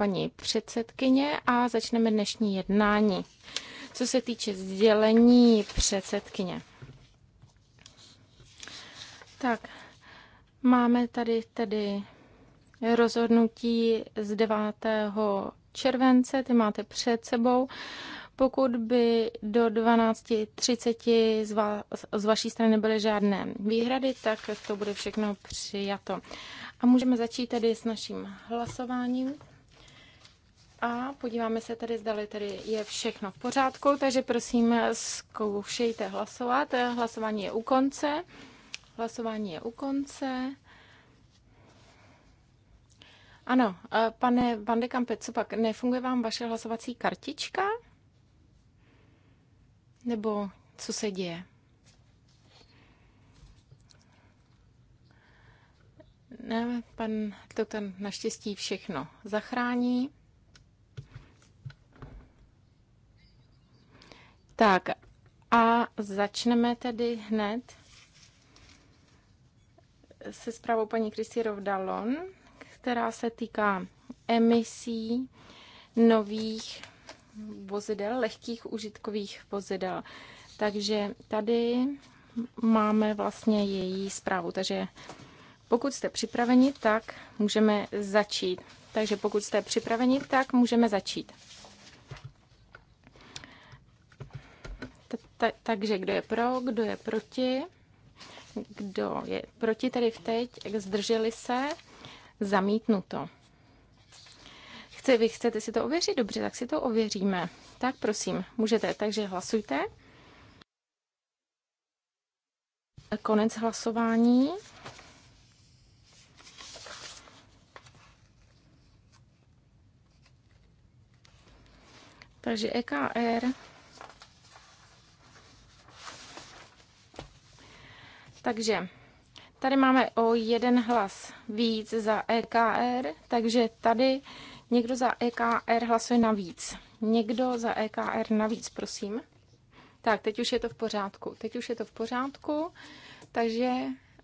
paní předsedkyně a začneme dnešní jednání. Co se týče sdělení předsedkyně. Tak, máme tady tedy rozhodnutí z 9. července, ty máte před sebou. Pokud by do 12.30 z, va, z vaší strany nebyly žádné výhrady, tak to bude všechno přijato. A můžeme začít tedy s naším hlasováním. A podíváme se tedy, zdali tedy je všechno v pořádku, takže prosím zkoušejte hlasovat. Hlasování je u konce. Hlasování je u konce. Ano, eh, pane Bandekampe, co pak, nefunguje vám vaše hlasovací kartička? Nebo co se děje? Ne, pan doktor naštěstí všechno zachrání. Tak a začneme tedy hned se zprávou paní Kristy Rovdalon, která se týká emisí nových vozidel, lehkých užitkových vozidel. Takže tady máme vlastně její zprávu. Takže pokud jste připraveni, tak můžeme začít. Takže pokud jste připraveni, tak můžeme začít. Ta, takže kdo je pro, kdo je proti, kdo je proti tedy v teď, zdrželi se, zamítnuto. Chce, vy chcete si to ověřit? Dobře, tak si to ověříme. Tak prosím, můžete, takže hlasujte. Konec hlasování. Takže EKR Takže tady máme o jeden hlas víc za EKR, takže tady někdo za EKR hlasuje navíc. Někdo za EKR navíc, prosím. Tak, teď už je to v pořádku. Teď už je to v pořádku, takže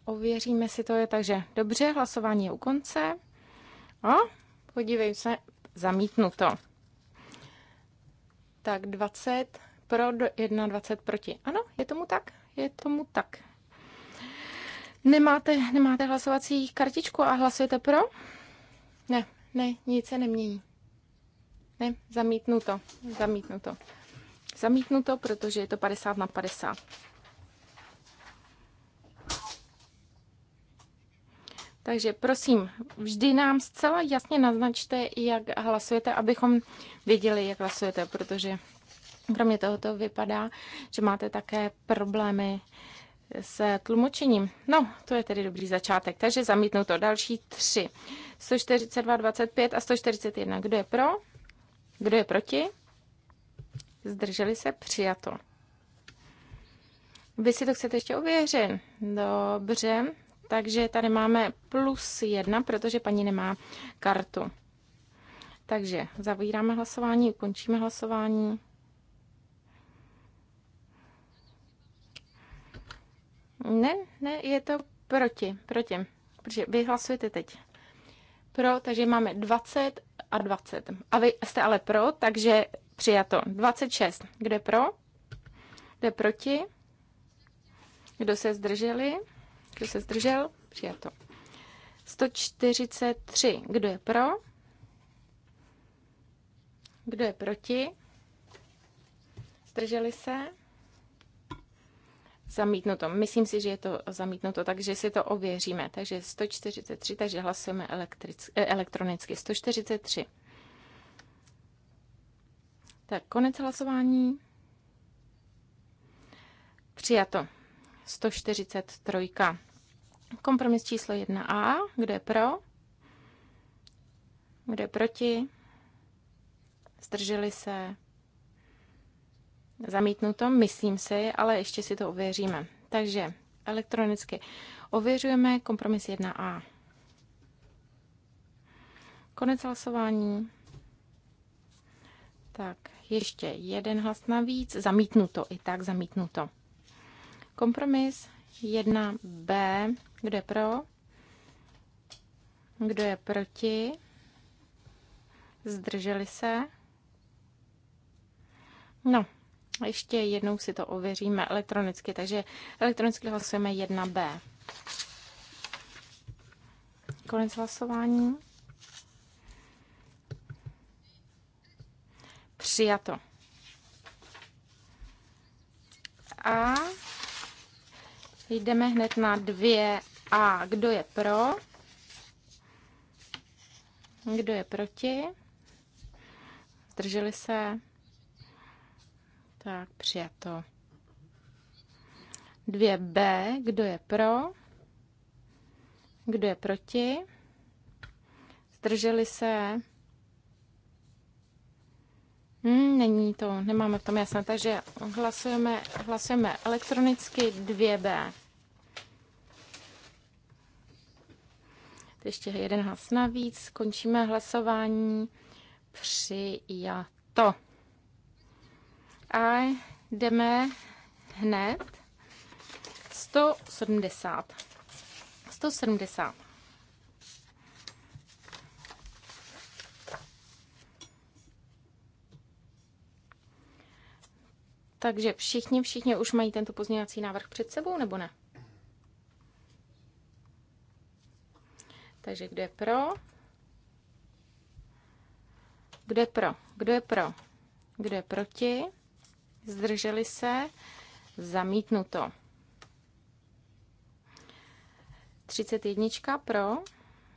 ověříme si to. je Takže dobře, hlasování je u konce. A podívej se, to. Tak 20 pro, 21 proti. Ano, je tomu tak? Je tomu tak. Nemáte, nemáte hlasovací kartičku a hlasujete pro? Ne, ne, nic se nemění. Ne, zamítnu zamítnu to, to, zamítnu to, protože je to 50 na 50. Takže prosím, vždy nám zcela jasně naznačte, jak hlasujete, abychom věděli, jak hlasujete, protože kromě toho to vypadá, že máte také problémy s tlumočením. No, to je tedy dobrý začátek. Takže zamítnu to. Další tři. 142, 25 a 141. Kdo je pro? Kdo je proti? Zdrželi se? Přijato. Vy si to chcete ještě ověřit. Dobře. Takže tady máme plus jedna, protože paní nemá kartu. Takže zavíráme hlasování, ukončíme hlasování. Ne, ne, je to proti, proti. Protože vy hlasujete teď. Pro, takže máme 20 a 20. A vy jste ale pro, takže přijato. 26. Kde pro? Kde proti? Kdo se zdrželi? Kdo se zdržel? Přijato. 143. Kdo je pro? Kdo je proti? Zdrželi se? Zamítnuto. Myslím si, že je to zamítnuto, takže si to ověříme. Takže 143, takže hlasujeme elektric, eh, elektronicky. 143. Tak, konec hlasování. Přijato. 143. Kompromis číslo 1a. Kdo je pro? Kdo je proti? Zdrželi se? Zamítnuto, myslím si, ale ještě si to ověříme. Takže elektronicky ověřujeme kompromis 1a. Konec hlasování. Tak, ještě jeden hlas navíc. Zamítnuto, i tak zamítnuto. Kompromis 1b. Kdo je pro? Kdo je proti? Zdrželi se? No, ještě jednou si to ověříme elektronicky, takže elektronicky hlasujeme 1B. Konec hlasování. Přijato. A jdeme hned na 2A. Kdo je pro? Kdo je proti? Zdrželi se? Tak, přijato. 2b, kdo je pro? Kdo je proti? Zdrželi se? Hmm, není to, nemáme v tom jasné, takže hlasujeme, hlasujeme elektronicky 2b. Ještě jeden hlas navíc, končíme hlasování. Přijato a jdeme hned 170. 170. Takže všichni, všichni už mají tento pozměňovací návrh před sebou, nebo ne? Takže kdo je pro? Kdo je pro? Kdo je pro? Kdo je proti? zdrželi se, zamítnuto. 31 pro,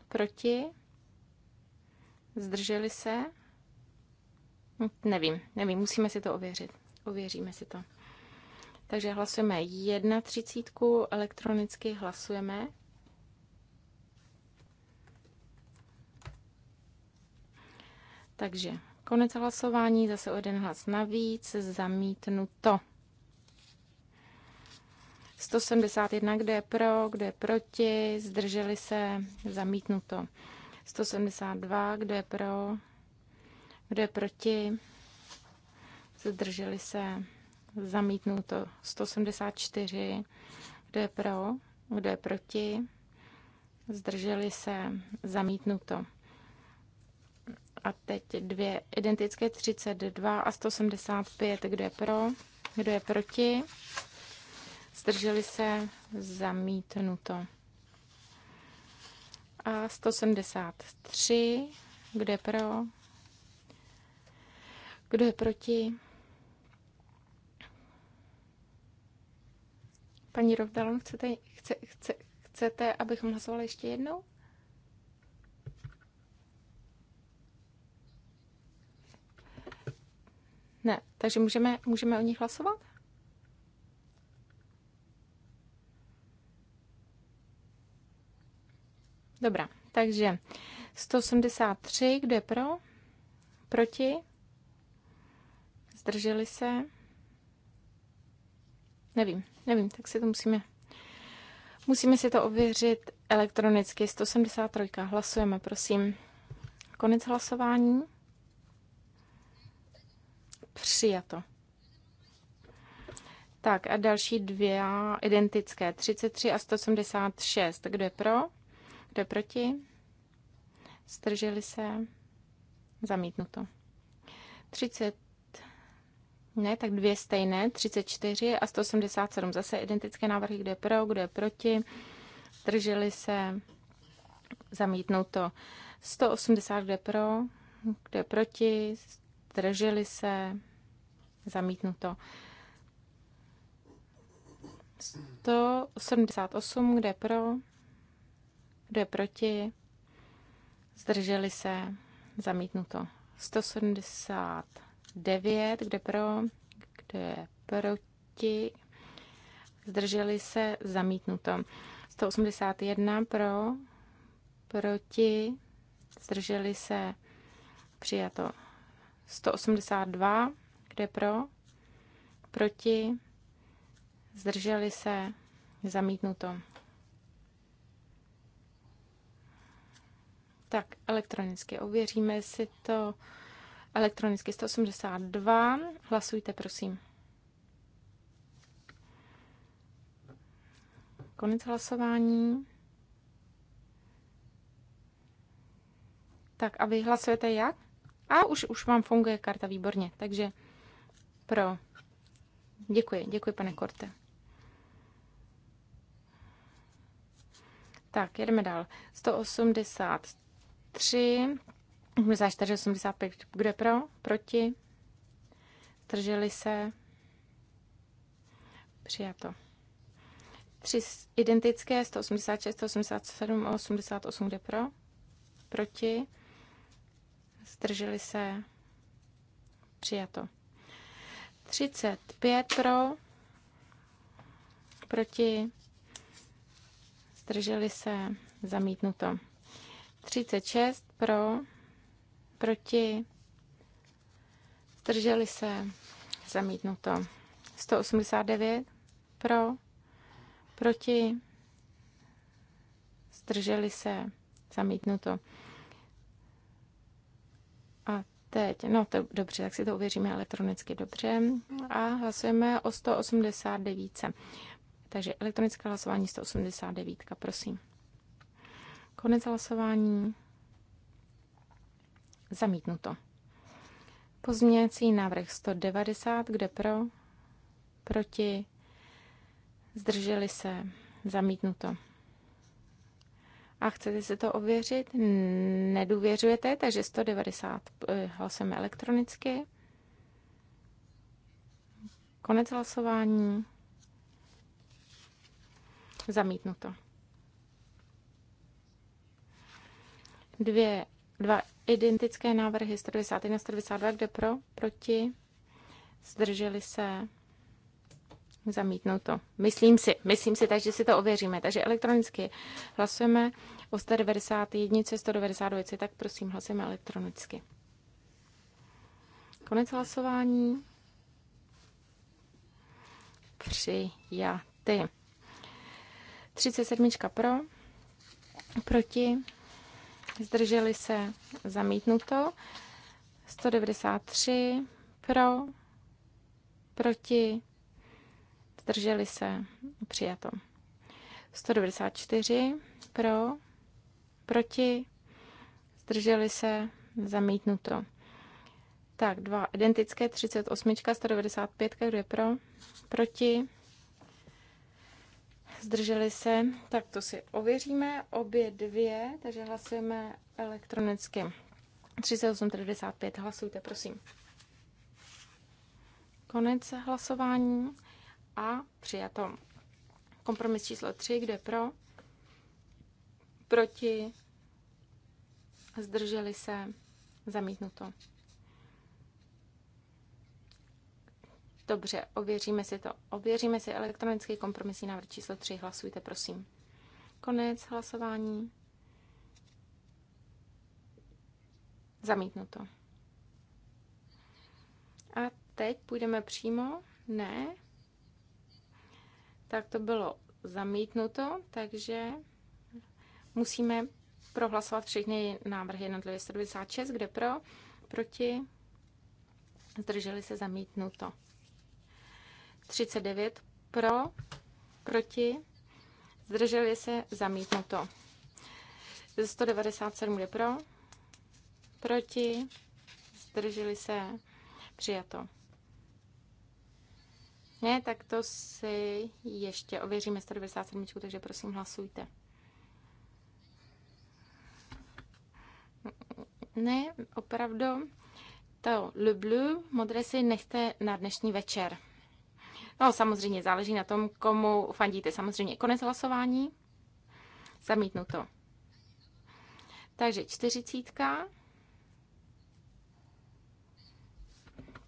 proti, zdrželi se, nevím, nevím, musíme si to ověřit, ověříme si to. Takže hlasujeme 1,30, elektronicky hlasujeme. Takže Konec hlasování, zase o jeden hlas navíc, zamítnuto. 171, kde je pro, kde je proti, zdrželi se, zamítnuto. 172, kde je pro, kde je proti, zdrželi se, zamítnuto. 174, kde je pro, kde je proti, zdrželi se, zamítnuto. A teď dvě identické 32 a 185. Kdo je pro? Kdo je proti? Zdrželi se? Zamítnuto. A 173. Kdo je pro? Kdo je proti? Paní Rovdalon, chcete, chce, chce, chcete, abychom hlasovali ještě jednou? Ne, takže můžeme, můžeme o nich hlasovat? Dobrá, takže 183, kdo je pro? Proti? Zdrželi se? Nevím, nevím, tak si to musíme... Musíme si to ověřit elektronicky. 173, hlasujeme, prosím. Konec hlasování. Přijato. Tak a další dvě identické, 33 a 186. Kdo je pro? Kdo je proti? Strželi se? Zamítnuto. 30, ne, tak dvě stejné, 34 a 187. Zase identické návrhy, kdo je pro, kdo je proti. Strželi se? Zamítnuto. 180, kdo je pro, kdo je proti. Strželi se? zamítnuto. 178, kde pro, kde proti, zdrželi se, zamítnuto. 179, kde pro, kde proti, zdrželi se, zamítnuto. 181 pro, proti, zdrželi se, přijato. 182 kde pro, proti, zdrželi se, zamítnuto. Tak, elektronicky ověříme si to. Elektronicky 182. Hlasujte, prosím. Konec hlasování. Tak a vy hlasujete jak? A už, už vám funguje karta výborně, takže pro. Děkuji, děkuji, pane Korte. Tak, jedeme dál. 183, 84, 485. kdo je pro, proti, zdrželi se, přijato. Tři identické, 186, 187, 88, kde pro, proti, zdrželi se, přijato. 35 pro, proti, zdrželi se, zamítnuto. 36 pro, proti, zdrželi se, zamítnuto. 189 pro, proti, zdrželi se, zamítnuto. A Teď, no to dobře, tak si to uvěříme elektronicky, dobře. A hlasujeme o 189. Takže elektronické hlasování 189, prosím. Konec hlasování. Zamítnuto. Pozměňovací návrh 190, kde pro, proti, zdrželi se, zamítnuto. A chcete si to ověřit? Nedůvěřujete, takže 190 eh, hlasujeme elektronicky. Konec hlasování. Zamítnuto. Dvě, dva identické návrhy 191 a 192, kde pro, proti, zdrželi se, Zamítnuto. Myslím si, myslím si, takže si to ověříme. Takže elektronicky hlasujeme o 191, 192, tak prosím, hlasujeme elektronicky. Konec hlasování. Přijaty. 37 pro, proti, zdrželi se, zamítnuto. 193 pro, proti, zdrželi se, přijato. 194 pro, proti, zdrželi se, zamítnuto. Tak, dva identické, 38, 195, kdo je pro, proti, zdrželi se, tak to si ověříme, obě dvě, takže hlasujeme elektronicky. 38,95, hlasujte, prosím. Konec hlasování a přijato. Kompromis číslo 3, kde pro, proti, zdrželi se, zamítnuto. Dobře, ověříme si to. Ověříme si elektronický kompromisní návrh číslo 3. Hlasujte, prosím. Konec hlasování. Zamítnuto. A teď půjdeme přímo? Ne, tak to bylo zamítnuto, takže musíme prohlasovat všechny návrhy jednotlivě 196, kde pro, proti, zdrželi se zamítnuto. 39 pro, proti, zdrželi se zamítnuto. 197 kde pro, proti, zdrželi se přijato. Ne, tak to si ještě ověříme 197, takže prosím hlasujte. Ne, opravdu. To Lublu, modré si nechte na dnešní večer. No samozřejmě záleží na tom, komu fandíte. Samozřejmě konec hlasování. Zamítnu to. Takže čtyřicítka.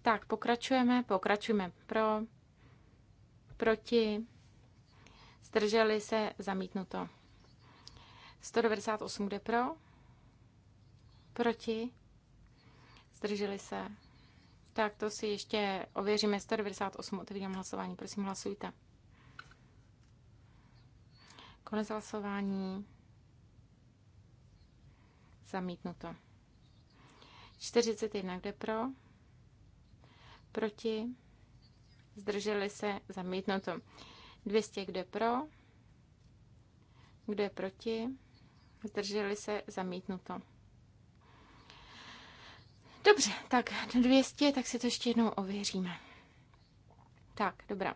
Tak, pokračujeme, pokračujeme pro proti, zdrželi se, zamítnuto. 198 jde pro, proti, zdrželi se. Tak to si ještě ověříme. 198 otevírám hlasování, prosím hlasujte. Konec hlasování. Zamítnuto. 41 kde pro, proti, zdrželi se, zamítnuto. 200, kdo je pro, kdo je proti, zdrželi se, zamítnuto. Dobře, tak 200, tak si to ještě jednou ověříme. Tak, dobrá.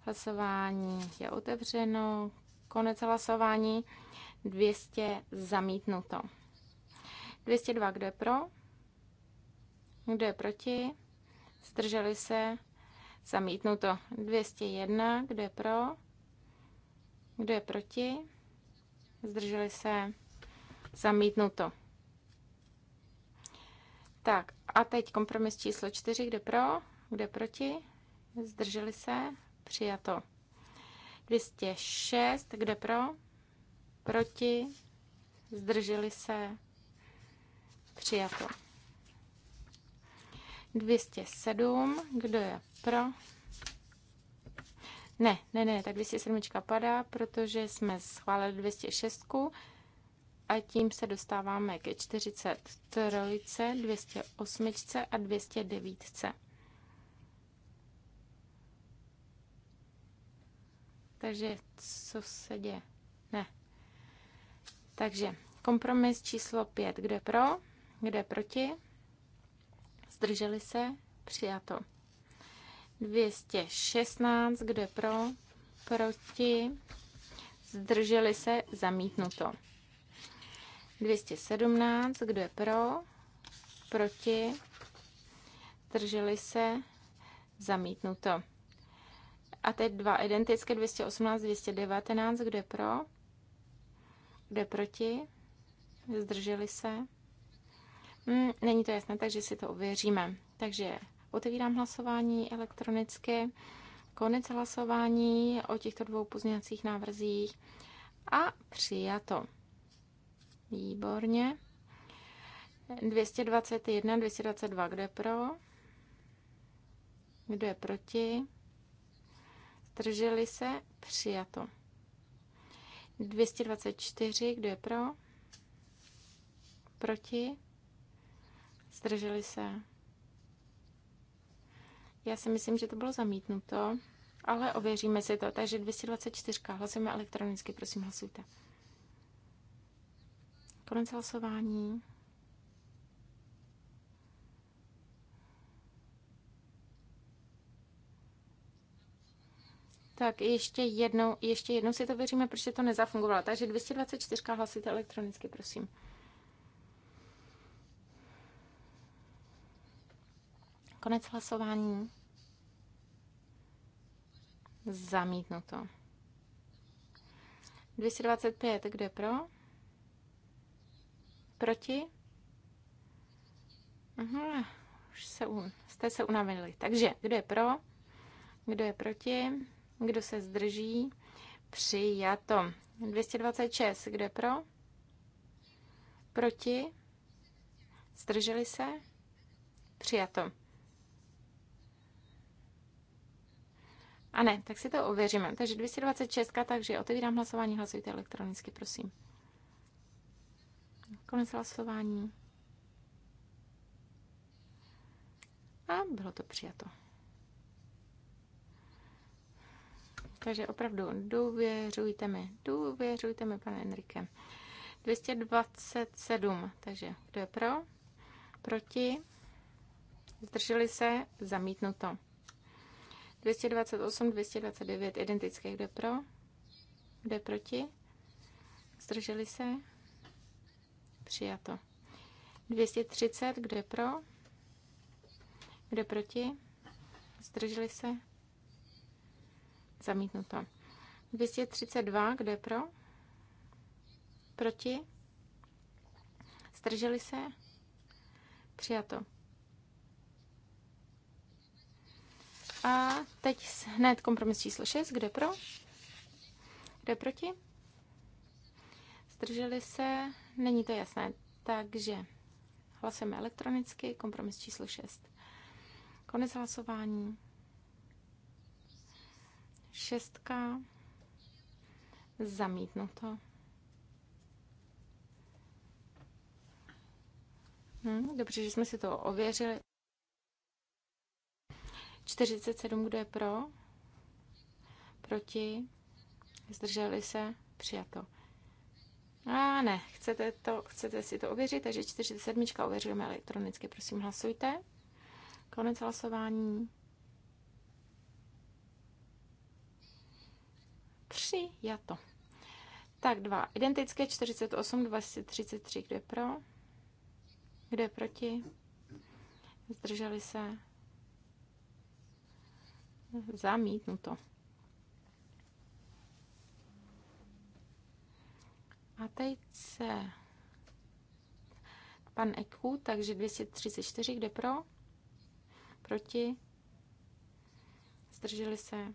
Hlasování je otevřeno, konec hlasování, 200 zamítnuto. 202, kdo je pro? Kdo je proti? Zdrželi se? Zamítnuto. 201. Kdo je pro? Kdo je proti? Zdrželi se? Zamítnuto. Tak a teď kompromis číslo 4. Kde pro? Kde proti? Zdrželi se? Přijato. 206. Kde pro? Proti? Zdrželi se? Přijato. 207, kdo je pro? Ne, ne, ne, tak 207 padá, protože jsme schválili 206 a tím se dostáváme ke 43, 208 a 209. Takže co se děje? Ne. Takže kompromis číslo 5. Kdo je pro? Kdo je proti? zdrželi se, přijato. 216, kdo je pro, proti, zdrželi se, zamítnuto. 217, kdo je pro, proti, zdrželi se, zamítnuto. A teď dva identické, 218, 219, kdo je pro, kdo je proti, zdrželi se, Mm, není to jasné, takže si to ověříme. Takže otevírám hlasování elektronicky, konec hlasování o těchto dvou pozměňovacích návrzích a přijato. Výborně. 221, 222, kdo je pro? Kdo je proti? Zdrželi se? Přijato. 224, kdo je pro? Proti? Zdrželi se? Já si myslím, že to bylo zamítnuto, ale ověříme si to. Takže 224. Hlasujeme elektronicky, prosím, hlasujte. Konec hlasování. Tak ještě jednou, ještě jednou si to věříme, protože to nezafungovalo. Takže 224 hlasujte elektronicky, prosím. Konec hlasování. Zamítnuto. 225, kdo je pro? Proti? Aha, už se u, jste se unavili. Takže, kdo je pro? Kdo je proti? Kdo se zdrží? Přijato. 226, kdo je pro? Proti? Zdrželi se? Přijato. A ne, tak si to ověříme. Takže 226, takže otevírám hlasování, hlasujte elektronicky, prosím. Konec hlasování. A bylo to přijato. Takže opravdu důvěřujte mi, důvěřujte mi, pane Enrique. 227, takže kdo je pro? Proti? Zdrželi se? Zamítnuto. 228, 229 identické. Kde pro? Kde proti? Zdrželi se? Přijato. 230, kde pro? Kde proti? Zdrželi se? Zamítnuto. 232, kde pro? Proti? Zdrželi se? Přijato. A teď hned kompromis číslo 6. Kde pro? Kde proti? Zdrželi se? Není to jasné. Takže hlasujeme elektronicky. Kompromis číslo 6. Konec hlasování. Šestka. Zamítnuto. Hm, dobře, že jsme si to ověřili. 47, kdo je pro? Proti? Zdrželi se? Přijato. A ne, chcete, to, chcete si to ověřit, takže 47 ověřujeme elektronicky, prosím hlasujte. Konec hlasování. Přijato. Tak dva. Identické 48, 233. Kdo je pro? Kdo je proti? Zdrželi se? Zamítnuto. A teď se pan Eku, takže 234, kde pro? Proti? Zdrželi se?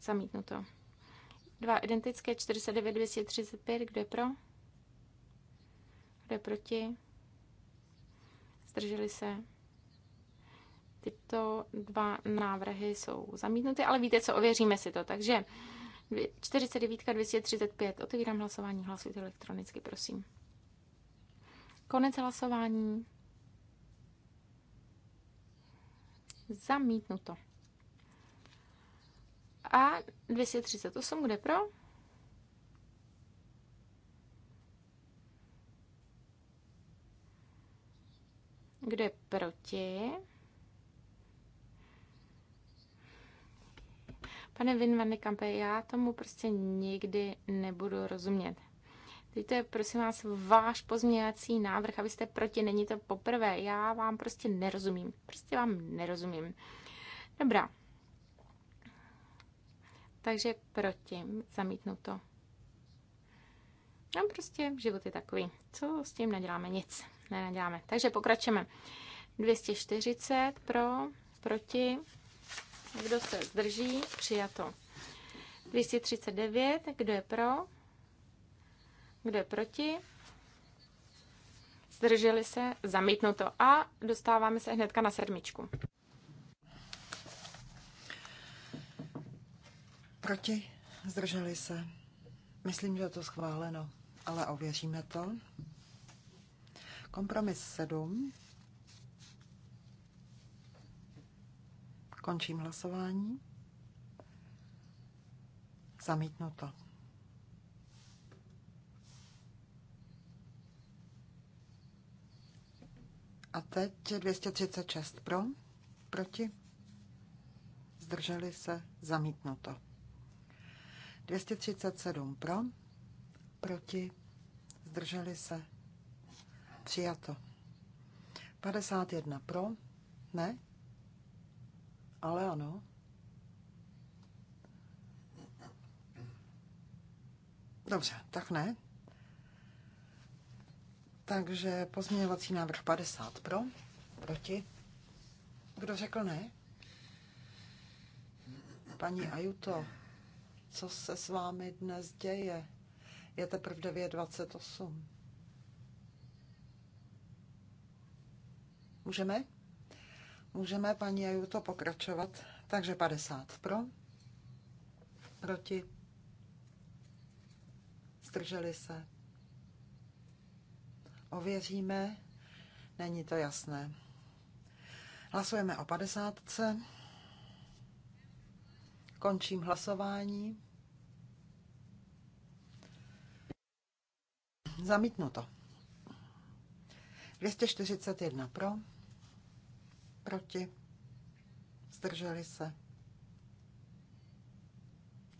Zamítnuto. Dva identické, 49, 235, kde pro? Kde proti? Zdrželi se? Tyto dva návrhy jsou zamítnuty, ale víte co, ověříme si to. Takže 49 235. Otevírám hlasování. Hlasujte elektronicky, prosím. Konec hlasování. Zamítnuto. A 238 bude pro? Kde proti? Pane Vin Van de Kampe, já tomu prostě nikdy nebudu rozumět. Teď to je, prosím vás, váš pozměňovací návrh, abyste proti, není to poprvé. Já vám prostě nerozumím. Prostě vám nerozumím. Dobrá. Takže proti, zamítnu to. No prostě život je takový. Co s tím neděláme? Nic. Ne, neděláme. Takže pokračujeme. 240 pro, proti, kdo se zdrží? Přijato. 239. Kdo je pro? Kdo je proti? Zdrželi se? Zamítnuto. A dostáváme se hnedka na sedmičku. Proti? Zdrželi se. Myslím, že je to schváleno, ale ověříme to. Kompromis 7. Končím hlasování. Zamítnuto. A teď 236 pro, proti, zdrželi se, zamítnuto. 237 pro, proti, zdrželi se, přijato. 51 pro, ne, ale ano. Dobře, tak ne. Takže pozměňovací návrh 50 pro, proti. Kdo řekl ne? Paní Ajuto, co se s vámi dnes děje? Je teprve 9.28. Můžeme? Můžeme, paní Ajuto, pokračovat. Takže 50 pro, proti, zdrželi se. Ověříme, není to jasné. Hlasujeme o 50. Končím hlasování. Zamítnuto. 241 pro. Proti? Zdrželi se?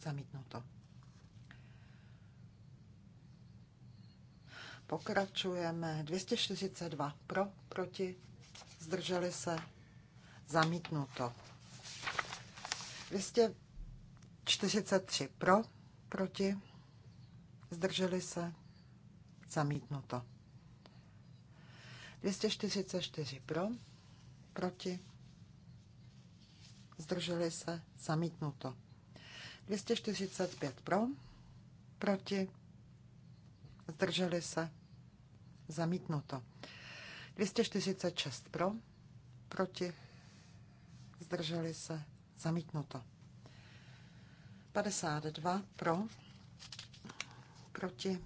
Zamítnuto. Pokračujeme. 242 pro, proti, zdrželi se, zamítnuto. 243 pro, proti, zdrželi se, zamítnuto. 244 pro, proti, zdrželi se, zamítnuto. 245 pro, proti, zdrželi se, zamítnuto. 246 pro, proti, zdrželi se, zamítnuto. 52 pro, proti,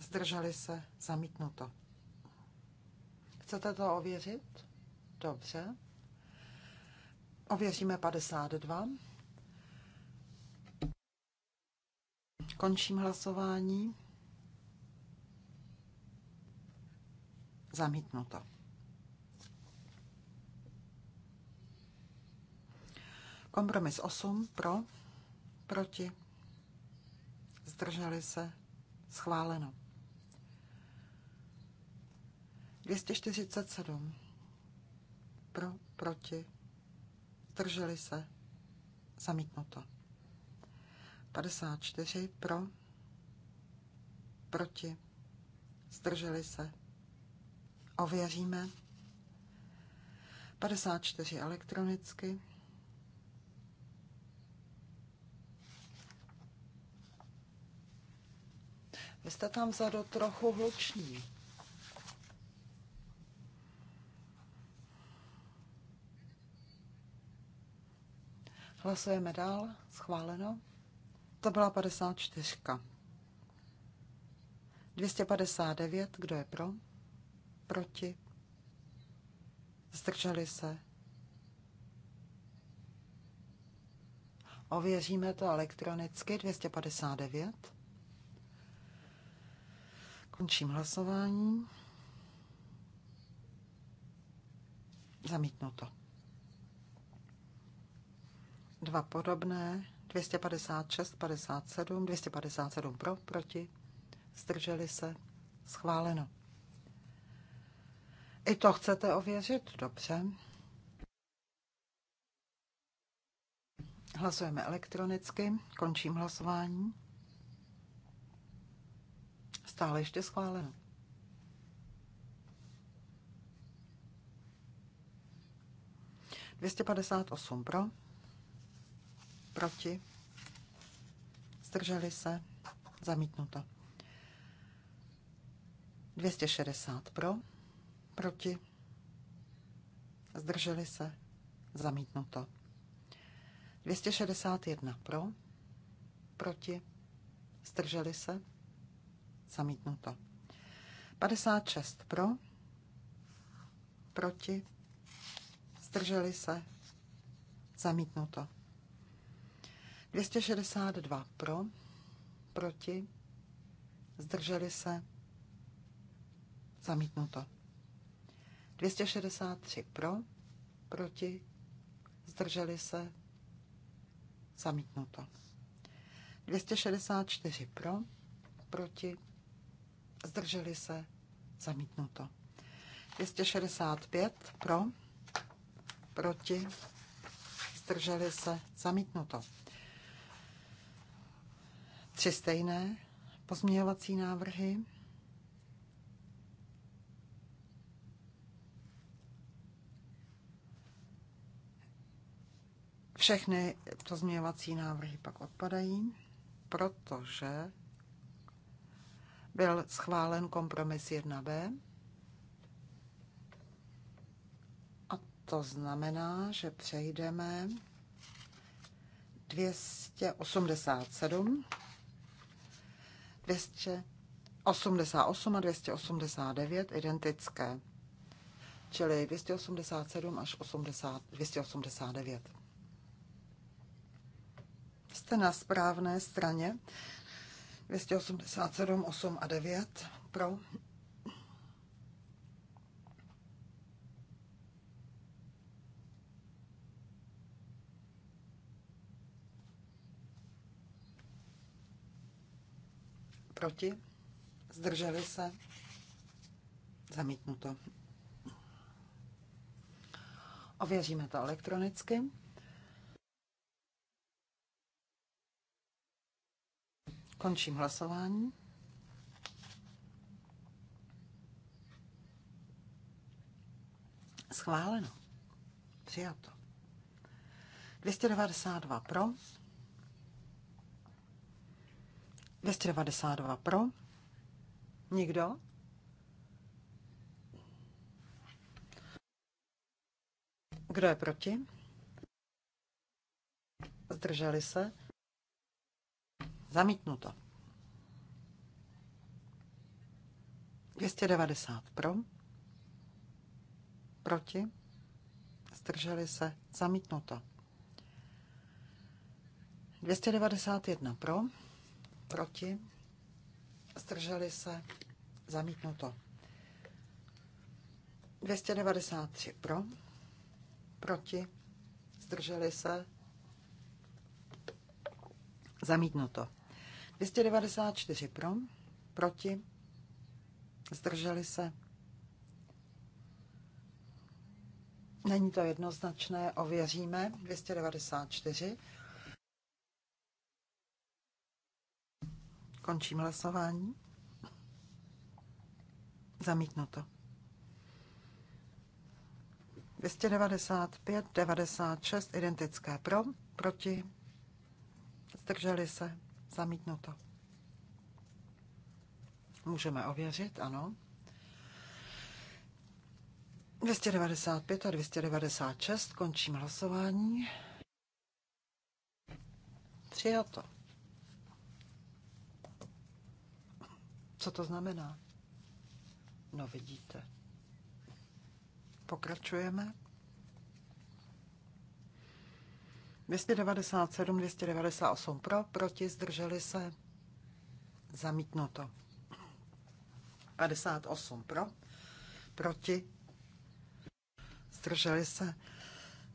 zdrželi se, zamítnuto. Chcete to ověřit? Dobře. Ověříme 52. Končím hlasování. Zamítnuto. Kompromis 8 pro, proti, zdrželi se, schváleno. 247. Pro, proti, drželi se, zamítnuto. 54 pro, proti, zdrželi se, ověříme. 54 elektronicky. Vy jste tam vzadu trochu hluční. Hlasujeme dál. Schváleno. To byla 54. 259. Kdo je pro? Proti? Zdrželi se? Ověříme to elektronicky. 259. Končím hlasování. Zamítnuto dva podobné, 256, 57, 257 pro, proti, zdrželi se, schváleno. I to chcete ověřit? Dobře. Hlasujeme elektronicky, končím hlasování. Stále ještě schváleno. Dvěstě padesát osm pro, Proti? Zdrželi se? Zamítnuto. 260 pro? Proti? Zdrželi se? Zamítnuto. 261 pro? Proti? Zdrželi se? Zamítnuto. 56 pro? Proti? Zdrželi se? Zamítnuto. 262 pro, proti, zdrželi se, zamítnuto. 263 pro, proti, zdrželi se, zamítnuto. 264 pro, proti, zdrželi se, zamítnuto. 265 pro, proti, zdrželi se, zamítnuto. Tři stejné pozměňovací návrhy. Všechny pozměňovací návrhy pak odpadají, protože byl schválen kompromis 1b. A to znamená, že přejdeme 287 288 a 289 identické, čili 287 až 80, 289. Jste na správné straně 287, 8 a 9 pro Proti? Zdrželi se? Zamítnuto. Ověříme to elektronicky. Končím hlasování. Schváleno. Přijato. 292 pro, 292 pro. Nikdo? Kdo je proti? Zdrželi se? Zamítnuto. 290 pro. Proti? Zdrželi se? Zamítnuto. 291 pro Proti? Zdrželi se? Zamítnuto. 293 pro? Proti? Zdrželi se? Zamítnuto. 294 pro? Proti? Zdrželi se? Není to jednoznačné, ověříme. 294. Končím hlasování. Zamítnuto. 295, 96, identické pro, proti, zdrželi se, zamítnuto. Můžeme ověřit, ano. 295 a 296, končím hlasování. Přijato. Co to znamená? No vidíte. Pokračujeme. 297, 298 pro, proti, zdrželi se, zamítnuto. 58 pro, proti, zdrželi se,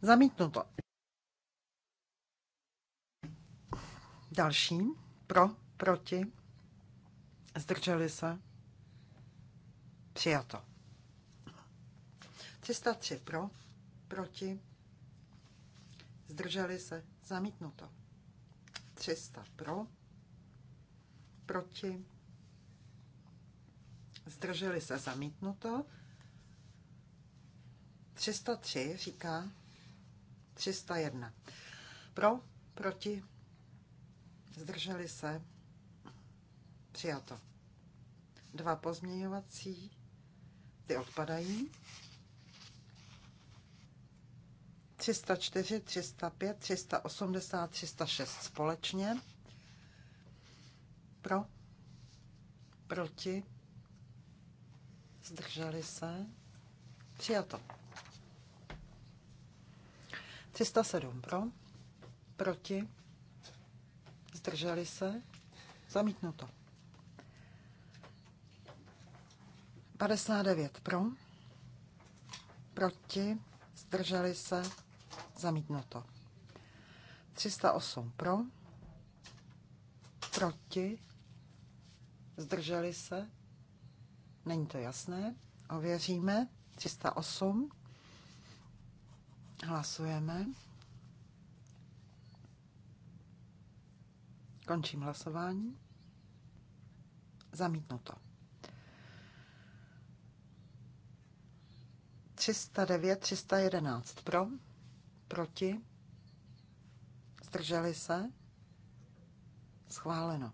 zamítnuto. Další pro, proti, Zdrželi se? Přijato. 303 pro, proti, zdrželi se, zamítnuto. 300 pro, proti, zdrželi se, zamítnuto. 303 říká 301. Pro, proti, zdrželi se, Přijato. Dva pozměňovací, ty odpadají. 304, 305, 380, 306 společně. Pro, proti, zdrželi se, přijato. 307 pro, proti, zdrželi se, zamítnuto. 59 pro, proti, zdrželi se, zamítnuto. 308 pro, proti, zdrželi se, není to jasné, ověříme, 308, hlasujeme. Končím hlasování. Zamítnuto. 309, 311 pro, proti, zdrželi se, schváleno.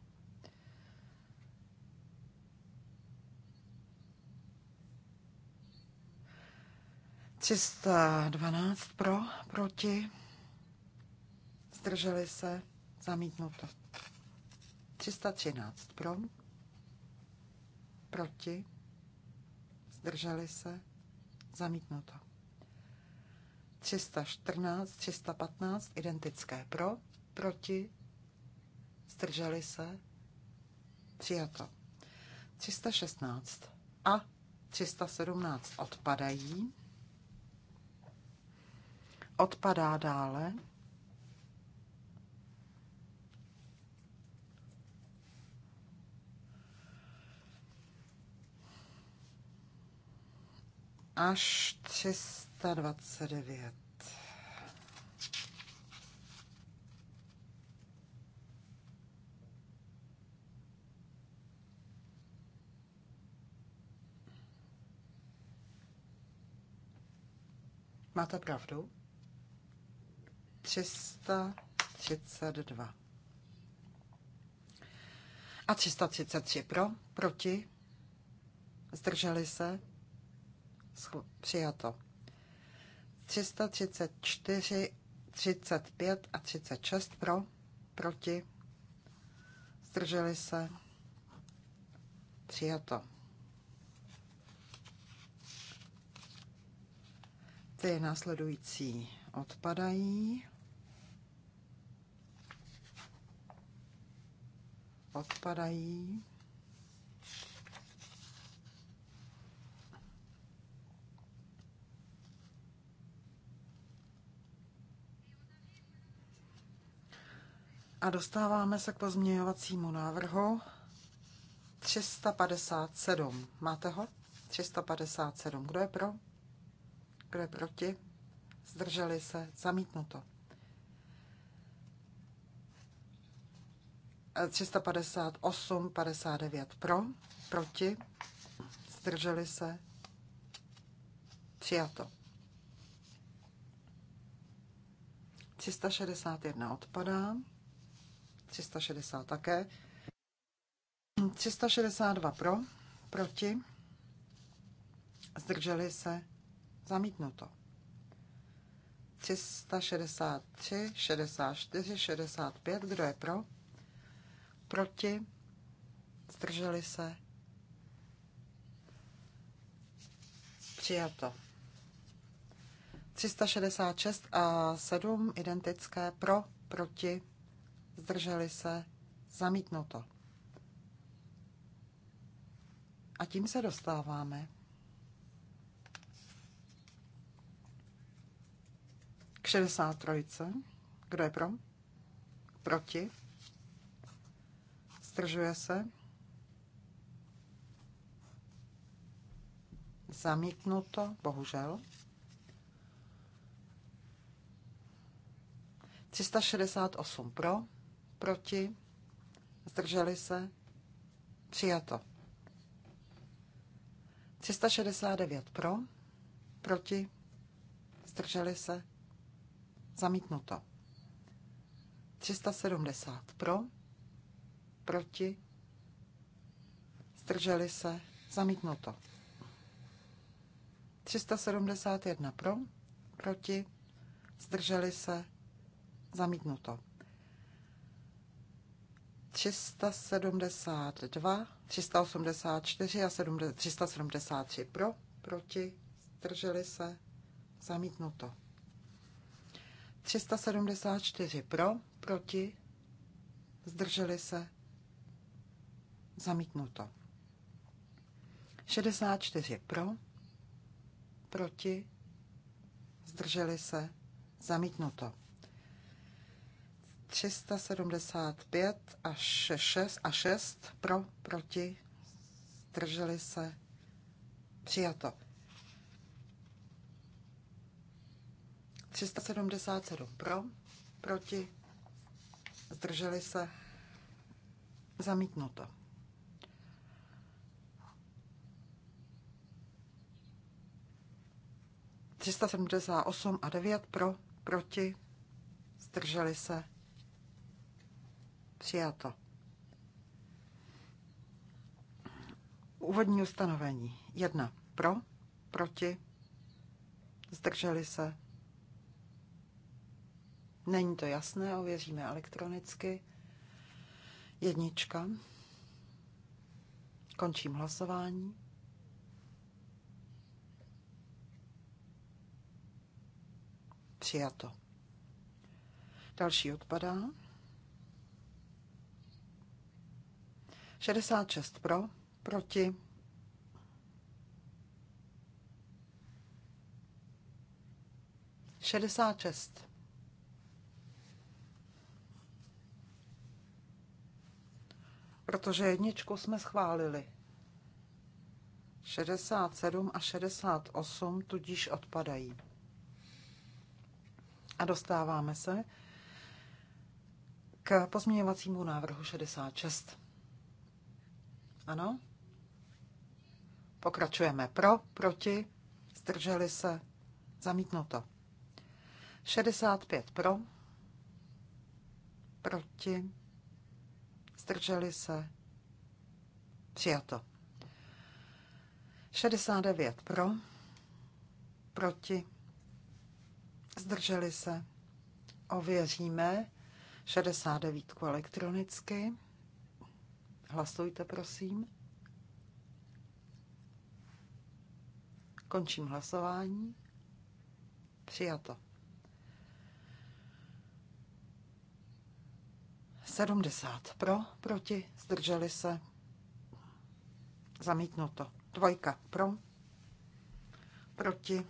Třista dvanáct pro, proti, zdrželi se, zamítnuto. 313 pro, proti, zdrželi se, Zamítnuto. 314, 315, identické pro, proti, zdrželi se, přijato. 316 a 317 odpadají. Odpadá dále až 329. Máte pravdu? 332. A 333 pro, proti, zdrželi se, přijato. 334, 35 a 36 pro, proti, zdrželi se, přijato. Ty následující odpadají. Odpadají. A dostáváme se k pozměňovacímu návrhu 357. Máte ho? 357. Kdo je pro? Kdo je proti? Zdrželi se? Zamítnuto. 358, 59 pro, proti, zdrželi se, přijato. 361 odpadá. 360 také. 362 pro, proti, zdrželi se, zamítnuto. 363, 64, 65, kdo je pro, proti, zdrželi se, přijato. 366 a 7 identické pro, proti, zdrželi se, zamítnuto. A tím se dostáváme k 63. Kdo je pro? Proti? Zdržuje se? Zamítnuto, bohužel. 368 pro, proti, zdrželi se, přijato. 369 pro, proti, zdrželi se, zamítnuto. 370 pro, proti, zdrželi se, zamítnuto. 371 pro, proti, zdrželi se, zamítnuto. 372, 384 a 373 pro, proti, zdrželi se, zamítnuto. 374 pro, proti, zdrželi se, zamítnuto. 64 pro, proti, zdrželi se, zamítnuto. 375 až 6 a 6 pro, proti, drželi se, přijato. 377 pro, proti, zdrželi se, zamítnuto. Třista sedmdesát osm a devět pro, proti, zdrželi se, Přijato. Úvodní ustanovení. Jedna. Pro, proti, zdrželi se. Není to jasné, ověříme elektronicky. Jednička. Končím hlasování. Přijato. Další odpadá. 66 pro, proti. Šedesát šest. Protože jedničku jsme schválili. šedesát sedm a šedesát osm tudíž odpadají. A dostáváme se k pozměňovacímu návrhu šedesát šest. Ano? Pokračujeme pro, proti, zdrželi se, zamítnuto. 65 pro, proti, zdrželi se, přijato. 69 pro, proti, zdrželi se. Ověříme 69 elektronicky. Hlasujte, prosím. Končím hlasování. Přijato. 70 pro, proti, zdrželi se. Zamítnuto. Dvojka pro, proti,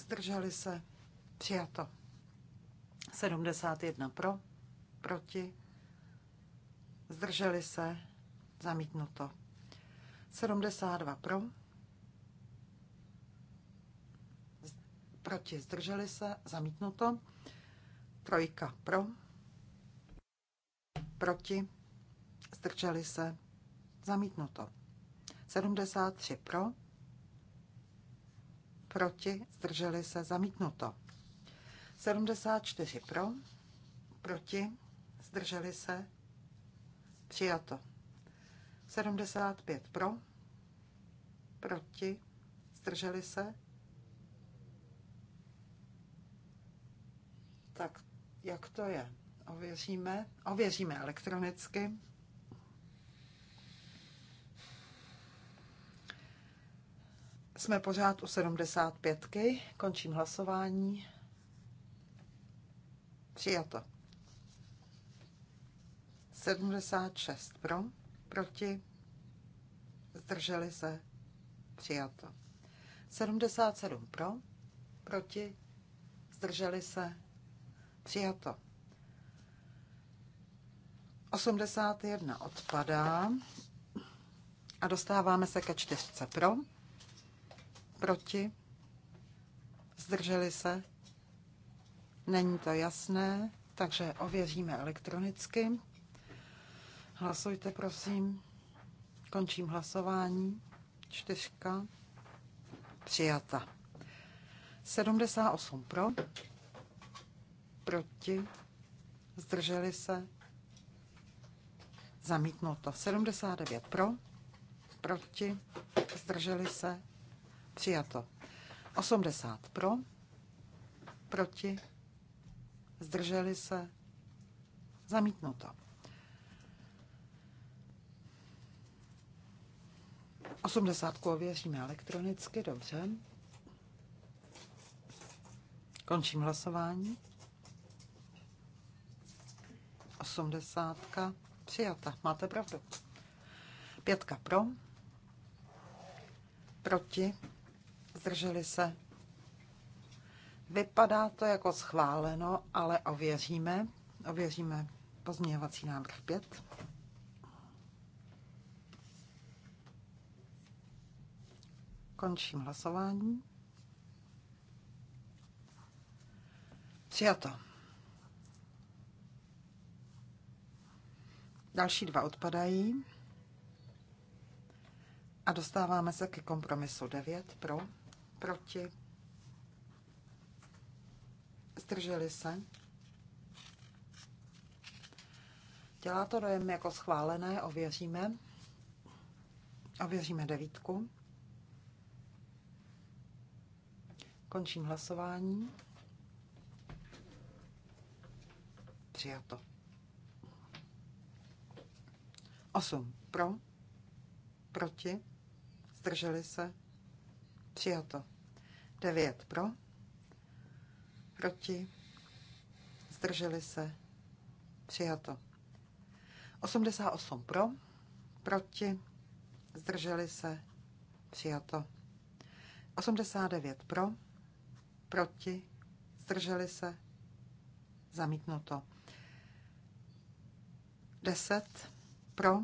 zdrželi se. Přijato. 71 pro, proti, zdrželi se. Zamítnuto. 72 pro. Proti zdrželi se. Zamítnuto. Trojka pro. Proti zdrželi se. Zamítnuto. 73 pro. Proti zdrželi se. Zamítnuto. 74 pro. Proti zdrželi se. Přijato. 75 pro, proti, zdrželi se. Tak jak to je? Ověříme, ověříme elektronicky. Jsme pořád u 75. -ky. Končím hlasování. Přijato. 76 pro proti, zdrželi se, přijato. 77 pro, proti, zdrželi se, přijato. 81 odpadá a dostáváme se ke čtyřce pro, proti, zdrželi se, není to jasné, takže ověříme elektronicky. Hlasujte, prosím. Končím hlasování. Čtyřka. Přijata. 78 pro. Proti. Zdrželi se. Zamítnuto. 79 pro. Proti. Zdrželi se. Přijato. 80 pro. Proti. Zdrželi se. Zamítnuto. 80 ověříme elektronicky, dobře. Končím hlasování. 80, přijata, máte pravdu. Pětka pro, proti, zdrželi se. Vypadá to jako schváleno, ale ověříme. Ověříme pozměňovací návrh 5. Končím hlasování. Přijato. Další dva odpadají. A dostáváme se ke kompromisu 9 pro, proti. Zdrželi se. Dělá to dojem jako schválené, ověříme. Ověříme devítku. Končím hlasování. Přijato. 8 pro, proti, zdrželi se, přijato. 9 pro, proti, zdrželi se, přijato. 88 pro, proti, zdrželi se, přijato. 89 pro, proti, zdrželi se, zamítnuto. 10 pro,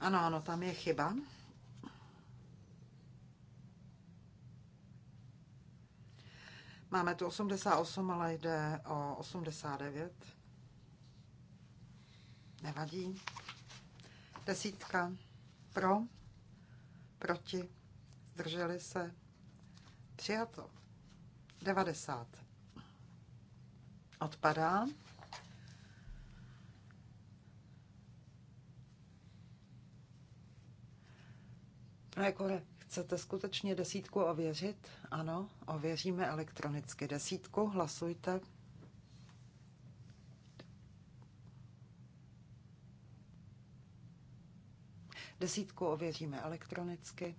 Ano, ano, tam je chyba. Máme tu 88, ale jde o 89. Nevadí. Desítka. Pro, proti, zdrželi se, přijato. 90. Odpadá. No jako chcete skutečně desítku ověřit? Ano, ověříme elektronicky desítku, hlasujte. Desítku ověříme elektronicky.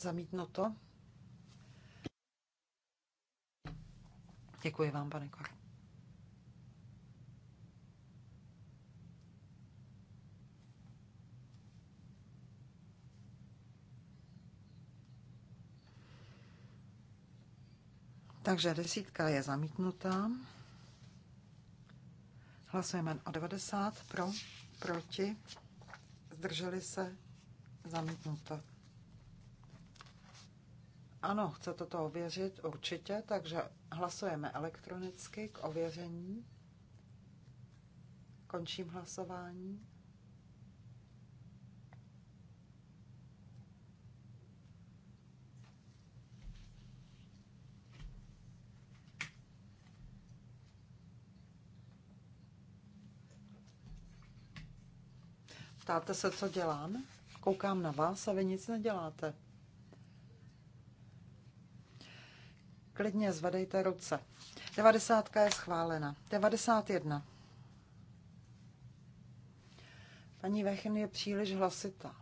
Zamítnuto. Děkuji vám, pane Kor. Takže desítka je zamítnutá. Hlasujeme o 90 pro, proti, zdrželi se, zamítnuto. Ano, chce toto ověřit určitě, takže hlasujeme elektronicky k ověření. Končím hlasování. Ptáte se, co dělám? Koukám na vás a vy nic neděláte. Klidně zvedejte ruce. 90 je schválena. 91. Paní Vechen je příliš hlasitá.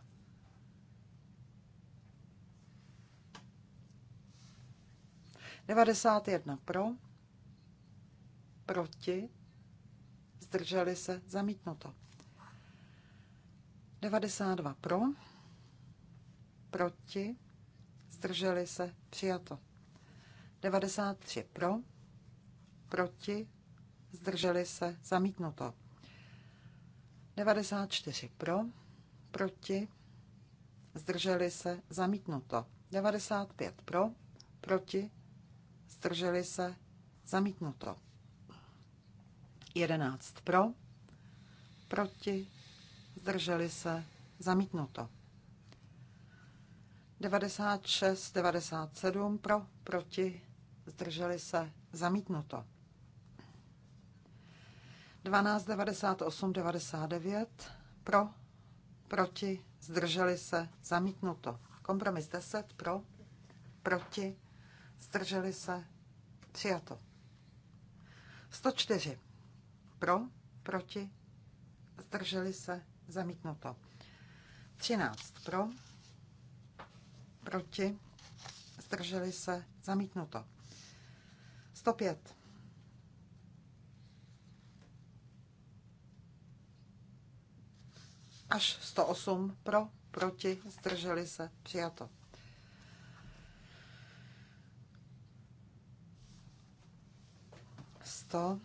Devadesát jedna pro, proti, zdrželi se, zamítnuto. 92 pro, proti, zdrželi se, přijato. 93 pro, proti, zdrželi se, zamítnuto. 94 pro, proti, zdrželi se, zamítnuto. 95 pro, proti, zdrželi se, zamítnuto. 11 pro, proti, zdrželi se, zamítnuto. 96, 97 pro, proti, zdrželi se, zamítnuto. 12, 98, 99 pro, proti, zdrželi se, zamítnuto. Kompromis 10 pro, proti, zdrželi se, přijato. 104 pro, proti, zdrželi se, Zamítnuto. 13 pro, proti, zdrželi se, zamítnuto. 105. Až 108 pro, proti, zdrželi se, přijato. Sto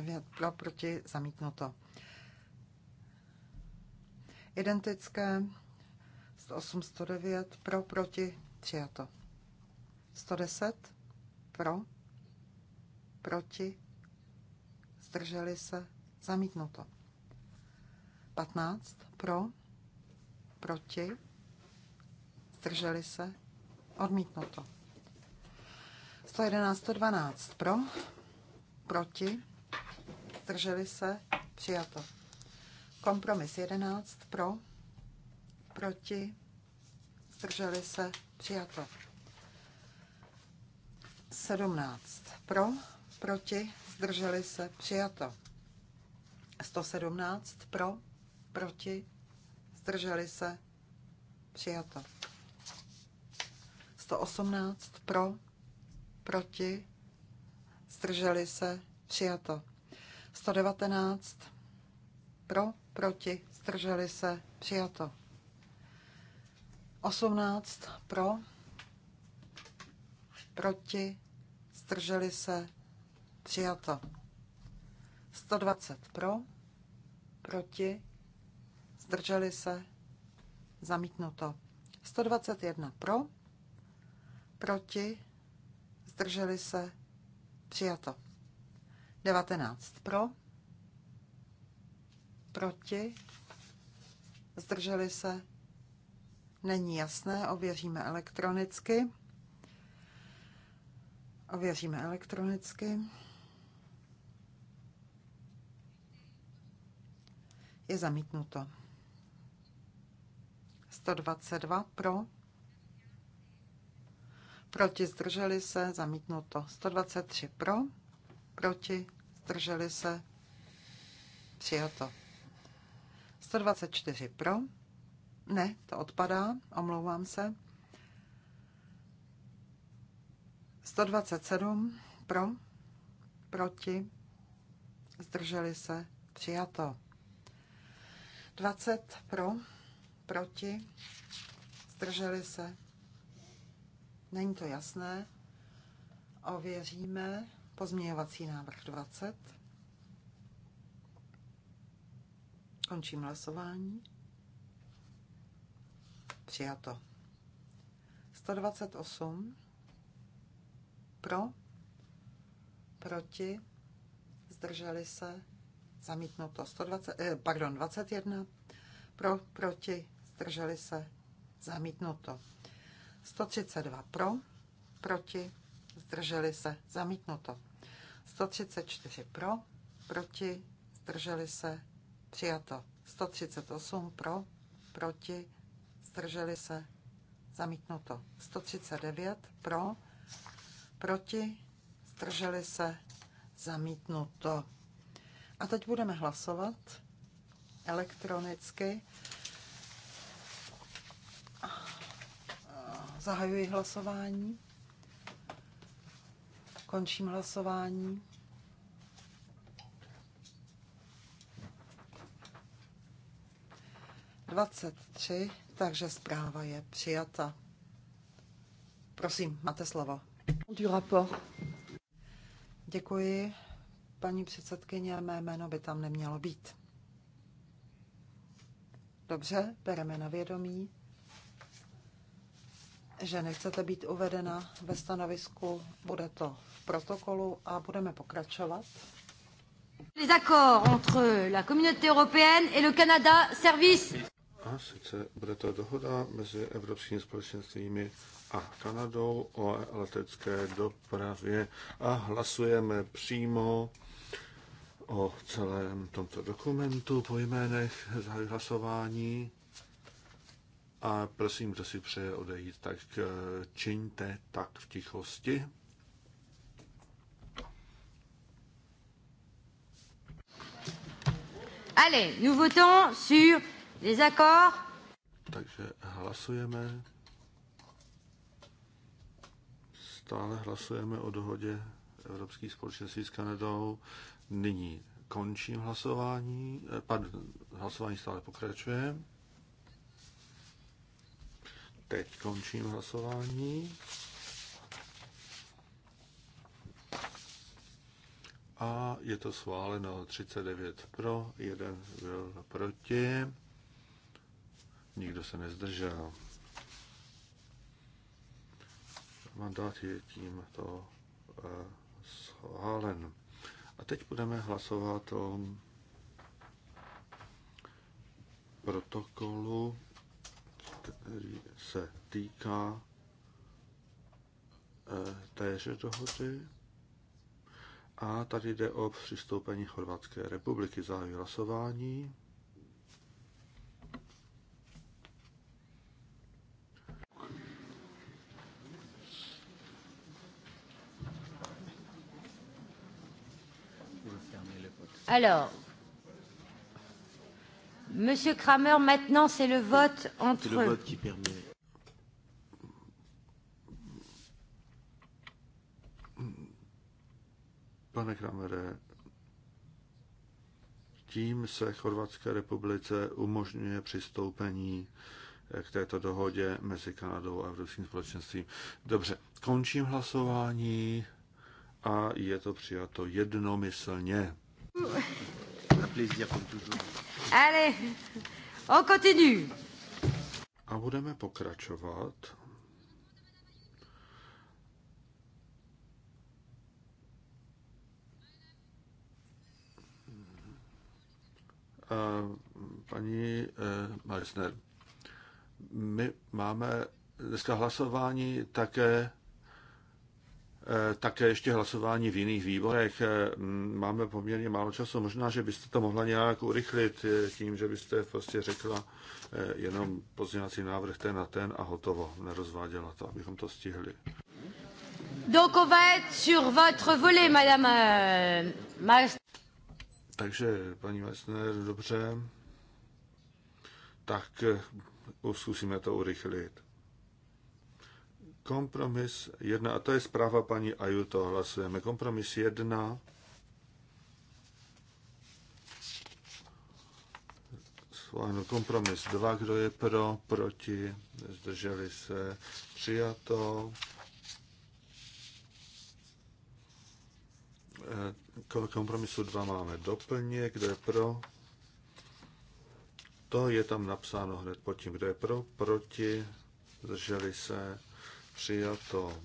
9 pro, proti, zamítnuto. Identické 108, 109 pro, proti, přijato. 110 pro, proti, zdrželi se, zamítnuto. 15 pro, proti, zdrželi se, odmítnuto. 111, 112 pro, proti, zdrželi se, přijato. Kompromis 11 pro, proti, zdrželi se, přijato. 17 pro, proti, zdrželi se, přijato. 117 pro, proti, zdrželi se, přijato. 118 pro, proti, zdrželi se, přijato. 119 pro, proti, zdrželi se, přijato. 18 pro, proti, zdrželi se, přijato. 120 pro, proti, zdrželi se, zamítnuto. 121 pro, proti, zdrželi se, přijato. 19 pro, proti, zdrželi se, není jasné, ověříme elektronicky. Ověříme elektronicky. Je zamítnuto. 122 pro. Proti zdrželi se, zamítnuto. 123 pro proti, zdrželi se, přijato. 124 pro, ne, to odpadá, omlouvám se. 127 pro, proti, zdrželi se, přijato. 20 pro, proti, zdrželi se. Není to jasné, ověříme. Pozměňovací návrh 20. Končím hlasování. Přijato. 128. Pro. Proti. Zdrželi se. Zamítnuto. 120, eh, pardon, 21. Pro. Proti. Zdrželi se. Zamítnuto. 132 pro, proti, zdrželi se, zamítnuto. 134 pro, proti, zdrželi se, přijato. 138 pro, proti, zdrželi se, zamítnuto. 139 pro, proti, zdrželi se, zamítnuto. A teď budeme hlasovat elektronicky. Zahajuji hlasování. Končím hlasování. 23, takže zpráva je přijata. Prosím, máte slovo. Děkuji, paní předsedkyně, mé jméno by tam nemělo být. Dobře, bereme na vědomí, že nechcete být uvedena ve stanovisku, bude to v protokolu a budeme pokračovat. Les accords entre la Communauté européenne et le Canada Service a sice bude to dohoda mezi Evropskými společenstvími a Kanadou o letecké dopravě. A hlasujeme přímo o celém tomto dokumentu po jménech za hlasování. A prosím, kdo si přeje odejít, tak eh, čiňte tak v tichosti. Allez, nous votons sur Les accords. Takže hlasujeme. Stále hlasujeme o dohodě Evropských společenství s Kanadou. Nyní končím hlasování. Eh, pardon, hlasování stále pokračuje. Teď končím hlasování. A je to schváleno 39 pro, 1 byl proti. Nikdo se nezdržel. Mandát je tímto eh, schválen. A teď budeme hlasovat o protokolu, který se týká eh, téže dohody. A tady jde o přistoupení Chorvatské republiky. Zahajuji hlasování. Alors, Monsieur Kramer, maintenant c'est le vote entre. Le vote qui permet. Pane Kramere, tím se Chorvatské republice umožňuje přistoupení eh, k této dohodě mezi Kanadou a Evropským společenstvím. Dobře, končím hlasování a je to přijato jednomyslně. Un plaisir, comme toujours. Allez, on continue. A budeme pokračovat. Uh, paní uh, Meissner, my máme dneska hlasování také Eh, také ještě hlasování v jiných výborech. Eh, máme poměrně málo času. Možná, že byste to mohla nějak urychlit eh, tím, že byste prostě řekla jenom pozměňovací návrh ten na ten a hotovo. Nerozváděla to, abychom to stihli. Donc on va être sur votre volet, madame euh, Takže, paní Meissner, dobře. Tak zkusíme to urychlit. Kompromis jedna, a to je zpráva paní Ajuto, hlasujeme. Kompromis jedna. schváleno kompromis 2, kdo je pro, proti, zdrželi se, přijato. E, kompromisu 2 máme doplně, kdo je pro, to je tam napsáno hned pod tím, kdo je pro, proti, zdrželi se, přijato.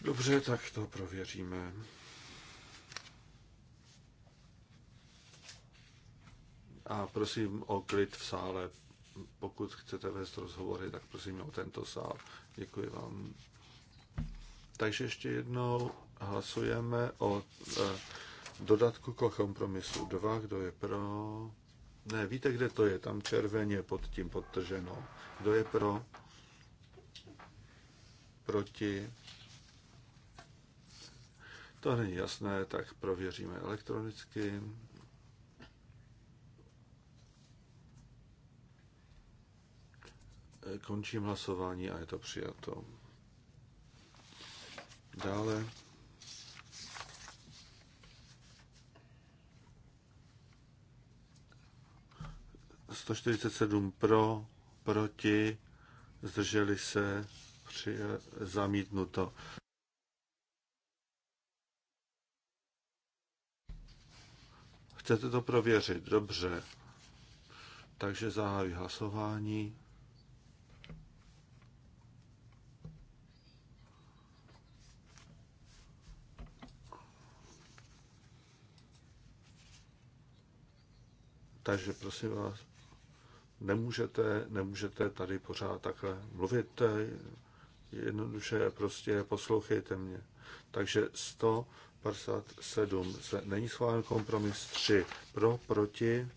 Dobře, tak to prověříme. A prosím o klid v sále. Pokud chcete vést rozhovory, tak prosím o tento sál. Děkuji vám. Takže ještě jednou hlasujeme o eh, dodatku k kompromisu 2. Kdo je pro? Ne, víte, kde to je? Tam červeně pod tím podtrženo. Kdo je pro? Proti? To není jasné, tak prověříme elektronicky. Končím hlasování a je to přijato. Dále 147 pro, proti, zdrželi se, při, zamítnuto. Chcete to prověřit? Dobře. Takže zahájí hlasování. Takže prosím vás, nemůžete, nemůžete tady pořád takhle mluvit, jednoduše prostě poslouchejte mě. Takže 157 se není schválen kompromis 3 pro, proti,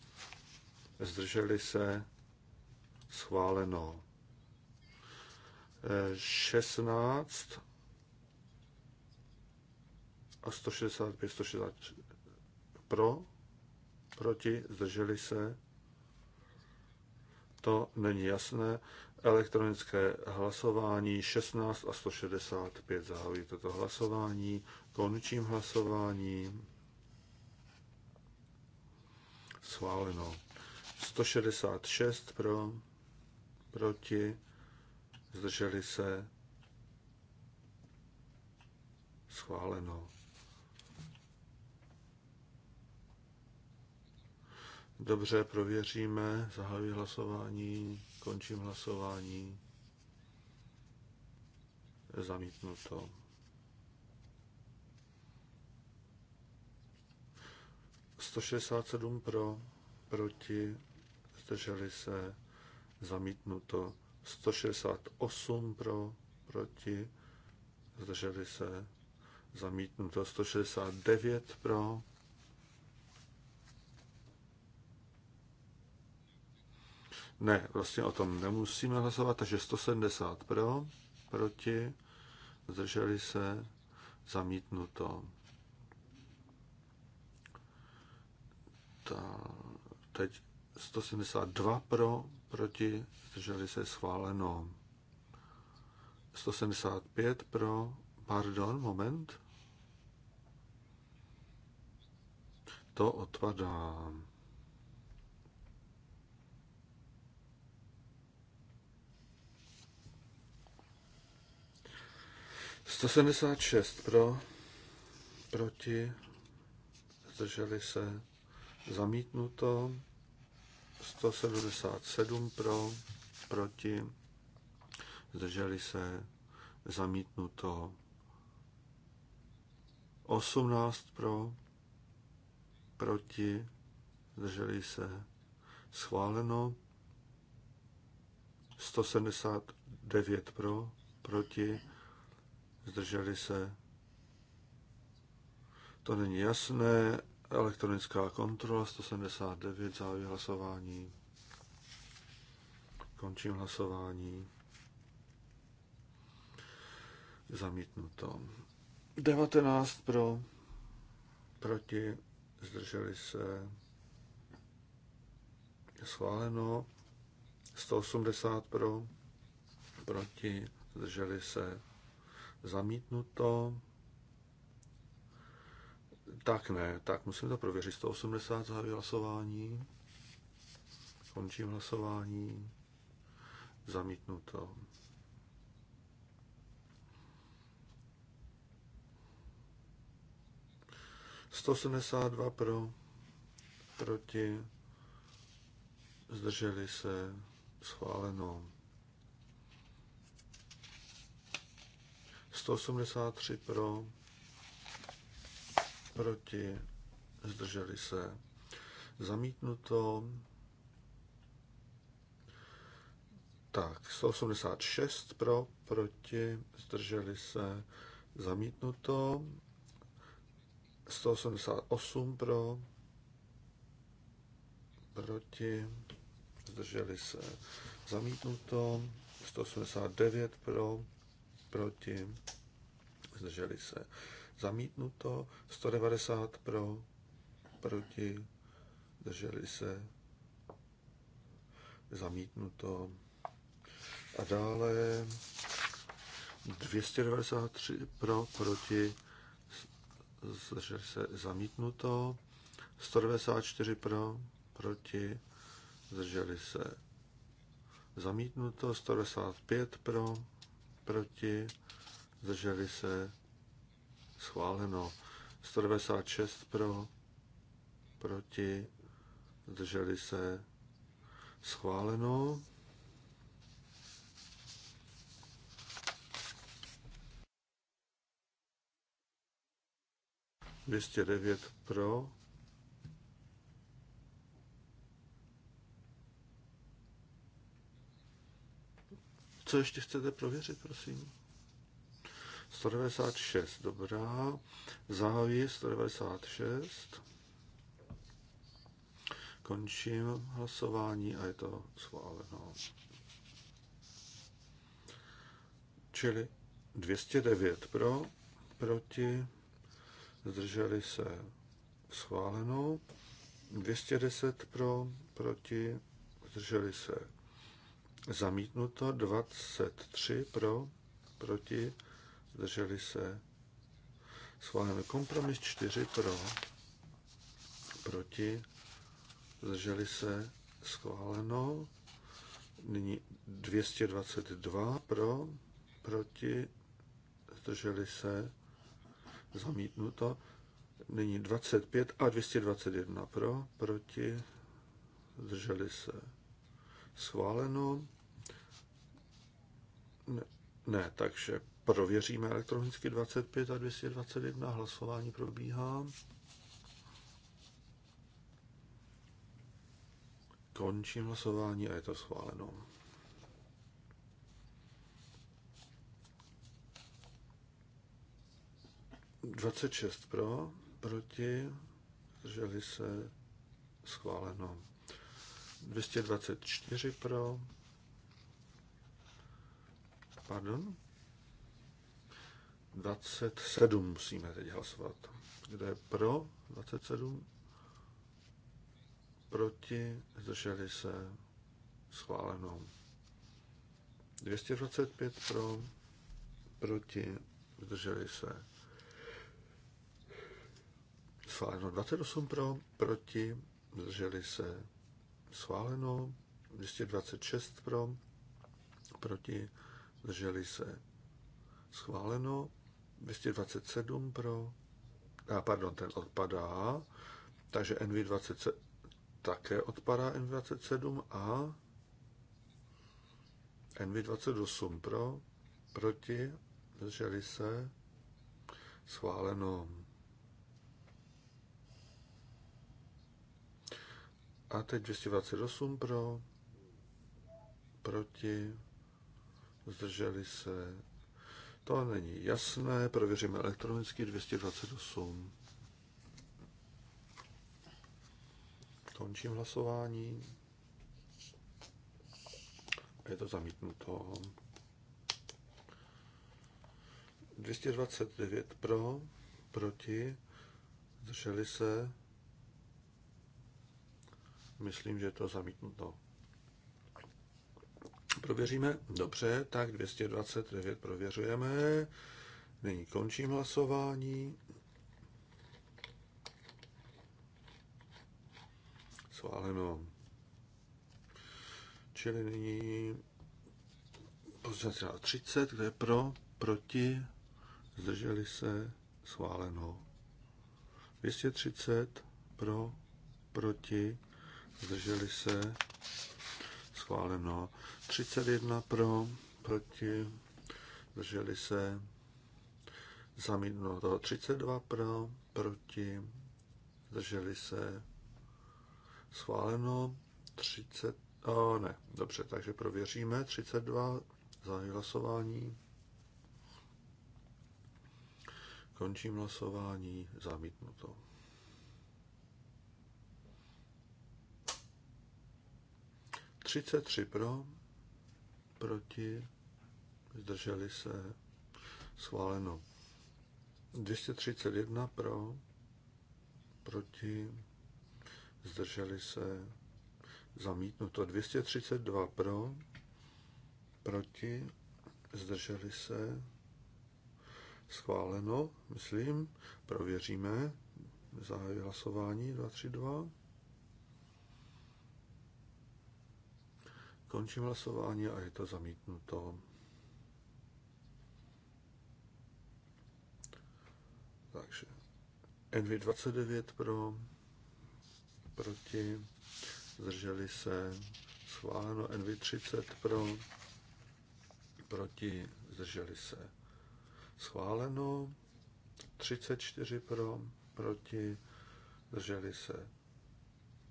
zdrželi se, schváleno. 16 e, a 165, 160 pro, proti, zdrželi se, to není jasné. Elektronické hlasování 16 a 165 zahájí toto hlasování. Končím hlasování. Schváleno. 166 pro, proti, zdrželi se. Schváleno. Dobře, prověříme. Zahajuji hlasování, končím hlasování. Zamítnuto. to. 167 pro, proti, zdrželi se, zamítnuto. 168 pro, proti, zdrželi se, zamítnuto 169 pro, Ne, vlastně o tom nemusíme hlasovat, takže 170 pro, proti, zdrželi se, zamítnuto. Ta, teď 172 pro, proti, zdrželi se, schváleno. 175 pro, pardon, moment. To odpadá. 176 pro, proti, zdrželi se, zamítnuto. 177 pro, proti, zdrželi se, zamítnuto. 18 pro, proti, zdrželi se, schváleno. 179 pro, proti, zdrželi se. To není jasné. Elektronická kontrola 179, závěr hlasování. Končím hlasování. Zamítnuto. 19 pro, proti, zdrželi se. Je schváleno. 180 pro, proti, zdrželi se zamítnuto. Tak ne, tak musím to prověřit. 180 zahájí hlasování. Končím hlasování. Zamítnuto. Sto dva pro, proti, zdrželi se, schváleno. 183 pro, proti, zdrželi se. Zamítnuto. Tak, 186 pro, proti, zdrželi se. Zamítnuto. 188 pro, proti, zdrželi se. Zamítnuto. 189 pro, proti, zdrželi se. Zamítnuto 190 pro, proti, zdrželi se. Zamítnuto. A dále 293 pro, proti, zdrželi se. Zamítnuto. 194 pro, proti, zdrželi se. Zamítnuto 195 pro, proti, zdrželi se, schváleno. 196 pro, proti, zdrželi se, schváleno. Dvěstě devět pro, Co ještě chcete prověřit, prosím? 196, dobrá. Zahajuji 196. Končím hlasování a je to schváleno. Čili 209 pro, proti, zdrželi se schváleno, 210 pro, proti, zdrželi se Zamítnuto 23 pro, proti, zdrželi se. Schváleno kompromis 4 pro, proti, zdrželi se. Schváleno. Nyní 222 pro, proti, zdrželi se. Zamítnuto. Nyní 25 a 221 pro, proti, zdrželi se. Schváleno. Ne, ne, takže prověříme elektronicky 25 a 221. Hlasování probíhá. Končím hlasování a je to schváleno. Dvacet šest pro, proti, zdrželi se, schváleno. 224 pro, Pardon? 27 musíme teď hlasovat. Kdo je pro 27? Proti? Zdrželi se? Schváleno. 225 pro? Proti? Zdrželi se? Schváleno 28 pro, proti, zdrželi se schváleno, 226 pro, proti, zdrželi se schváleno, 227 pro, a pardon, ten odpadá, takže NV27 také odpadá NV27 a NV28 pro, proti, zdrželi se, schváleno. A teď 228 pro, proti, zdrželi se. To není jasné, prověříme elektronicky 228. Končím hlasování. Je to zamítnuto. 229 pro, proti, zdrželi se. Myslím, že je to zamítnuto. Prověříme? Dobře, tak 229 prověřujeme. Nyní končím hlasování. Sváleno. Čili nyní pozice 30, kde je pro, proti, zdrželi se, schváleno. 230 pro, proti, zdrželi se, schváleno. 31 pro, proti, zdrželi se, to 32 pro, proti, zdrželi se, schváleno. 30, o, ne, dobře, takže prověříme. 32 zahájí hlasování. Končím hlasování, zamítnuto. 33 pro, proti, zdrželi se, schváleno. 231 pro, proti, zdrželi se, zamítnuto. 232 pro, proti, zdrželi se, schváleno, myslím, prověříme, zahájí hlasování 232. Končím hlasování a je to zamítnuto. Takže NV29 pro, proti, zdrželi se, schváleno NV30 pro, proti, zdrželi se, schváleno 34 pro, proti, zdrželi se,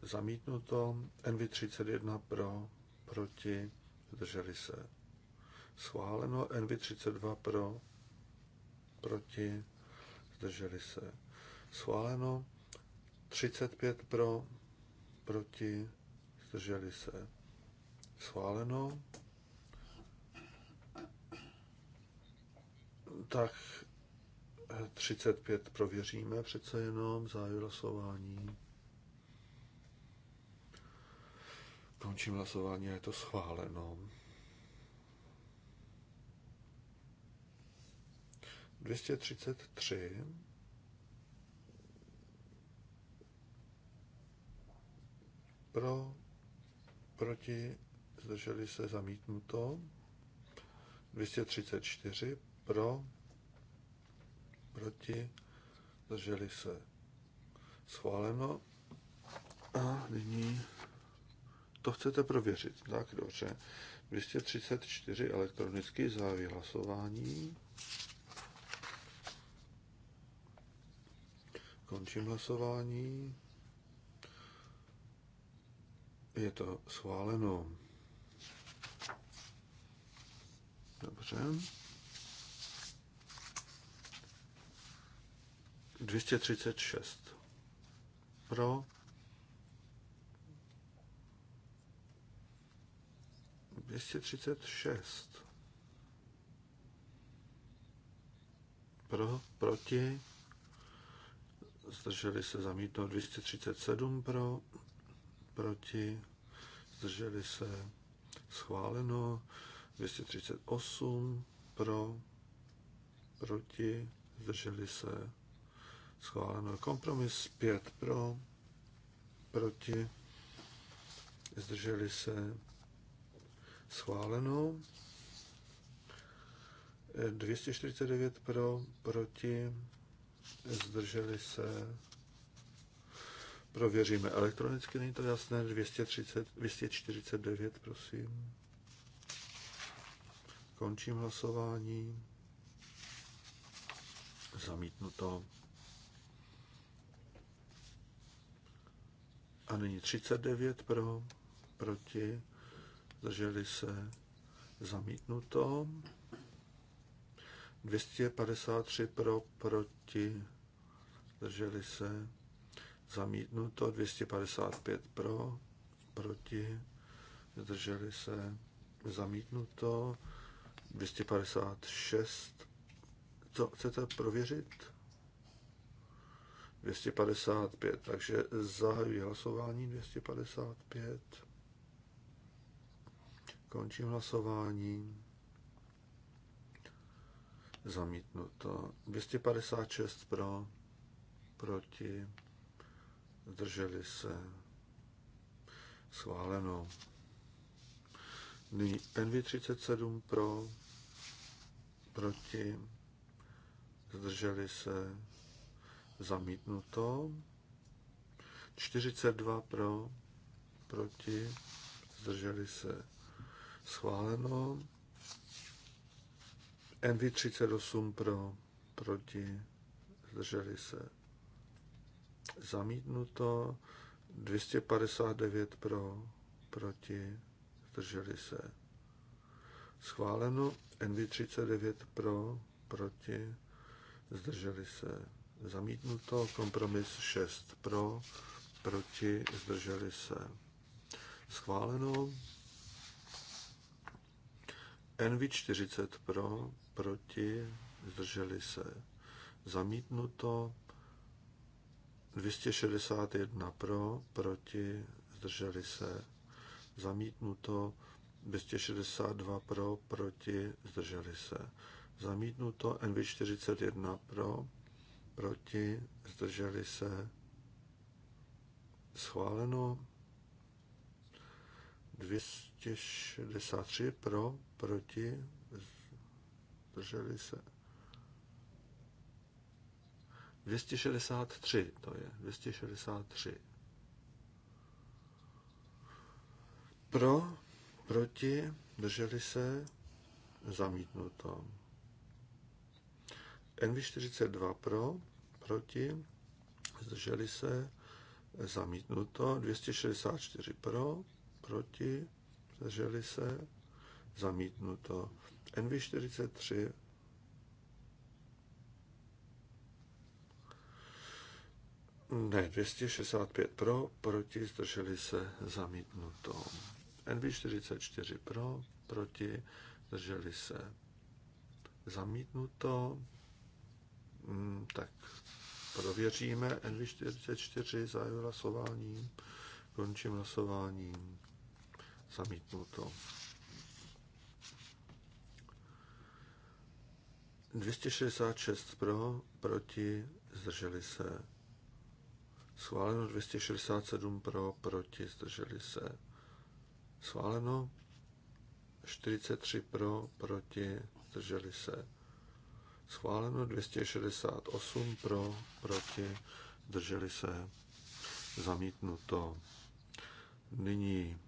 zamítnuto NV31 pro, proti, zdrželi se. Schváleno NV32 pro, proti, zdrželi se. Schváleno 35 pro, proti, zdrželi se. Schváleno. Tak 35 eh, prověříme přece jenom za hlasování. Končím hlasování a je to schváleno. Dvěstě třicet tři Pro, proti, zdrželi se zamítnuto. čtyři Pro, proti, zdrželi se schváleno. A nyní to chcete prověřit. Tak, dobře. 234 elektronicky zahájí hlasování. Končím hlasování. Je to schváleno. Dobře. 236. Pro, 236. Pro, proti, zdrželi se zamítnout 237 pro, proti, zdrželi se schváleno 238 pro, proti, zdrželi se schváleno kompromis 5 pro, proti, zdrželi se schváleno. 249 e, pro, proti, zdrželi se, prověříme elektronicky, není to jasné, 230, 249, prosím. Končím hlasování. Zamítnuto. A nyní 39 pro, proti, zdrželi se zamítnuto. 253 pro, proti, zdrželi se zamítnuto. 255 pro, proti, zdrželi se zamítnuto. 256. Co chcete prověřit? 255. Takže zahajuji hlasování 255. Končím hlasování. Zamítnuto. 256 pro, proti, zdrželi se, schváleno. Nyní NV37 pro, proti, zdrželi se, zamítnuto. 42 pro, proti, zdrželi se, Schváleno. NV38 pro, proti, zdrželi se. Zamítnuto. 259 pro, proti, zdrželi se. Schváleno. NV39 pro, proti, zdrželi se. Zamítnuto. Kompromis 6 pro, proti, zdrželi se. Schváleno. NV40 pro, proti, zdrželi se. Zamítnuto 261 pro, proti, zdrželi se. Zamítnuto 262 pro, proti, zdrželi se. Zamítnuto NV41 pro, proti, zdrželi se. Schváleno 263 pro, proti, zdrželi se. 263 to je, 263. Pro, proti, drželi se, zamítnuto. NV42 pro, proti, zdrželi se, zamítnuto. 264 pro, proti, zdrželi se, zamítnuto. NV43 ne, 265 pro, proti, zdrželi se, zamítnuto. NV44 pro, proti, zdrželi se, zamítnuto. Hmm, tak prověříme NV44 za hlasování. Končím hlasováním zamítnuto. 266 pro, proti, zdrželi se. Schváleno 267 pro, proti, zdrželi se. Schváleno 43 pro, proti, zdrželi se. Schváleno 268 pro, proti, zdrželi se. Zamítnuto. Nyní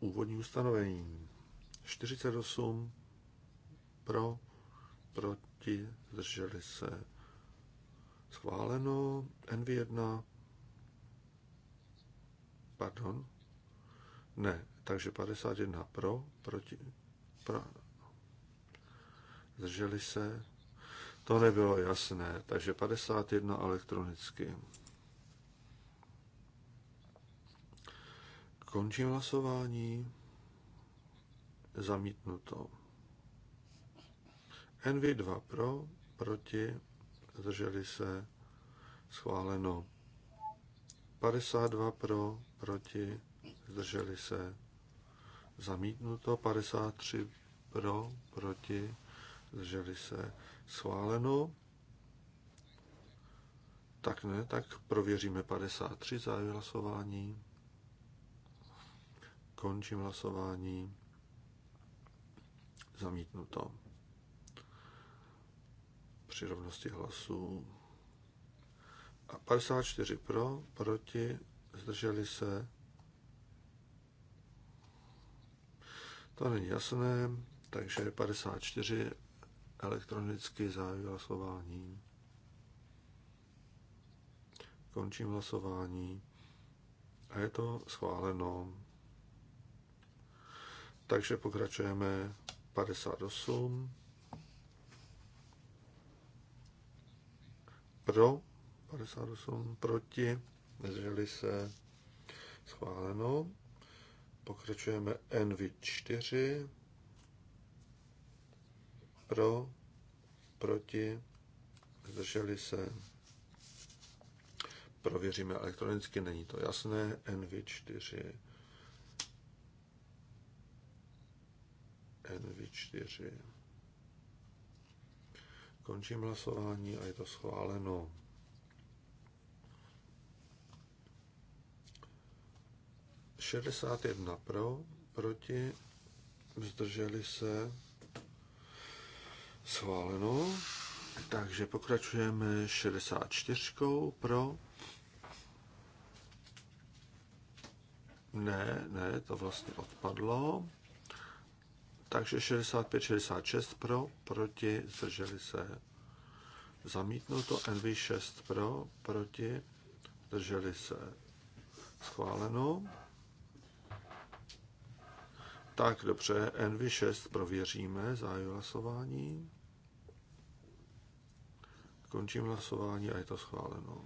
Úvodní ustanovení 48 pro, proti, zdrželi se. Schváleno NV1, pardon, ne, takže 51 pro, proti, pro, zdrželi se. To nebylo jasné, takže 51 elektronicky. Končím hlasování. Zamítnuto. NV2 pro, proti, zdrželi se, schváleno. 52 pro, proti, zdrželi se, zamítnuto. 53 pro, proti, zdrželi se, schváleno. Tak ne, tak prověříme 53 za hlasování. Končím hlasování. Zamítnuto. Při rovnosti hlasů. A 54 pro, proti, zdrželi se. To není jasné, takže 54 elektronicky zahájí hlasování. Končím hlasování. A je to schváleno. Takže pokračujeme 58. Pro 58, proti, zdrželi se, schváleno. Pokračujeme NV4. Pro, proti, zdrželi se. Prověříme elektronicky, není to jasné. NV4 NV4. Končím hlasování a je to schváleno. Šedesát jedna pro, proti, zdrželi se, schváleno. Takže pokračujeme 64 pro. Ne, ne, to vlastně odpadlo. Takže 65-66 pro, proti, zdrželi se. Zamítnuto NV6 pro, proti, zdrželi se. Schváleno. Tak dobře, NV6 prověříme, zahajuji hlasování. Končím hlasování a je to schváleno.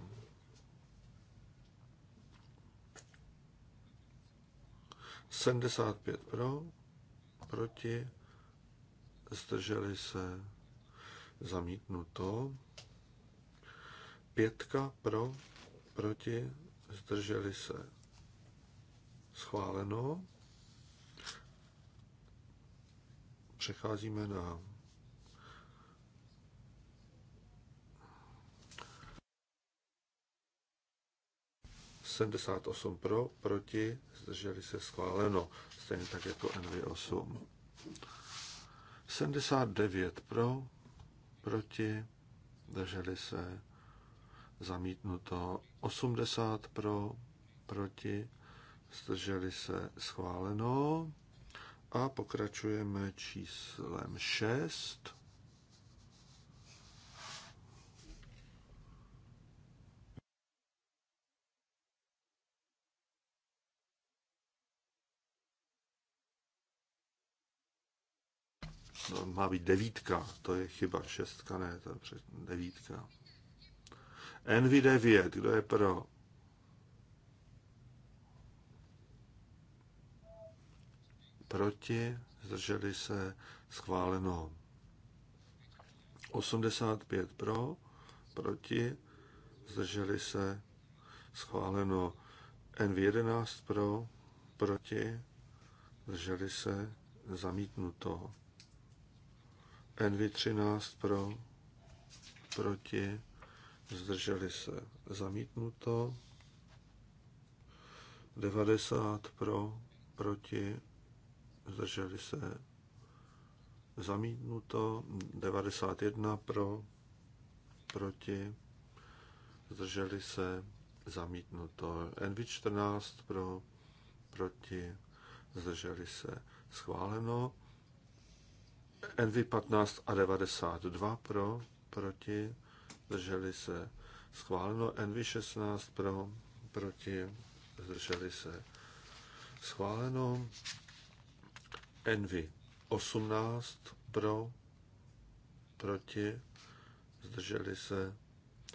Sendesát pět pro, proti, zdrželi se, zamítnuto. Pětka pro, proti, zdrželi se, schváleno. Přecházíme na Sedmdesát osm pro, proti, zdrželi se schváleno, stejně tak jako NV8. 79 pro, proti, zdrželi se zamítnuto, 80 pro, proti, zdrželi se schváleno. A pokračujeme číslem 6. má být devítka, to je chyba, šestka ne, to je před, devítka. Envy 9 kdo je pro? Proti, zdrželi se, schváleno. 85 pro, proti, zdrželi se, schváleno. NV11 pro, proti, zdrželi se, zamítnuto. NV13 pro, proti, zdrželi se zamítnuto, 90 pro, proti, zdrželi se zamítnuto, 91 pro, proti, zdrželi se zamítnuto, NV14 pro, proti, zdrželi se schváleno, NV 15 a 92 pro, proti, zdrželi se schváleno. NV 16 pro, proti, zdrželi se schváleno. NV 18 pro, proti, zdrželi se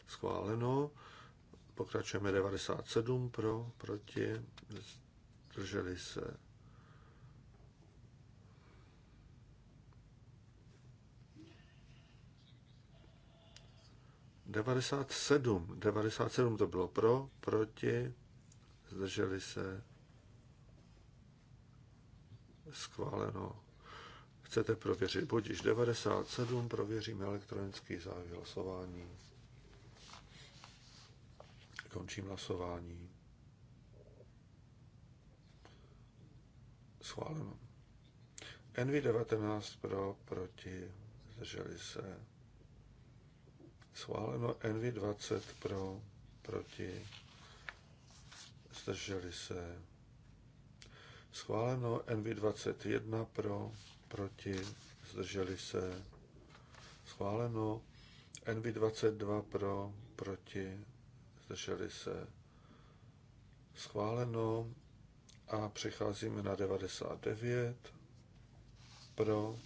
schváleno. Pokračujeme 97 pro, proti, zdrželi se 97. 97 to bylo pro, proti, zdrželi se, schváleno. Chcete prověřit budiž 97, prověříme elektronický závěr hlasování. Končím hlasování. Schváleno. NV19 pro, proti, zdrželi se Schváleno NV20 pro, proti, zdrželi se. Schváleno NV21 pro, proti, zdrželi se. Schváleno NV22 pro, proti, zdrželi se. Schváleno a přecházíme na 99 pro,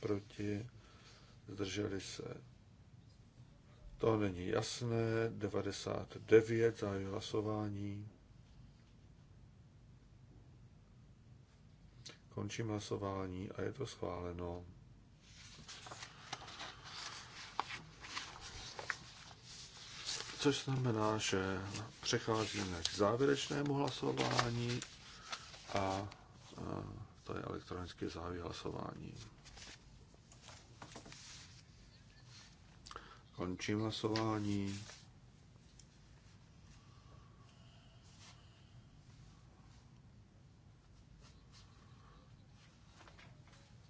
proti, zdrželi se to není jasné. 99 za hlasování. Končím hlasování a je to schváleno. Což znamená, že přecházíme k závěrečnému hlasování a to je elektronické závěr hlasování. Končím hlasování.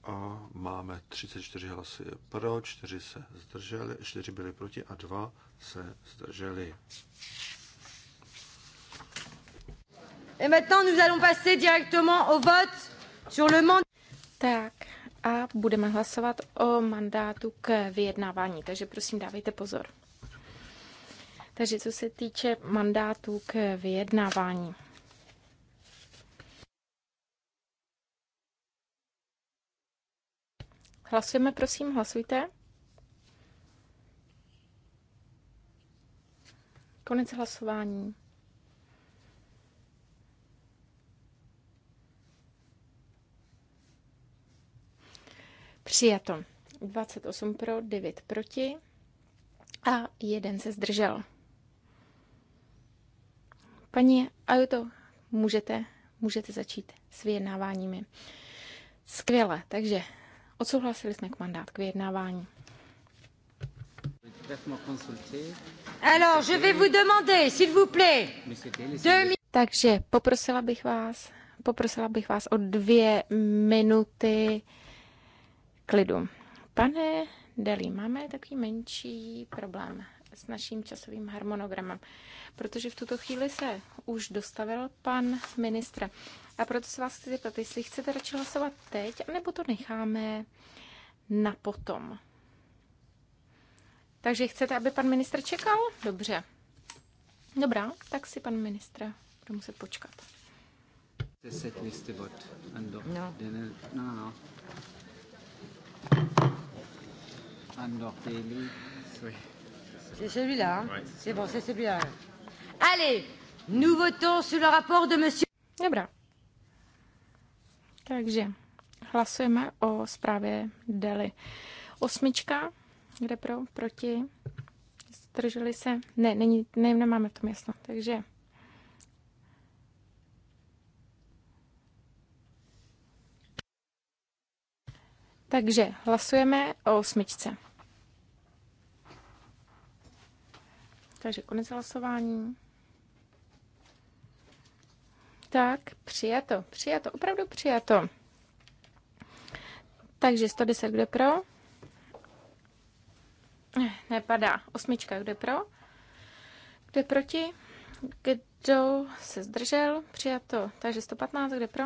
A máme 34 hlasy pro, 4 se zdrželi, 4 byly proti a 2 se zdrželi. Et maintenant, nous allons passer directement au vote sur le mandat. Tak, a budeme hlasovat o mandátu k vyjednávání, takže prosím dávejte pozor. Takže co se týče mandátu k vyjednávání. Hlasujeme, prosím, hlasujte. Konec hlasování. Přijato. 28 pro, 9 proti a jeden se zdržel. Paní Ajuto, můžete, můžete začít s vyjednáváními. Skvěle, takže odsouhlasili jsme k mandát k vyjednávání. Alors, je vais vous demander, s'il vous plaît, Takže poprosila bych vás, poprosila bych vás o dvě minuty klidu. Pane Deli, máme takový menší problém s naším časovým harmonogramem, protože v tuto chvíli se už dostavil pan ministr. A proto se vás chci zeptat, jestli chcete radši hlasovat teď, anebo to necháme na potom. Takže chcete, aby pan ministr čekal? Dobře. Dobrá, tak si pan ministr bude muset počkat. listy no. no. No, no, no. C'est celui-là. Hein c'est bon, c'est celui-là. Allez, nous votons sur le rapport de monsieur. Dobra. Takže hlasujeme o zprávě Deli. Osmička, kde pro, proti, zdrželi se, ne, není, ne, nemáme v tom jasno, takže Takže hlasujeme o osmičce. Takže konec hlasování. Tak, přijato, přijato, opravdu přijato. Takže 110, kde pro? Eh, nepadá. Osmička, kde pro? Kde proti? Kdo se zdržel? Přijato. Takže 115, kde pro?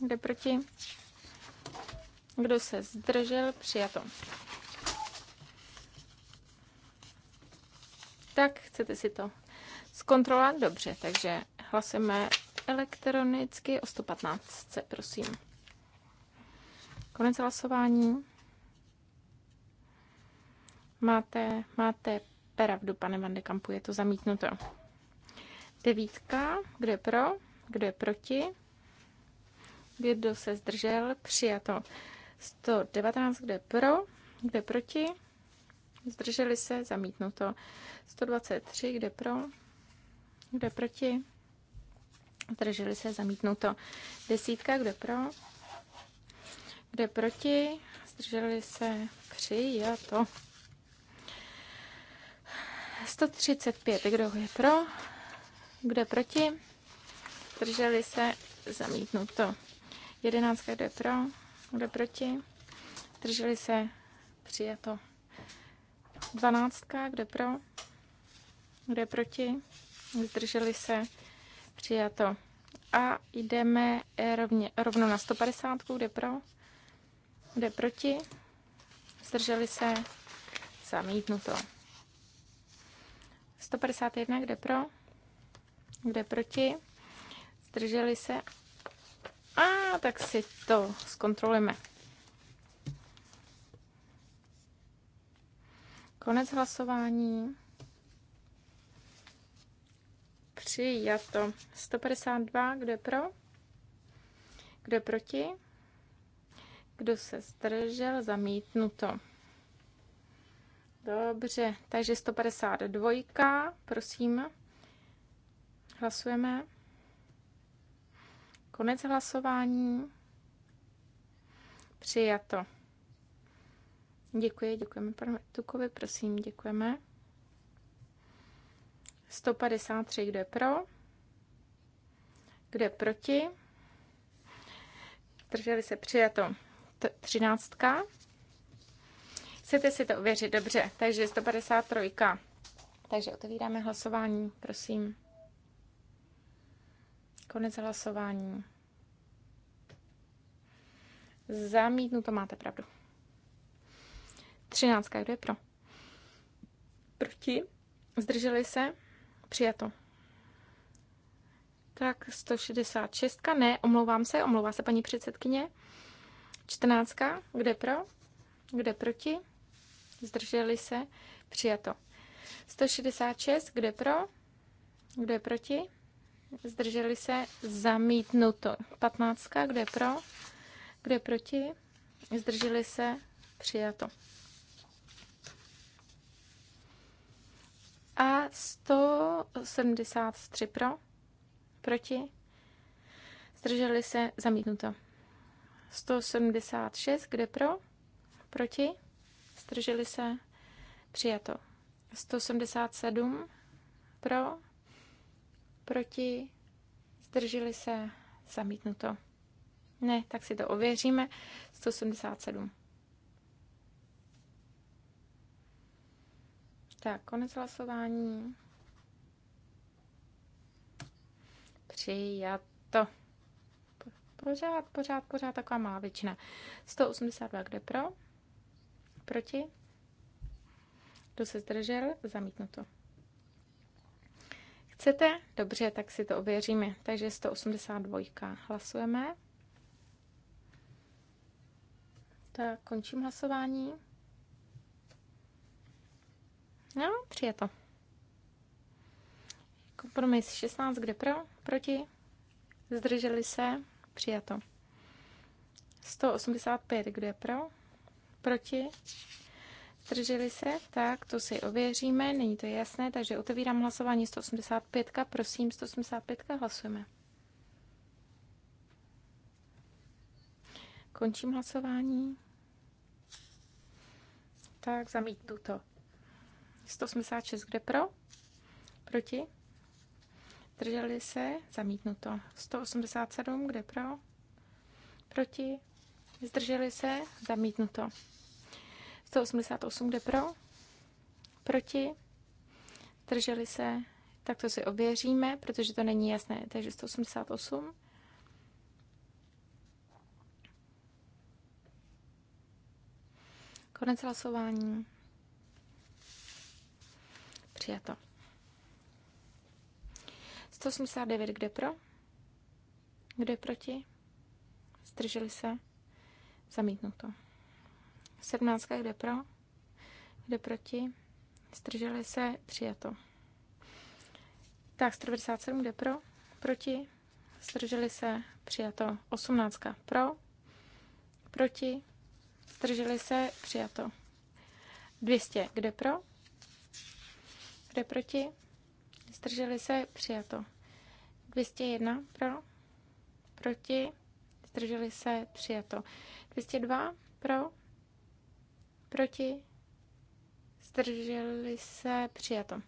Kde proti? Kdo se zdržel? Přijato. Tak, chcete si to zkontrolovat? Dobře, takže hlasujeme elektronicky o 115, prosím. Konec hlasování. Máte, máte pravdu, pane Van de Kampu, je to zamítnuto. Devítka, kdo je pro, kdo je proti, kdo se zdržel, přijato. 119, kde pro, kde proti, zdrželi se, zamítnuto. 123, kde pro, kde proti, zdrželi se, zamítnuto. Desítka, kde pro, kde proti, zdrželi se, přijato. 135, kdo je pro, kde proti, zdrželi se, zamítnuto. 11, kde pro, kdo proti? Drželi se? Přijato. Dvanáctka. Kdo pro? Kdo proti? Zdrželi se? Přijato. A jdeme eh, rovně, rovnou na 150. Kde pro? Kde proti? Zdrželi se? Zamítnuto. 151. Kde pro? Kde proti? Zdrželi se? A tak si to zkontrolujeme. Konec hlasování. Přijato. 152, kdo je pro? Kdo je proti? Kdo se zdržel? Zamítnuto. Dobře, takže 152, prosím. Hlasujeme. Konec hlasování. Přijato. Děkuji, děkujeme panu Tukovi, prosím, děkujeme. 153, kdo je pro? Kdo je proti? Drželi se přijato. Třináctka. Chcete si to uvěřit? Dobře, takže 153. Takže otevíráme hlasování, prosím. Konec hlasování. Zamítnu, to máte pravdu. Třináctka, kdo je pro? Proti? Zdrželi se? Přijato. Tak 166, ne, omlouvám se, omlouvá se paní předsedkyně. 14, kde pro? Kde proti? Zdrželi se? Přijato. 166, kde pro? Kde proti? zdrželi se, zamítnuto. 15. kde je pro? kde je proti? Zdrželi se, přijato. A 173 pro, proti, zdrželi se, zamítnuto. 176, kde pro, proti, zdrželi se, přijato. 177 pro, proti, zdrželi se, zamítnuto. Ne, tak si to ověříme. 187. Tak, konec hlasování. Přijato. Pořád, pořád, pořád taková malá většina. 182, kde pro? Proti? Kdo se zdržel? Zamítnuto. Chcete? Dobře, tak si to ověříme. Takže 182. Hlasujeme. Tak končím hlasování. No, to. Kompromis 16, kde pro? Proti? Zdrželi se? Přijato. 185, kde pro? Proti? Zdrželi se? Tak, to si ověříme, není to jasné, takže otevírám hlasování 185, prosím, 185 hlasujeme. Končím hlasování. Tak, zamítnu to. 186, kde pro? Proti? Drželi se? zamítnu to. 187, kde pro? Proti? Zdrželi se? zamítnu to. 188 jde pro, proti, drželi se, tak to si ověříme, protože to není jasné, takže 188. Konec hlasování. Přijato. 189, kde pro? Kde proti? Zdrželi se? Zamítnuto. 17, kde pro, kde proti, strželi se, přijato. Tak, 197, kde pro, proti, strželi se, přijato. 18, pro, proti, strželi se, přijato. 200, kde pro, kde proti, strželi se, přijato. 201 pro, proti, strželi se, přijato. 202 pro, proti, zdrželi se, přijato.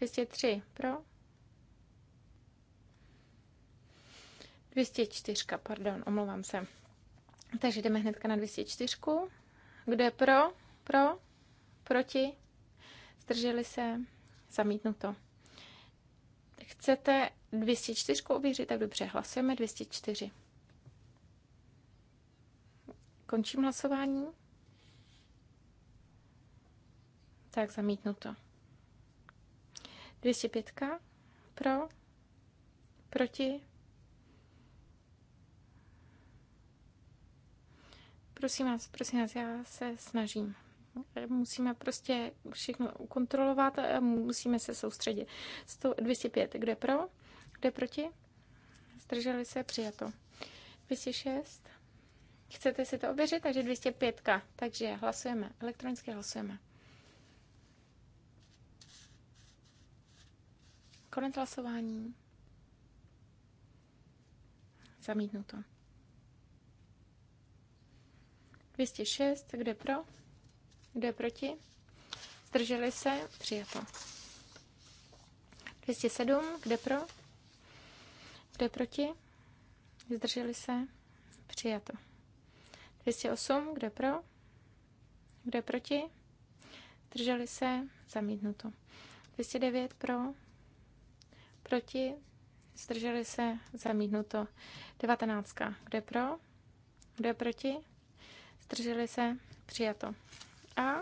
203 pro, 204, pardon, omlouvám se. Takže jdeme hnedka na 204. Kdo je pro? Pro? Proti? Zdrželi se? Zamítnuto. Chcete 204 ověřit? Tak dobře, hlasujeme 204. Končím hlasování. tak zamítnuto. 205 pro, proti. Prosím vás, prosím vás, já se snažím. Musíme prostě všechno ukontrolovat a musíme se soustředit. 100, 205, kde pro, kde proti? Zdrželi se, přijato. 206. Chcete si to ověřit? Takže 205. Takže hlasujeme, elektronicky hlasujeme. Konec hlasování. Zamítnuto. 206, kde pro? Kde proti? Zdrželi se? Přijato. 207, kde pro? Kde proti? Zdrželi se? Přijato. 208, kde pro? Kde proti? Zdrželi se? Zamítnuto. 209 pro, proti, zdrželi se, zamítnuto. 19. Kdo je pro? Kdo je proti? Zdrželi se, přijato. A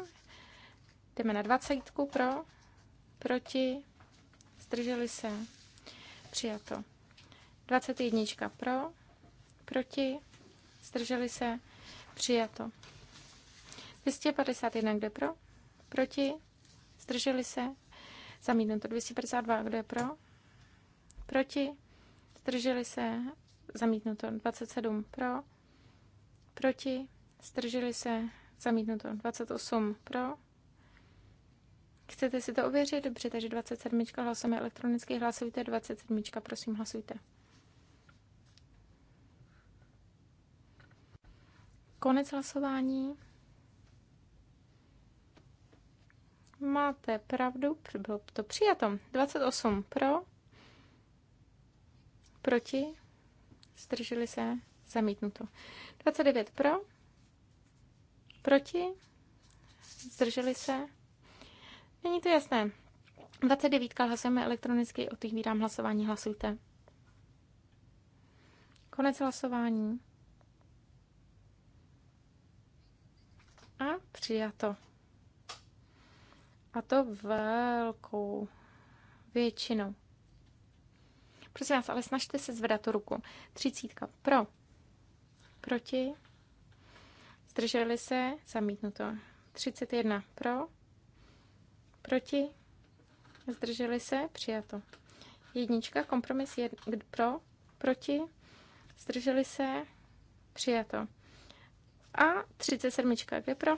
jdeme na 20. Pro, proti, zdrželi se, přijato. 21. Pro, proti, zdrželi se, přijato. 251, Kdo je pro? Proti, zdrželi se, zamítnuto. 252, kdo je pro? proti, zdrželi se, zamítnuto 27 pro, proti, zdrželi se, zamítnuto 28 pro. Chcete si to ověřit? Dobře, takže 27 hlasujeme elektronicky, hlasujte 27, prosím hlasujte. Konec hlasování. Máte pravdu, bylo to přijato. 28 pro, proti, zdrželi se, zamítnuto. 29 pro, proti, zdrželi se. Není to jasné. 29 hlasujeme elektronicky, otevírám hlasování, hlasujte. Konec hlasování. A přijato. A to velkou většinou. Prosím vás, ale snažte se zvedat tu ruku. Třicítka pro, proti, zdrželi se, zamítnuto. 31 pro, proti, zdrželi se, přijato. Jednička, kompromis jed, pro, proti, zdrželi se, přijato. A 37, kde pro,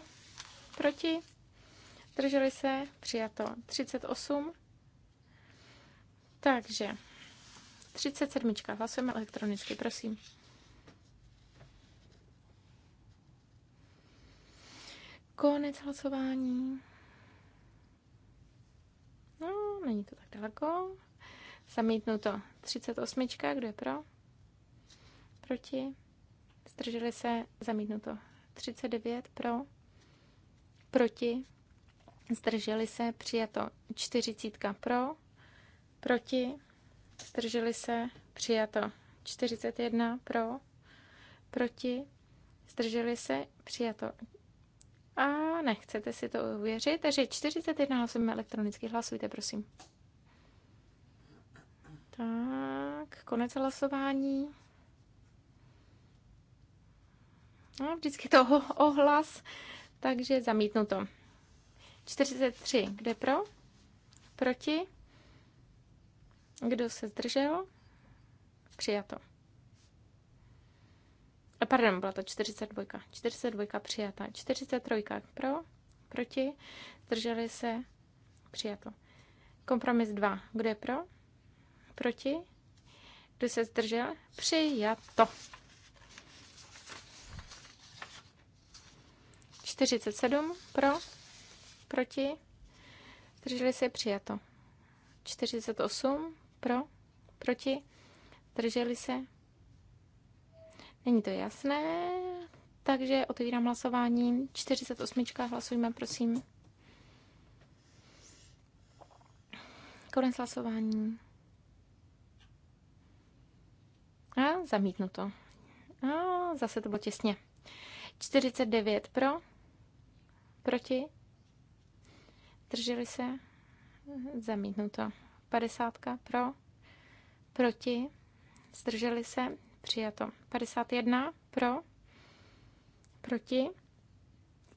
proti, zdrželi se, přijato. 38, takže 37. Hlasujeme elektronicky, prosím. Konec hlasování. No, není to tak daleko. to 38. Kdo je pro? Proti? Zdrželi se? zamítnu to 39. Pro? Proti? Zdrželi se? Přijato 40. Pro? Proti? zdrželi se, přijato. 41 pro, proti, zdrželi se, přijato. A nechcete si to uvěřit, takže 41 hlasujeme elektronicky, hlasujte, prosím. Tak, konec hlasování. No, vždycky to ohlas, takže zamítnu to. 43, kde pro? Proti? Kdo se zdržel? Přijato. Pardon, byla to 42. 42 přijata. 43 pro, proti, zdrželi se, přijato. Kompromis 2. Kdo je pro? Proti? Kdo se zdržel? Přijato. 47 pro, proti, zdrželi se, přijato. 48 pro? Proti? Drželi se? Není to jasné, takže otevírám hlasování. 48. Hlasujme, prosím. Konec hlasování. A to. A zase to bylo těsně. 49 pro, proti, drželi se, Zamítnu to. 50 pro, proti, zdrželi se, přijato. 51 pro, proti,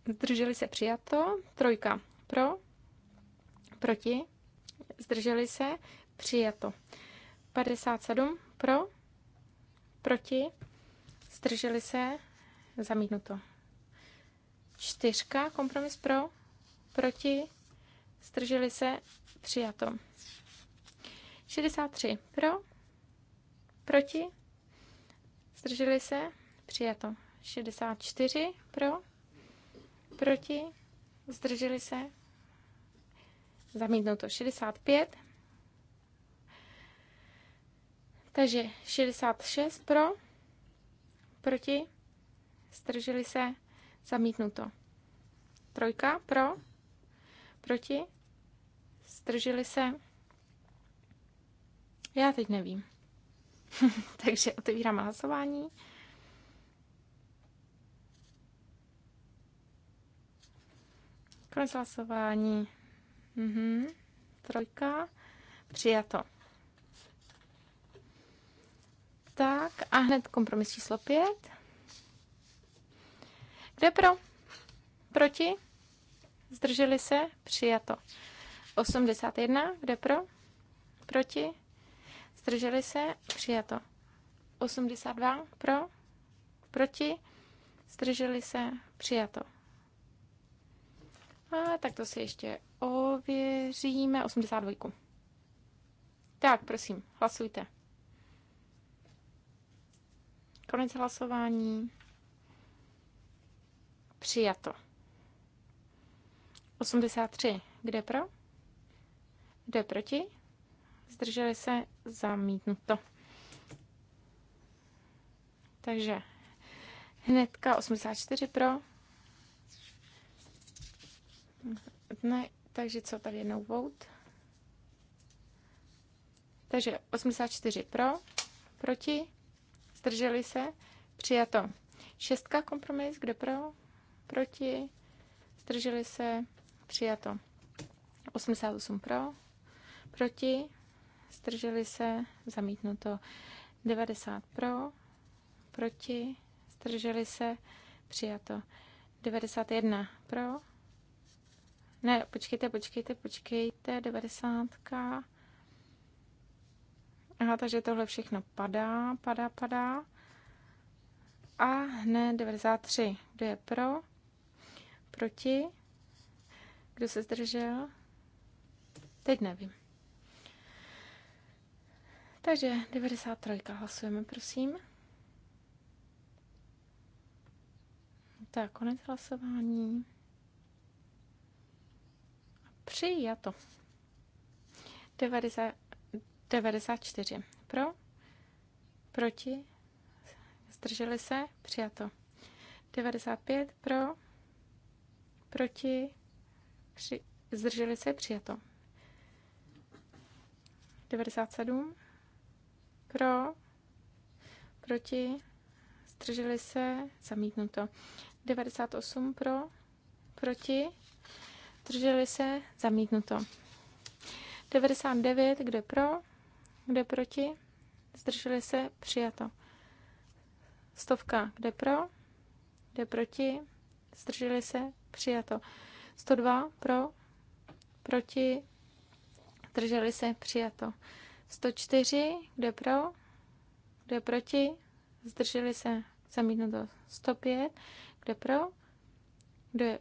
zdrželi se, přijato. Trojka pro, proti, zdrželi se, přijato. 57 pro, proti, zdrželi se, zamítnuto. Čtyřka, kompromis pro, proti, zdrželi se, přijato. 63 pro, proti, zdrželi se, přijato. 64 pro, proti, zdrželi se, zamítnuto 65. Takže 66 pro, proti, zdrželi se, zamítnuto. Trojka pro, proti, zdrželi se, já teď nevím. Takže otevírám hlasování. Konec hlasování. Mhm. Trojka. Přijato. Tak a hned kompromis číslo pět. Kde pro? Proti? Zdrželi se? Přijato. 81. Kde pro? Proti? Zdrželi se? Přijato. 82 pro? Proti? Zdrželi se? Přijato. A tak to si ještě ověříme. 82. Tak, prosím, hlasujte. Konec hlasování. Přijato. 83. Kde pro? Kde proti? Zdrželi se zamítnuto. Takže hnedka 84 pro. Ne, takže co tady jednou vout? Takže 84 pro, proti, zdrželi se, přijato. Šestka kompromis, kde pro, proti, zdrželi se, přijato. 88 pro, proti, zdrželi se, zamítnuto 90 pro, proti, zdrželi se, přijato 91 pro, ne, počkejte, počkejte, počkejte, 90. Aha, takže tohle všechno padá, padá, padá. A ne 93. Kdo je pro? Proti? Kdo se zdržel? Teď nevím. Takže 93. hlasujeme, prosím. Tak, konec hlasování. Přijato. 94. Pro? Proti? Zdrželi se? Přijato. 95. Pro? Proti? Při, zdrželi se? Přijato. 97. Pro, proti, zdrželi se, zamítnuto. 98 pro, proti, zdrželi se, zamítnuto. 99, kde pro, kde proti, zdrželi se, přijato. Stovka, kde pro, kde proti, zdrželi se, přijato. 102 pro, proti, zdrželi se, přijato. 104, kde pro, kde proti, zdrželi se zamítnuto 105, kde pro, kde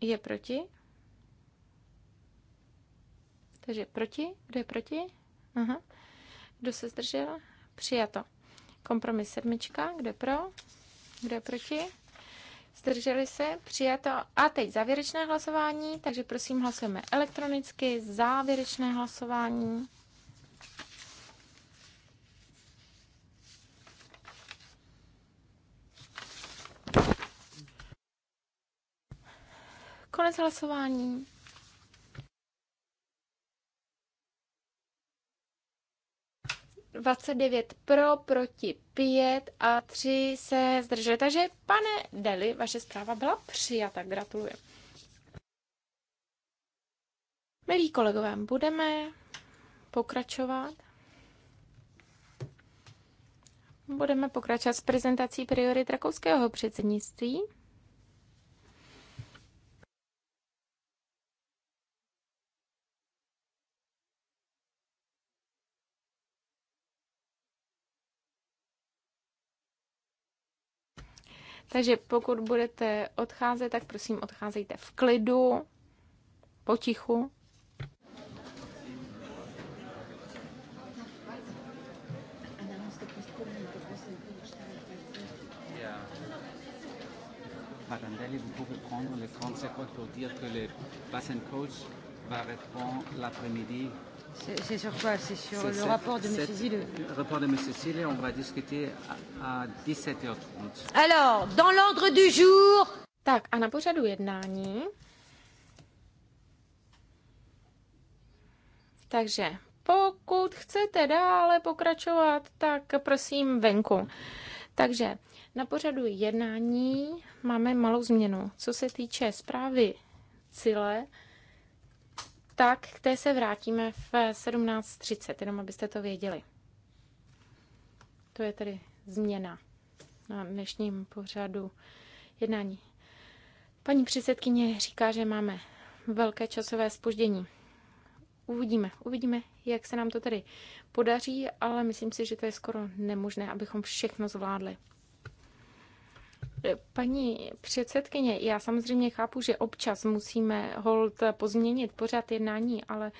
je proti, takže proti, kdo je proti, aha, kdo se zdržel, přijato. Kompromis sedmička, kdo je pro, kdo je proti, zdrželi se, přijato. A teď závěrečné hlasování, takže prosím hlasujeme elektronicky, závěrečné hlasování. Konec hlasování. devět pro, proti pět a tři se zdrželi. Takže, pane Deli, vaše zpráva byla přijata. Gratuluji. Milí kolegové, budeme pokračovat. Budeme pokračovat s prezentací priorit rakouského předsednictví. Takže pokud budete odcházet, tak prosím odcházejte v klidu, potichu. Parandelli, vous pouvez prendre pour dire que le bassin coach va répondre l'après-midi C'est sur quoi C'est sur le rapport de M. Zille Le rapport de M. Zille, on va discuter à, à 17h30. Alors, dans l'ordre du jour... Tak a na pořadu jednání. Takže pokud chcete dále pokračovat, tak prosím venku. Takže na pořadu jednání máme malou změnu. Co se týče zprávy Cile, tak k té se vrátíme v 17.30, jenom abyste to věděli. To je tedy změna na dnešním pořadu jednání. Paní předsedkyně říká, že máme velké časové spoždění. Uvidíme, uvidíme, jak se nám to tedy podaří, ale myslím si, že to je skoro nemožné, abychom všechno zvládli. Paní předsedkyně, já samozřejmě chápu, že občas musíme hold pozměnit pořád jednání, ale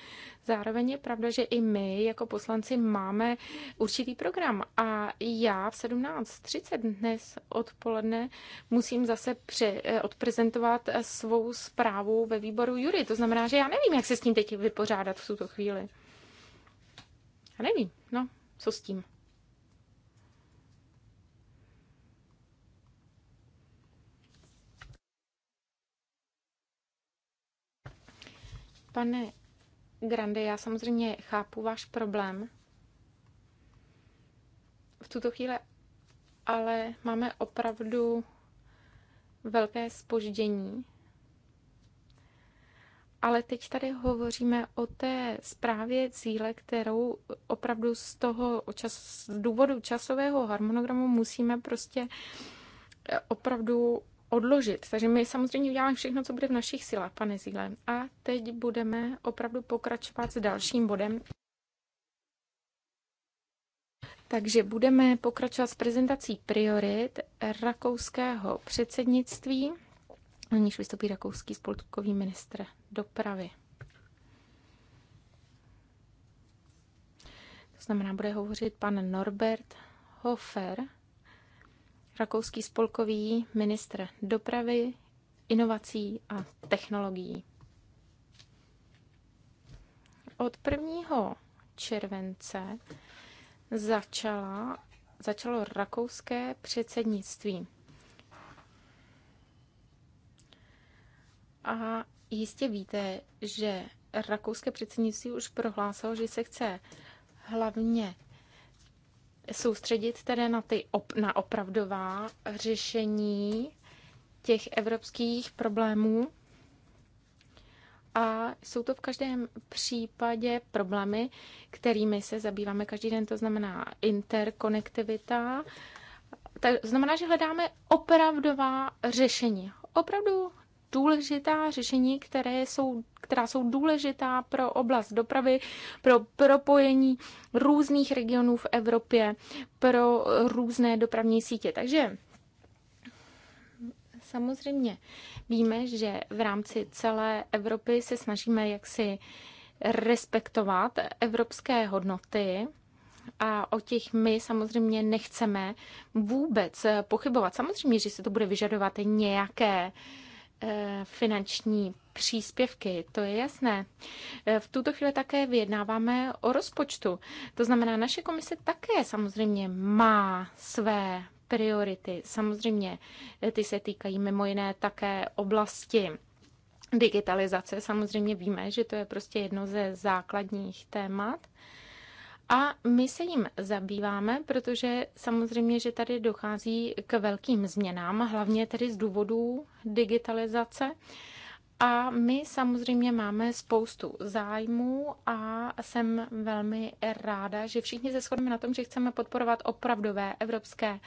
zároveň je pravda, že i my jako poslanci máme určitý program a já v 17.30 dnes odpoledne musím zase pře- eh, odprezentovat svou zprávu ve výboru Jury. To znamená, že já nevím, jak se s tím teď vypořádat v tuto chvíli. Já nevím, no, co s tím. Pane Grande, já samozřejmě chápu váš problém v tuto chvíli, ale máme opravdu velké spoždění. Ale teď tady hovoříme o té zprávě cíle, kterou opravdu z toho čas, z důvodu časového harmonogramu musíme prostě opravdu odložit. Takže my samozřejmě uděláme všechno, co bude v našich silách, pane Zíle. A teď budeme opravdu pokračovat s dalším bodem. Takže budeme pokračovat s prezentací priorit rakouského předsednictví, na níž vystoupí rakouský spolkový ministr dopravy. To znamená, bude hovořit pan Norbert Hofer, rakouský spolkový ministr dopravy, inovací a technologií. Od 1. července začala, začalo rakouské předsednictví. A jistě víte, že rakouské předsednictví už prohlásilo, že se chce hlavně soustředit tedy na, ty op, na opravdová řešení těch evropských problémů. A jsou to v každém případě problémy, kterými se zabýváme každý den, to znamená interkonektivita. To znamená, že hledáme opravdová řešení. Opravdu důležitá řešení, které jsou, která jsou důležitá pro oblast dopravy, pro propojení různých regionů v Evropě, pro různé dopravní sítě. Takže samozřejmě víme, že v rámci celé Evropy se snažíme jaksi respektovat evropské hodnoty, a o těch my samozřejmě nechceme vůbec pochybovat. Samozřejmě, že se to bude vyžadovat nějaké uh, Eh, finanční příspěvky, to je jasné. Eh, v tuto chvíli také vyjednáváme o rozpočtu. To znamená, naše komise také samozřejmě má své priority. Samozřejmě eh, ty se týkají mimo jiné také oblasti digitalizace. Samozřejmě víme, že to je prostě jedno ze základních témat. A my se jim zabýváme, protože samozřejmě, že tady dochází k velkým změnám, hlavně tedy z důvodů digitalizace. A my samozřejmě máme spoustu zájmů a jsem velmi ráda, že všichni se shodneme na tom, že chceme podporovat opravdové evropské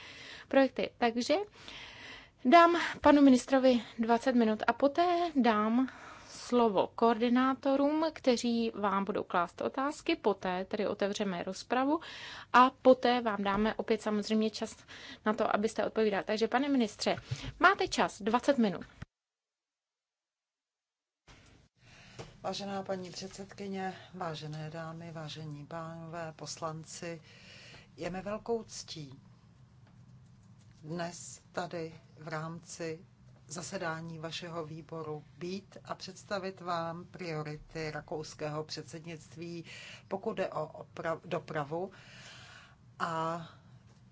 projekty. Takže dám panu ministrovi 20 minut a poté dám slovo koordinátorům, kteří vám budou klást otázky, poté tedy otevřeme rozpravu a poté vám dáme opět samozřejmě čas na to, abyste odpovídali. Takže pane ministře, máte čas 20 minut. Vážená paní předsedkyně, vážené dámy, vážení pánové, poslanci, je mi velkou ctí dnes tady v rámci zasedání vašeho výboru být a představit vám priority rakouského předsednictví, pokud jde o dopravu a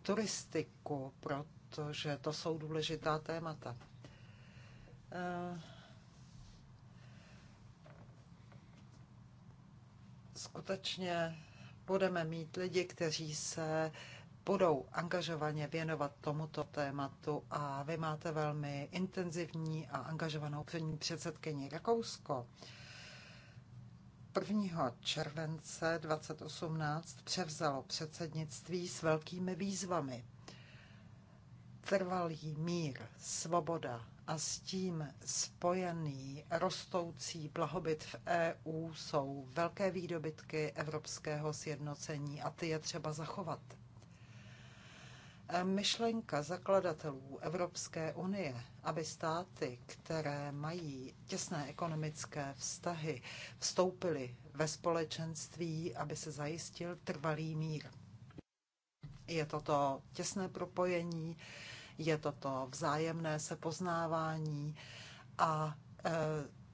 turistiku, protože to jsou důležitá témata. Eh, skutečně budeme mít lidi, kteří se uh, budou angažovaně věnovat tomuto tématu a vy máte velmi intenzivní a angažovanou předsedkyni Rakousko. 1. července 2018 převzalo předsednictví s velkými výzvami. Trvalý mír, svoboda a s tím spojený rostoucí blahobyt v EU jsou velké výdobytky evropského sjednocení a ty je třeba zachovat. Myšlenka zakladatelů Evropské unie, aby státy, které mají těsné ekonomické vztahy, vstoupily ve společenství, aby se zajistil trvalý mír. Je toto těsné propojení, je toto vzájemné se poznávání a e,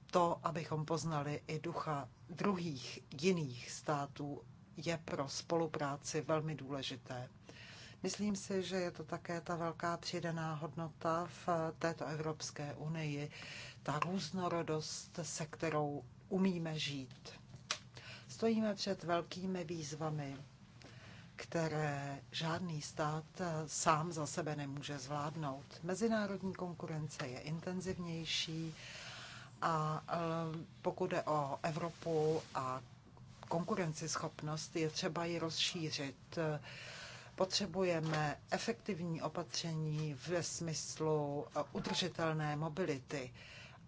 to, abychom poznali i ducha druhých jiných států, je pro spolupráci velmi důležité. Myslím si, že je to také ta velká přidaná hodnota v této Evropské unii, ta různorodost, se kterou umíme žít. Stojíme před velkými výzvami, které žádný stát sám za sebe nemůže zvládnout. Mezinárodní konkurence je intenzivnější a eh, pokud jde o Evropu a konkurenceschopnost, je třeba ji rozšířit. Eh, Potřebujeme efektivní opatření ve smyslu eh, udržitelné mobility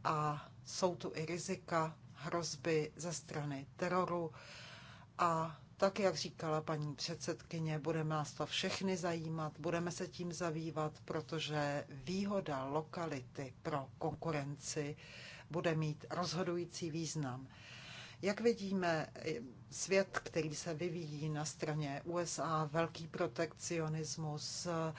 a jsou tu i rizika, hrozby ze strany teroru a tak, jak říkala paní předsedkyně, bude nás to všechny zajímat, budeme se tím zavívat, protože výhoda lokality pro konkurenci bude mít rozhodující význam. Jak vidíme, svět, který se vyvíjí na straně USA, velký protekcionismus, eh,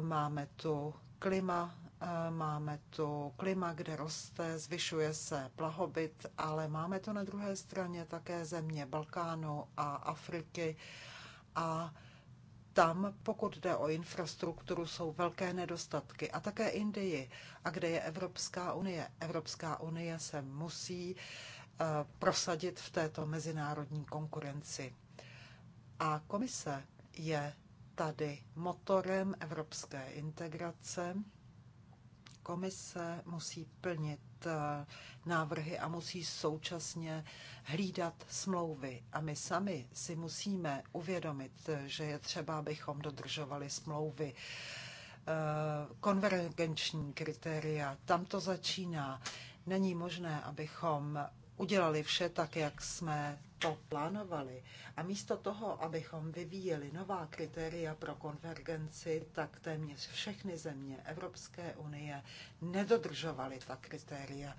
máme tu klima, eh, máme tu klima, kde roste, zvyšuje se plahobyt, ale máme to na druhé straně také země Balkánu a Afriky a tam, pokud jde o infrastrukturu, jsou velké nedostatky a také Indii, a kde je Evropská unie. Evropská unie se musí uh, Eh, prosadit v této mezinárodní konkurenci. A komise je tady motorem evropské integrace. Komise musí plnit eh, návrhy a musí současně hlídat smlouvy. A my sami si musíme uvědomit, že je třeba, abychom dodržovali smlouvy. Eh, konvergenční kritéria, tam to začíná. Není možné, abychom udělali vše tak, jak jsme to plánovali. A místo toho, abychom vyvíjeli nová kritéria pro konvergenci, tak téměř všechny země Evropské unie nedodržovaly ta kritéria.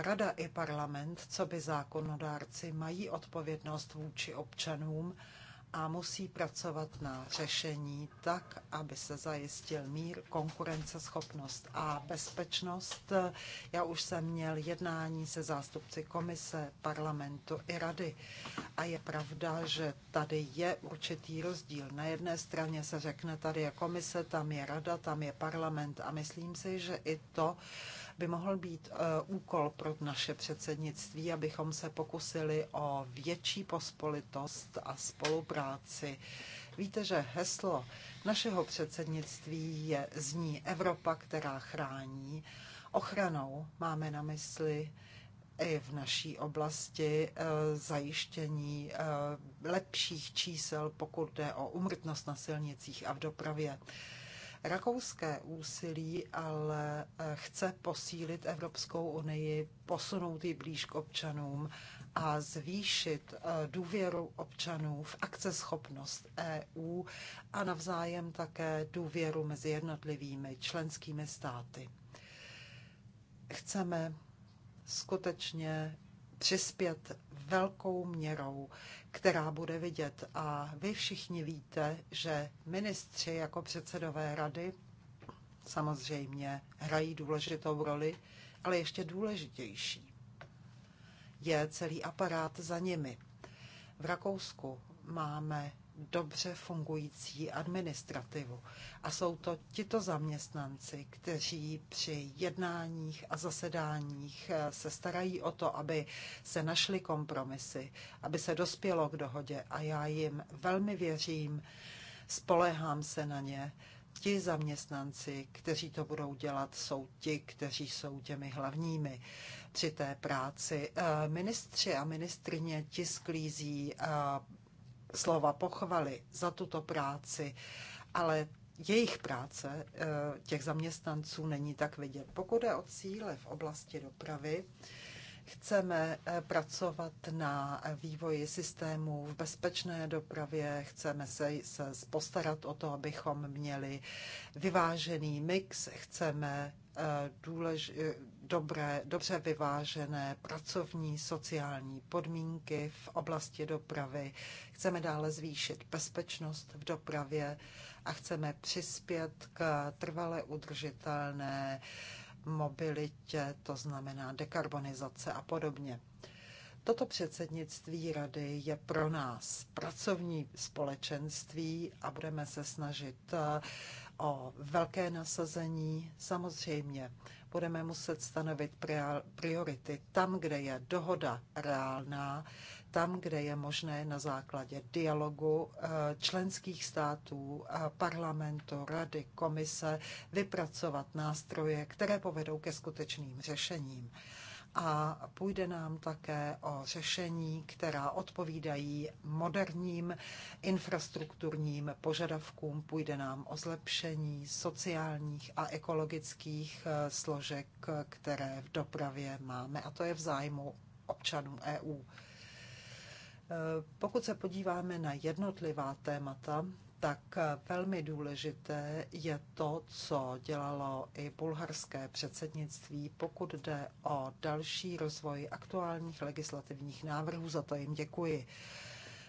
Rada i parlament, co by zákonodárci, mají odpovědnost vůči občanům a musí pracovat na řešení tak, aby se zajistil mír, konkurenceschopnost a bezpečnost. Já už jsem měl jednání se zástupci komise, parlamentu i rady. A je pravda, že tady je určitý rozdíl. Na jedné straně se řekne, tady je komise, tam je rada, tam je parlament a myslím si, že i to, by mohl být e, úkol pro naše předsednictví, abychom se pokusili o větší pospolitost a spolupráci. Víte, že heslo našeho předsednictví je zní Evropa, která chrání. Ochranou máme na mysli i v naší oblasti e, zajištění e, lepších čísel, pokud jde o umrtnost na silnicích a v dopravě rakouské úsilí ale eh, chce posílit Evropskou unii, posunout ji blíž k občanům a zvýšit eh, důvěru občanů v akceschopnost EU a navzájem také důvěru mezi jednotlivými členskými státy. Chceme skutečně přispět velkou měrou která bude vidět. A vy všichni víte, že ministři jako předsedové rady samozřejmě hrají důležitou roli, ale ještě důležitější je celý aparát za nimi. V Rakousku máme dobře fungující administrativu. A jsou to tito zaměstnanci, kteří při jednáních a zasedáních eh, se starají o to, aby se našly kompromisy, aby se dospělo k dohodě. A já jim velmi věřím, spolehám se na ně. Ti zaměstnanci, kteří to budou dělat, jsou ti, kteří jsou těmi hlavními při té práci. Eh, ministři a ministrně ti sklízí eh, slova pochvaly za tuto práci, ale jejich práce eh, těch zaměstnanců není tak vidět. Pokud je o cíle v oblasti dopravy, chceme eh, pracovat na eh, vývoji systémů v bezpečné dopravě, chceme se, se postarat o to, abychom měli vyvážený mix, chceme důlež, dobré, dobře vyvážené pracovní, sociální podmínky v oblasti dopravy. Chceme dále zvýšit bezpečnost v dopravě a chceme přispět k trvale udržitelné mobilitě, to znamená dekarbonizace a podobně. Toto předsednictví rady je pro nás pracovní společenství a budeme se snažit o velké nasazení. Samozřejmě budeme muset stanovit priority tam, kde je dohoda reálná, tam, kde je možné na základě dialogu eh, členských států, eh, parlamentu, rady, komise vypracovat nástroje, které povedou ke skutečným řešením a půjde nám také o řešení, která odpovídají moderním infrastrukturním požadavkům. Půjde nám o zlepšení sociálních a ekologických eh, složek, které v dopravě máme a to je v zájmu občanů EU. Eh, pokud se podíváme na jednotlivá témata, tak eh, velmi důležité je to, co dělalo i bulharské předsednictví, pokud jde o další rozvoj aktuálních legislativních návrhů. Za to jim děkuji.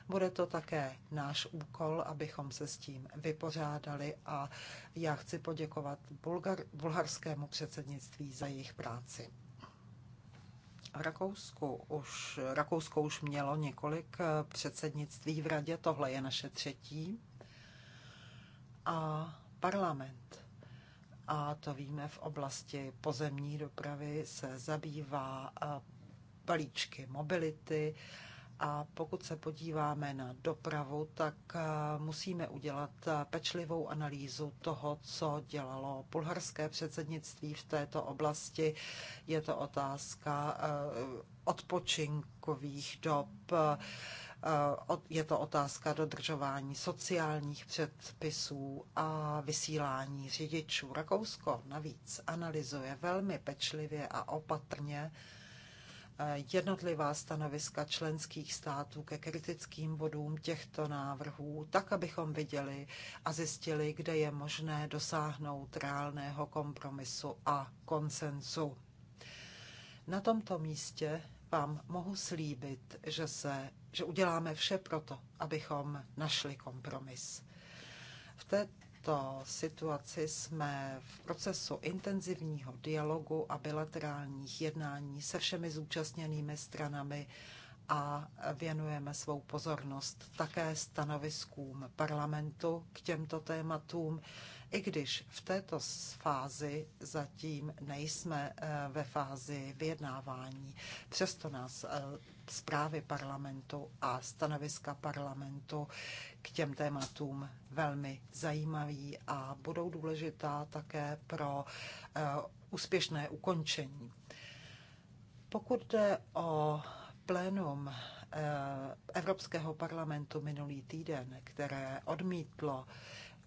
Bude to také náš úkol, abychom se s tím vypořádali a já chci poděkovat bulgar, bulharskému předsednictví za jejich práci. Rakousku už, Rakousko už mělo několik eh, předsednictví v radě, tohle je naše třetí a parlament. A to víme v oblasti pozemní dopravy se zabývá eh, balíčky mobility. A pokud se podíváme na dopravu, tak eh, musíme udělat eh, pečlivou analýzu toho, co dělalo bulharské předsednictví v této oblasti. Je to otázka odpočinkových dob, Eh, je to otázka dodržování sociálních předpisů a vysílání řidičů. Rakousko navíc analyzuje velmi pečlivě a opatrně eh, jednotlivá stanoviska členských států ke kritickým bodům těchto návrhů, tak abychom viděli a zjistili, kde je možné dosáhnout reálného kompromisu a konsenzu. Na tomto místě vám mohu slíbit, že, se, že uděláme vše proto, abychom našli kompromis. V této situaci jsme v procesu intenzivního dialogu a bilaterálních jednání se všemi zúčastněnými stranami a věnujeme svou pozornost také stanoviskům parlamentu k těmto tématům i když v této fázi zatím nejsme eh, ve fázi vyjednávání. Přesto nás eh, zprávy parlamentu a stanoviska parlamentu k těm tématům velmi zajímavý a budou důležitá také pro eh, úspěšné ukončení. Pokud jde o plénum Evropského parlamentu minulý týden, které odmítlo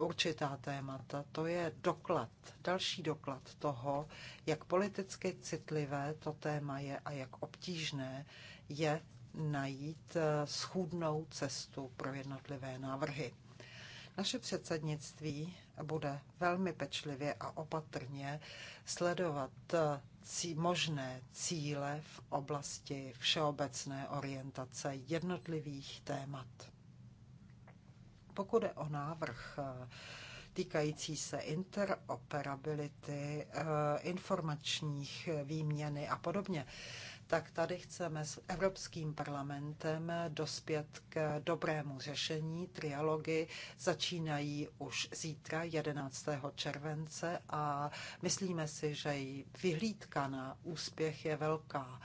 určitá témata. To je doklad, další doklad toho, jak politicky citlivé to téma je a jak obtížné je najít eh, schůdnou cestu pro jednotlivé návrhy. Naše předsednictví bude velmi pečlivě a opatrně sledovat eh, cí, možné cíle v oblasti všeobecné orientace jednotlivých témat. Pokud je o návrh eh, týkající se interoperability, eh, informačních výměny a podobně, tak tady chceme s Evropským parlamentem dospět k dobrému řešení. Trialogy začínají už zítra, 11. července, a myslíme si, že její vyhlídka na úspěch je velká.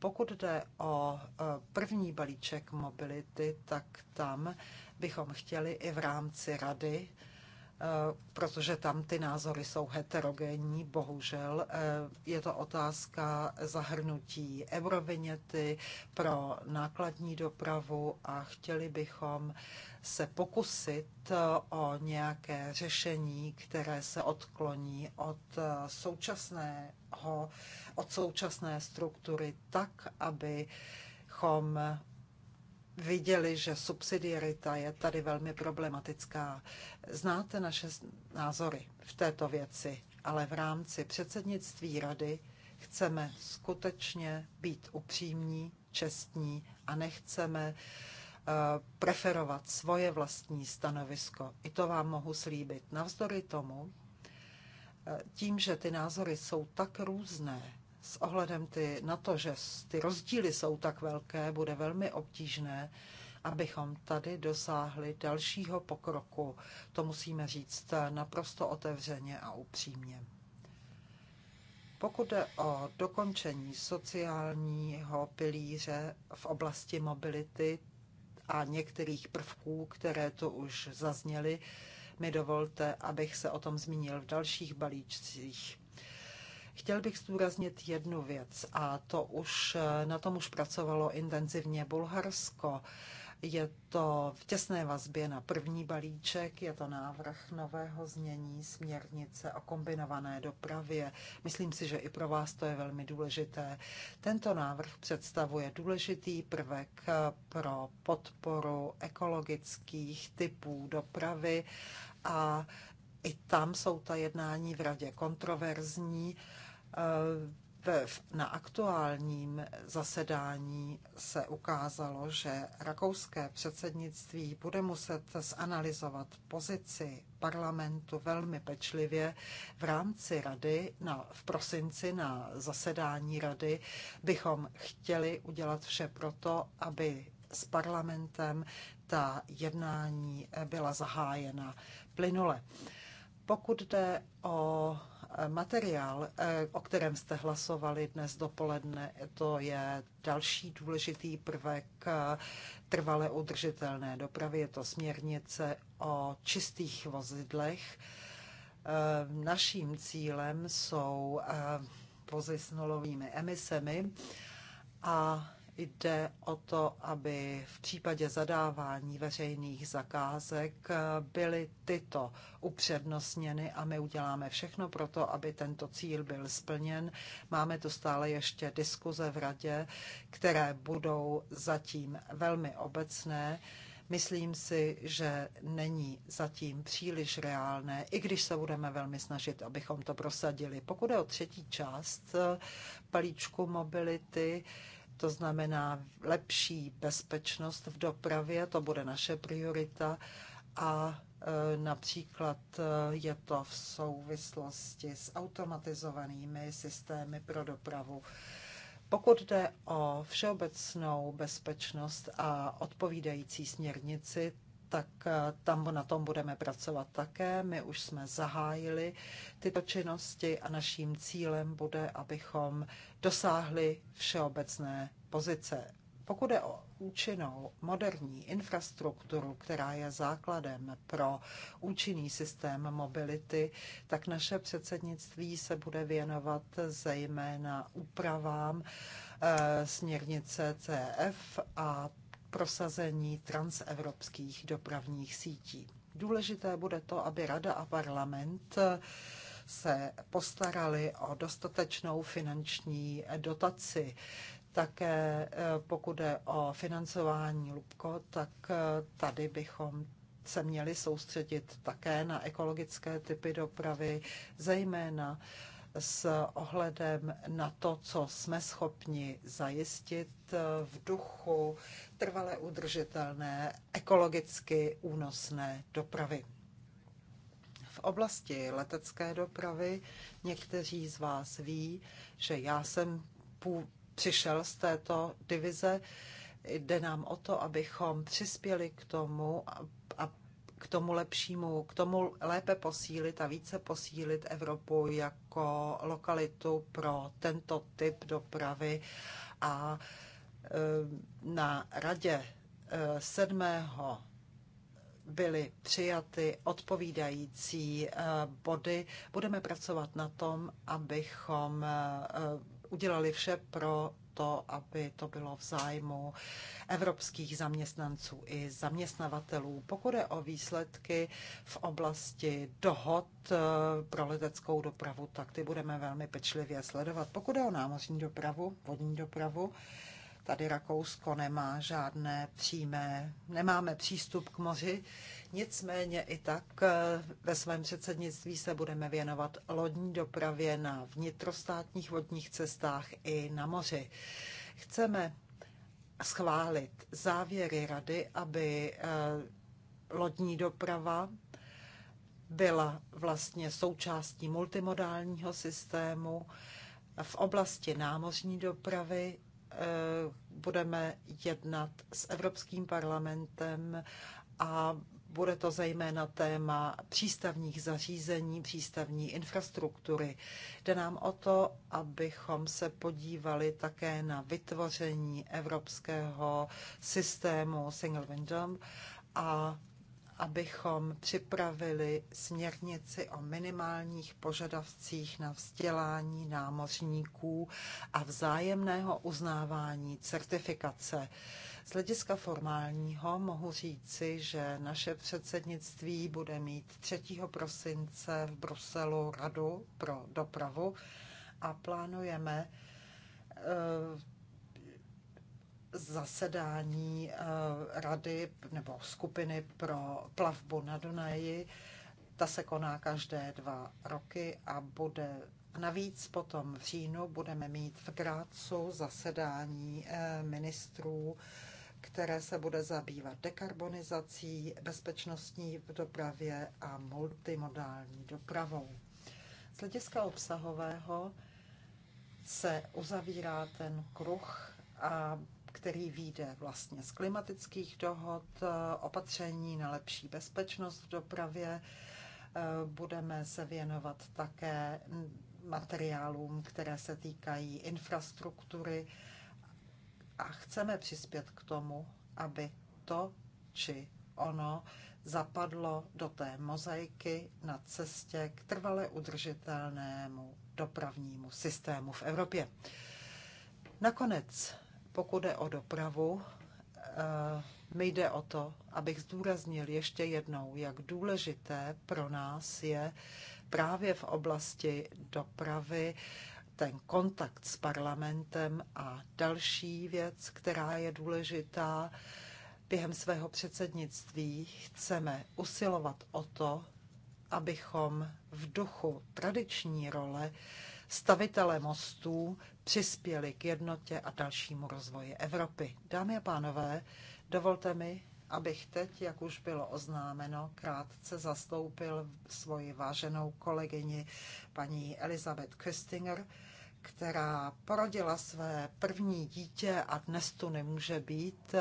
Pokud jde o e, první balíček mobility, tak tam bychom chtěli i v rámci rady, e, protože tam ty názory jsou heterogenní, bohužel. E, je to otázka zahrnutí eurovinety pro nákladní dopravu a chtěli bychom se pokusit o nějaké řešení, které se odkloní od současné ho od současné struktury tak, abychom viděli, že subsidiarita je tady velmi problematická. Znáte naše názory v této věci, ale v rámci předsednictví rady chceme skutečně být upřímní, čestní a nechceme eh, preferovat svoje vlastní stanovisko. I to vám mohu slíbit. Navzdory tomu, tím, že ty názory jsou tak různé, s ohledem ty, na to, že ty rozdíly jsou tak velké, bude velmi obtížné, abychom tady dosáhli dalšího pokroku. To musíme říct naprosto otevřeně a upřímně. Pokud jde o dokončení sociálního pilíře v oblasti mobility a některých prvků, které tu už zazněly, mi dovolte, abych se o tom zmínil v dalších balíčcích. Chtěl bych zdůraznit jednu věc a to už, eh, na tom už pracovalo intenzivně Bulharsko. Je to v těsné vazbě na první balíček, je to návrh nového znění směrnice o kombinované dopravě. Myslím si, že i pro vás to je velmi důležité. Tento návrh představuje důležitý prvek eh, pro podporu ekologických typů dopravy a i tam jsou ta jednání v radě kontroverzní. Eh, na aktuálním zasedání se ukázalo, že rakouské předsednictví bude muset zanalizovat pozici parlamentu velmi pečlivě v rámci rady na, v prosinci na zasedání rady. Bychom chtěli udělat vše proto, aby s parlamentem ta jednání byla zahájena plynule. Pokud jde o eh, materiál, eh, o kterém jste hlasovali dnes dopoledne, to je další důležitý prvek eh, trvale udržitelné dopravy. Je to směrnice o čistých vozidlech. Naším cílem jsou vozy s nulovými emisemi a Jde o to, aby v případě zadávání veřejných zakázek byly tyto upřednostněny a my uděláme všechno pro to, aby tento cíl byl splněn. Máme tu stále ještě diskuze v radě, které budou zatím velmi obecné. Myslím si, že není zatím příliš reálné, i když se budeme velmi snažit, abychom to prosadili. Pokud je o třetí část eh, palíčku mobility, to znamená lepší bezpečnost v dopravě, to bude naše priorita a e, Například e, je to v souvislosti s automatizovanými systémy pro dopravu. Pokud jde o všeobecnou bezpečnost a odpovídající směrnici, tak eh, tam na tom budeme pracovat také. My už jsme zahájili tyto činnosti a naším cílem bude, abychom dosáhli všeobecné pozice. Pokud je o účinnou moderní infrastrukturu, která je základem pro účinný systém mobility, tak naše předsednictví se bude věnovat zejména úpravám eh, směrnice CF a prosazení transevropských dopravních sítí. Důležité bude to, aby Rada a parlament se postarali o dostatečnou finanční dotaci. Také eh, pokud jde o financování Lubko, tak eh, tady bychom se měli soustředit také na ekologické typy dopravy, zejména s ohledem na to, co jsme schopni zajistit eh, v duchu trvale udržitelné, ekologicky únosné dopravy. V oblasti letecké dopravy někteří z vás ví, že já jsem přišel z této divize. Jde nám o to, abychom přispěli k tomu, a k tomu lepšímu, k tomu lépe posílit a více posílit Evropu jako lokalitu pro tento typ dopravy a Eh, na radě 7. Eh, byly přijaty odpovídající eh, body. Budeme pracovat na tom, abychom udělali vše pro to, aby to bylo v zájmu evropských zaměstnanců i zaměstnavatelů. Pokud je o výsledky v oblasti dohod pro leteckou dopravu, tak ty budeme velmi pečlivě sledovat. Pokud je o námořní dopravu, vodní dopravu, Tady Rakousko nemá žádné přímé, nemáme přístup k moři. Nicméně i tak eh, ve svém předsednictví se budeme věnovat lodní dopravě na vnitrostátních vodních cestách i na moři. Chceme schválit závěry rady, aby eh, lodní doprava byla vlastně součástí multimodálního systému v oblasti námořní dopravy Eh, budeme jednat s Evropským parlamentem a bude to zejména téma přístavních zařízení, přístavní infrastruktury. Jde nám o to, abychom se podívali také na vytvoření evropského systému single window a abychom připravili směrnici o minimálních požadavcích na vzdělání námořníků a vzájemného uznávání certifikace. Z hlediska formálního mohu říci, že naše předsednictví bude mít 3. prosince v Bruselu Radu pro dopravu a plánujeme eh, zasedání eh, rady nebo skupiny pro plavbu na Dunaji. Ta se koná každé dva roky a bude navíc potom v říjnu budeme mít v Grácu zasedání eh, ministrů, které se bude zabývat dekarbonizací, bezpečnostní v dopravě a multimodální dopravou. Z hlediska obsahového se uzavírá ten kruh a který vyjde vlastně z klimatických dohod, e, opatření na lepší bezpečnost v dopravě. E, budeme se věnovat také materiálům, které se týkají infrastruktury a chceme přispět k tomu, aby to či ono zapadlo do té mozaiky na cestě k trvale udržitelnému dopravnímu systému v Evropě. Nakonec pokud jde o dopravu, eh, mi jde o to, abych zdůraznil ještě jednou, jak důležité pro nás je právě v oblasti dopravy ten kontakt s parlamentem a další věc, která je důležitá. Během svého předsednictví chceme usilovat o to, abychom v duchu tradiční role stavitele mostů přispěli k jednotě a dalšímu rozvoji Evropy. Dámy a pánové, dovolte mi, abych teď, jak už bylo oznámeno, krátce zastoupil svoji váženou kolegyni paní Elizabeth Köstinger, která porodila své první dítě a dnes tu nemůže být,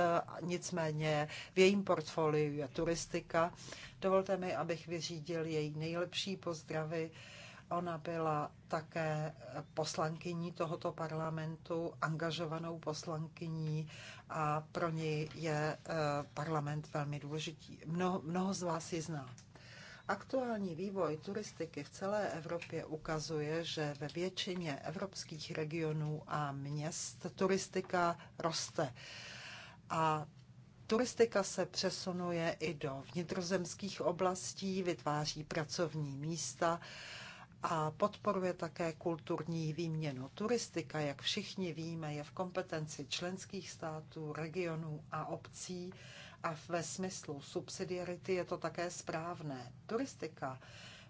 nicméně v jejím portfoliu je turistika. Dovolte mi, abych vyřídil její nejlepší pozdravy Ona byla také poslankyní tohoto parlamentu, angažovanou poslankyní a pro ní je eh, parlament velmi důležitý. Mnoho, mnoho z vás ji zná. Aktuální vývoj turistiky v celé Evropě ukazuje, že ve většině evropských regionů a měst turistika roste. A Turistika se přesunuje i do vnitrozemských oblastí, vytváří pracovní místa a podporuje také kulturní výměnu. Turistika, jak všichni víme, je v kompetenci členských států, regionů a obcí a ve smyslu subsidiarity je to také správné. Turistika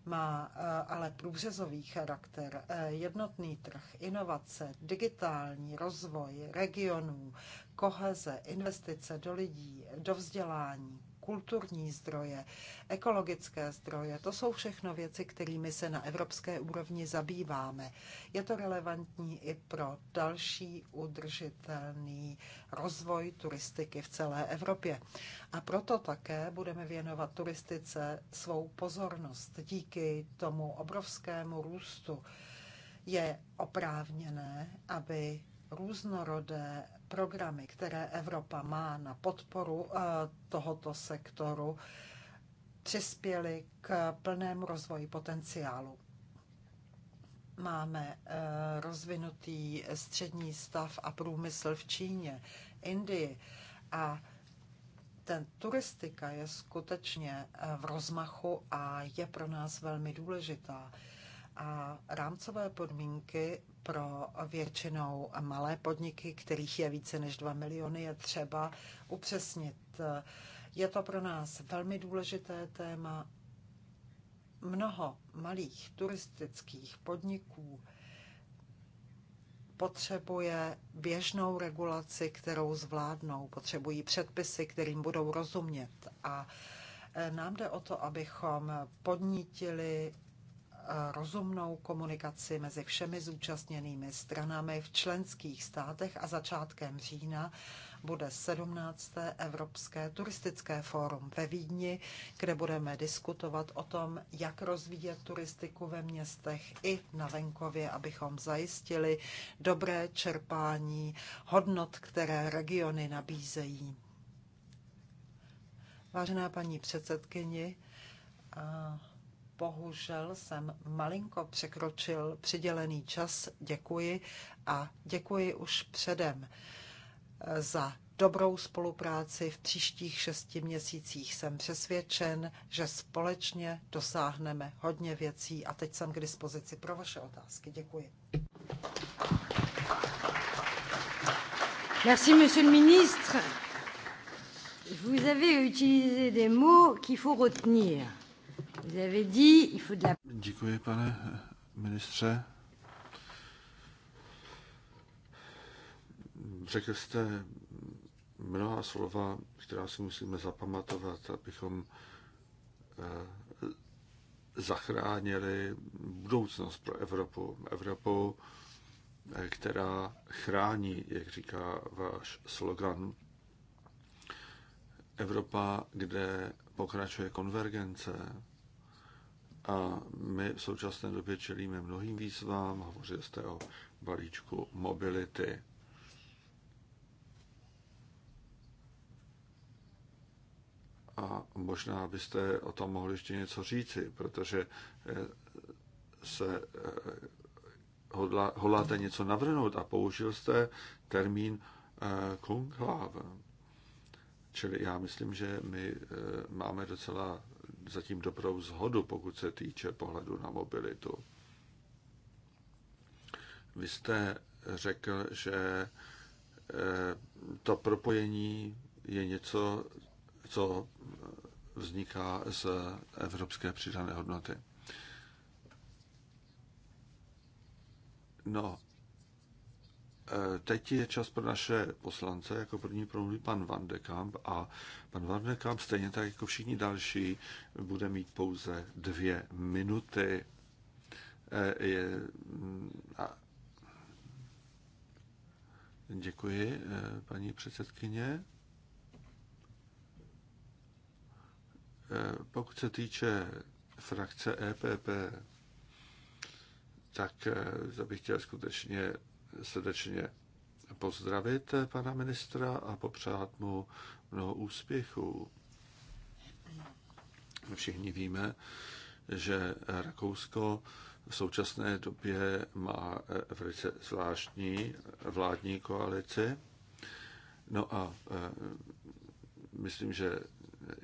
má eh, ale průřezový charakter, eh, jednotný trh, inovace, digitální rozvoj regionů, koheze, investice do lidí, do vzdělání, kulturní zdroje, ekologické zdroje. To jsou všechno věci, kterými se na evropské úrovni zabýváme. Je to relevantní i pro další udržitelný rozvoj turistiky v celé Evropě. A proto také budeme věnovat turistice svou pozornost díky tomu obrovskému růstu. Je oprávněné, aby různorodé programy, které Evropa má na podporu eh, tohoto sektoru, přispěly k plnému rozvoji potenciálu. Máme eh, rozvinutý střední stav a průmysl v Číně, Indii a ten turistika je skutečně eh, v rozmachu a je pro nás velmi důležitá a rámcové podmínky pro většinou malé podniky, kterých je více než 2 miliony, je třeba upřesnit. Je to pro nás velmi důležité téma. Mnoho malých turistických podniků potřebuje běžnou regulaci, kterou zvládnou, potřebují předpisy, kterým budou rozumět. A e, nám jde o to, abychom podnítili rozumnou komunikaci mezi všemi zúčastněnými stranami v členských státech a začátkem října bude 17. Evropské turistické fórum ve Vídni, kde budeme diskutovat o tom, jak rozvíjet turistiku ve městech i na venkově, abychom zajistili dobré čerpání hodnot, které regiony nabízejí. Vážená paní předsedkyni, a Bohužel jsem malinko překročil přidělený čas. Děkuji a děkuji už předem eh, za dobrou spolupráci. V příštích šesti měsících jsem přesvědčen, že společně dosáhneme hodně věcí a teď jsem k dispozici pro vaše otázky. Děkuji. Merci, monsieur le ministre. Vous avez utilisé des mots qu'il faut retenir. Děkuji, pane ministře. Řekl jste mnoha slova, která si musíme zapamatovat, abychom eh, zachránili budoucnost pro Evropu. Evropu, eh, která chrání, jak říká váš slogan, Evropa, kde pokračuje konvergence, a my v současné době čelíme mnohým výzvám, hovořil jste o balíčku mobility. A možná byste o tom mohli ještě něco říci, protože eh, se eh, hodláte něco navrhnout a použil jste termín eh, konkláv. Čili já myslím, že my máme docela zatím dobrou zhodu, pokud se týče pohledu na mobilitu. Vy jste řekl, že eh, to propojení je něco, co vzniká z evropské přidané hodnoty. No, Eh, teď je čas pro naše poslance. Jako první promluví pan Van de Kamp a pan Van de Kamp, stejně tak jako všichni další, bude mít pouze dvě minuty. Eh, je, mm, děkuji, eh, paní předsedkyně. Pokud se týče frakce EPP, tak bych chtěl skutečně srdečně pozdravit pana ministra a popřát mu mnoho úspěchů. Všichni víme, že Rakousko v současné době má velice zvláštní vládní koalici. No a e, myslím, že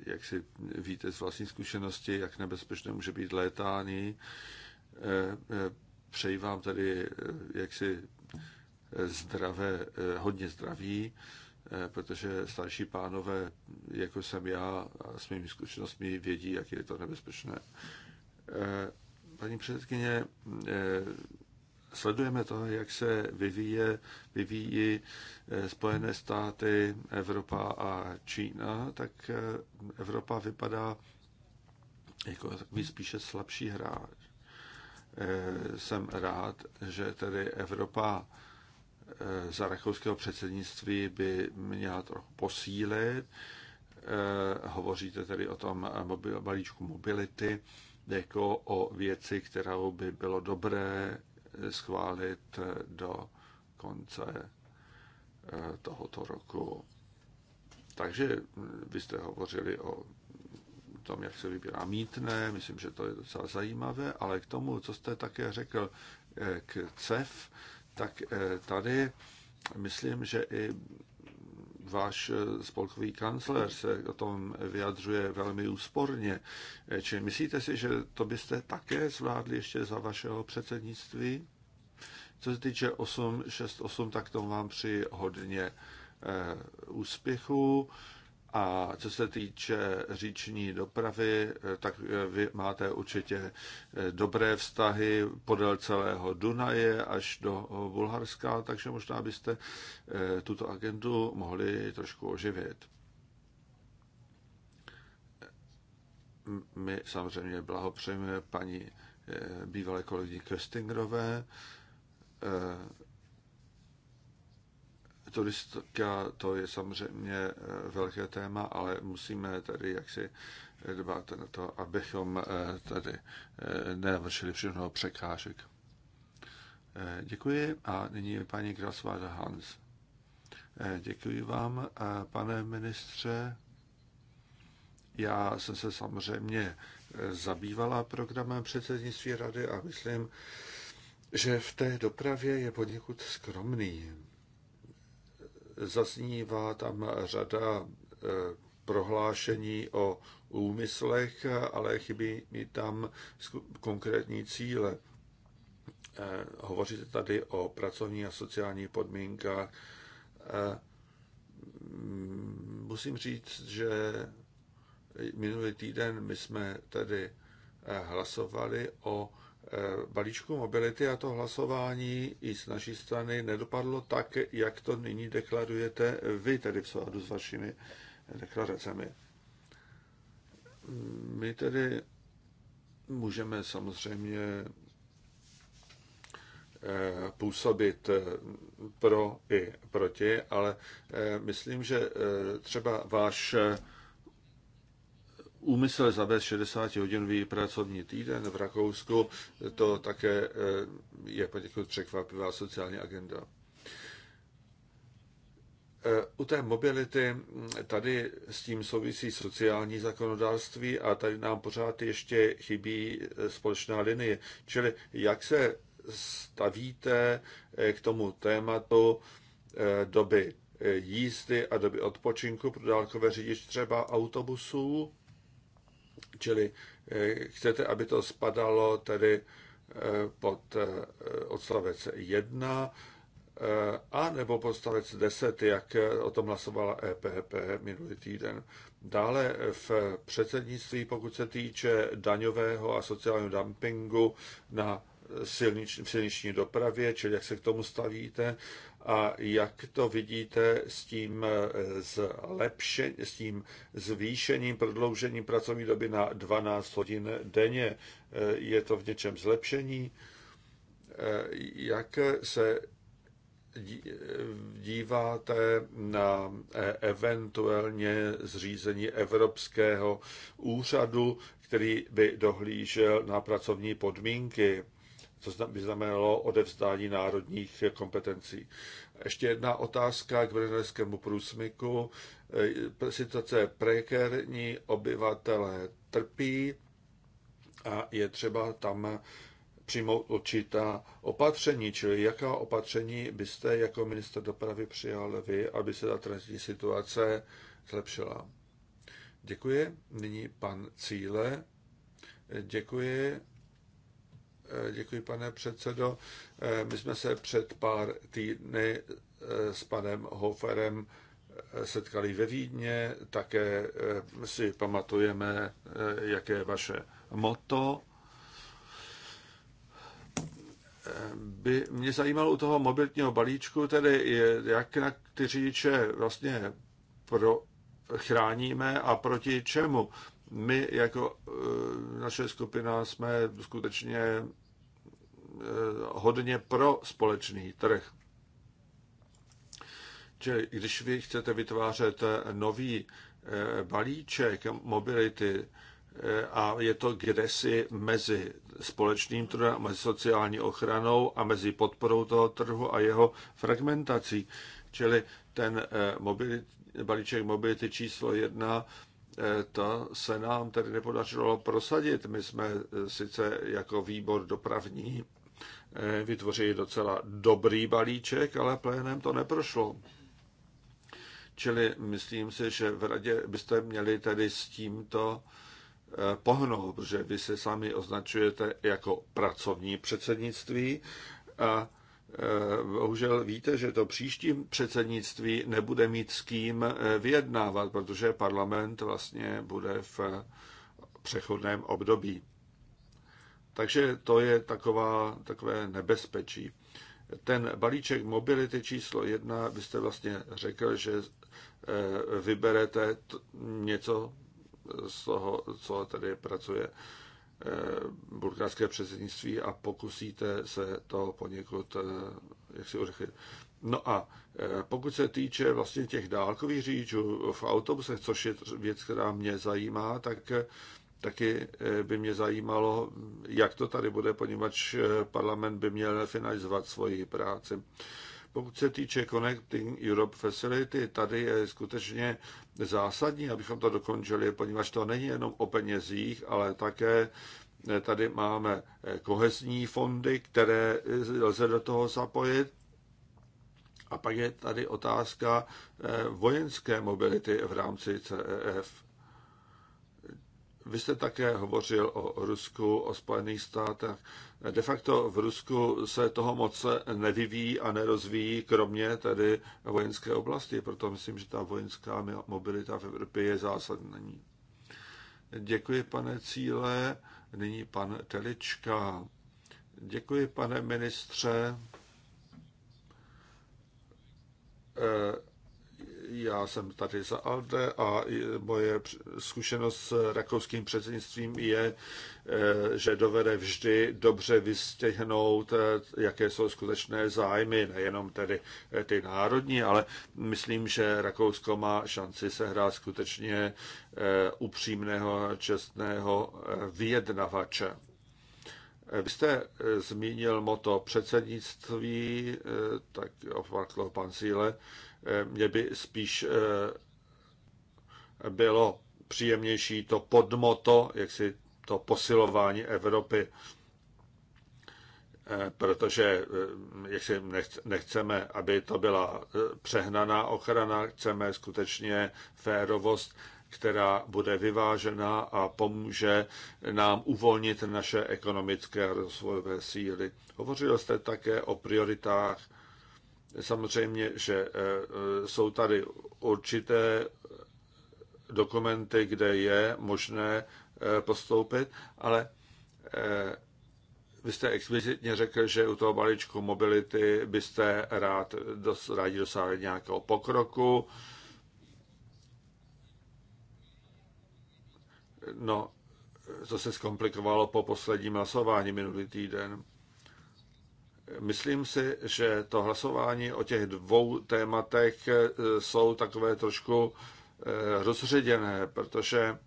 jak si víte z vlastní zkušenosti, jak nebezpečné může být létání. E, e, přeji vám tedy jaksi zdravé, eh, hodně zdraví, eh, protože starší pánové, jako jsem já, a s mými zkušenostmi vědí, jak je to nebezpečné. Eh, paní předsedkyně, sledujeme to, jak se vyvíje, vyvíjí Spojené státy, Evropa a Čína, tak Evropa vypadá jako takový spíše slabší hráč. Jsem rád, že tedy Evropa Eh, za rakouského předsednictví by měla trochu posílit. Eh, hovoříte tedy o tom balíčku mobility jako o věci, kterou by bylo dobré eh, schválit do konce tohoto roku. Takže hm, vy jste hovořili o tom, jak se vybírá mítné, myslím, že to je docela zajímavé, ale k tomu, co jste také řekl k CEF, tak eh, tady myslím, že i váš eh, spolkový kancler se o tom vyjadřuje velmi úsporně. Eh, Či myslíte si, že to byste také zvládli ještě za vašeho předsednictví? Co se týče 868, tak tomu vám při hodně úspěchu. A co se týče říční dopravy, eh, tak eh, vy máte určitě eh, dobré vztahy podél celého Dunaje až do Bulharska, takže možná byste tuto agendu mohli trošku oživit. My samozřejmě blahopřejeme paní bývalé kolegyni Köstingrové turistika to je samozřejmě eh, velké téma, ale musíme tady jaksi dbát na to, abychom eh, tady eh, nevršili všechno překážek. Děkuji a nyní paní Grasváda Hans. Děkuji vám, pane ministře. Já jsem se samozřejmě zabývala programem předsednictví rady a myslím, že v té dopravě je poněkud skromný zaznívá tam řada e, prohlášení o úmyslech, ale chybí mi tam konkrétní cíle. E, hovoříte tady o pracovní a sociální podmínkách. E, musím říct, že minulý týden my jsme tedy hlasovali o Eh, balíčku mobility a to hlasování i z naší strany nedopadlo tak, jak to nyní deklarujete vy, tedy v souladu s vašimi eh, deklaracemi. My tedy můžeme samozřejmě eh, působit pro i proti, ale myslím, že třeba váš úmysl zavést 60-hodinový pracovní týden v Rakousku, to také eh, je poněkud překvapivá sociální agenda. Eh, u té mobility hm, tady s tím souvisí sociální zakonodárství a tady nám pořád ještě chybí eh, společná linie. Čili jak se stavíte k tomu tématu doby jízdy a doby odpočinku pro dálkové řidiče, třeba autobusů Čili eh, chcete, aby to spadalo tedy eh, eh, pod odstavec 1 a nebo podstavec 10, jak o tom hlasovala EPP minulý týden. Dále v předsednictví, pokud se týče daňového a sociálního dumpingu na silniční, silniční dopravě, čili jak se k tomu stavíte, a jak to vidíte s tím, eh, zlepšen, s tím zvýšením, prodloužením pracovní doby na 12 hodin denně? Eh, je to v něčem zlepšení? Eh, jak se díváte na eventuálně zřízení Evropského úřadu, který by dohlížel na pracovní podmínky? Co by znamenalo odevzdání národních kompetencí. Ještě jedna otázka k brněnskému průsmyku. E, situace je prekérní, obyvatelé trpí a je třeba tam přijmout určitá opatření, čili jaká opatření byste jako minister dopravy přijal vy, aby se ta transitní situace zlepšila. Děkuji. Nyní pan Cíle. Děkuji. Eh, děkuji, pane předsedo. Eh, my jsme se před pár týdny eh, s panem Hoferem setkali ve Vídně, také si pamatujeme, jaké je vaše moto. By mě zajímalo u toho mobilního balíčku, tedy jak na ty řidiče vlastně pro, chráníme a proti čemu. My jako eh, naše skupina jsme skutečně eh, hodně pro společný trh. Čili když vy chcete vytvářet eh, nový balíček mobility a je to kdesi mezi společným trhem a mezi sociální ochranou a mezi podporou toho trhu a jeho fragmentací. Čili ten mobility, balíček mobility číslo jedna to se nám tedy nepodařilo prosadit. My jsme eh, sice jako výbor dopravní eh, vytvořili docela dobrý balíček, ale plénem to neprošlo. Čili myslím si, že v radě byste měli tedy s tímto eh, pohnout, že vy se sami označujete jako pracovní předsednictví a Eh, bohužel víte, že to příští předsednictví nebude mít s kým eh, vyjednávat, protože parlament vlastně bude v eh, přechodném období. Takže to je taková, takové nebezpečí. Ten balíček mobility číslo jedna, vy jste vlastně řekl, že vyberete něco z toho, co tady pracuje Eh, bulgarské předsednictví a pokusíte se to poněkud eh, jak si uřechit. No a eh, pokud se týče vlastně těch dálkových řidičů v autobusech, což je věc, která mě zajímá, tak taky by mě zajímalo, jak to tady bude, poněvadž parlament by měl finalizovat svoji práci. Pokud se týče Connecting Europe Facility, tady je skutečně zásadní, abychom to dokončili, poněvadž to není jenom o penězích, ale také tady máme kohezní fondy, které lze do toho zapojit. A pak je tady otázka eh, vojenské mobility v rámci CEF. Vy jste také hovořil o Rusku, o Spojených státech. De facto v Rusku se toho moc nevyvíjí a nerozvíjí, kromě tedy vojenské oblasti. Proto myslím, že ta vojenská mobilita v Evropě je zásadní. Děkuji, pane Cíle. Nyní pan Telička. Děkuji, pane ministře eh, já jsem tady za ALDE a moje zkušenost s rakouským předsednictvím je, eh, že dovede vždy dobře vystěhnout, eh, jaké jsou skutečné zájmy, nejenom tedy eh, ty národní, ale myslím, že Rakousko má šanci sehrát skutečně upřímného, čestného vyjednavače. Vy jste zmínil moto předsednictví, tak opakl pan Síle mě by spíš eh, bylo příjemnější to podmoto, jak si to posilování Evropy, eh, protože eh, jak si nechceme, aby to byla přehnaná ochrana, chceme skutečně férovost, která bude vyvážená a pomůže nám uvolnit naše ekonomické a rozvojové síly. Hovořil jste také o prioritách Samozřejmě, že eh, eh, jsou tady určité dokumenty, kde je možné eh, postoupit, ale vy jste explicitně řekl, že u toho balíčku mobility byste rád, dos, rádi dosáhli nějakého pokroku. No, to se zkomplikovalo po posledním hlasování minulý týden myslím si, že to hlasování o těch dvou tématech eh, jsou takové trošku eh, rozředěné, protože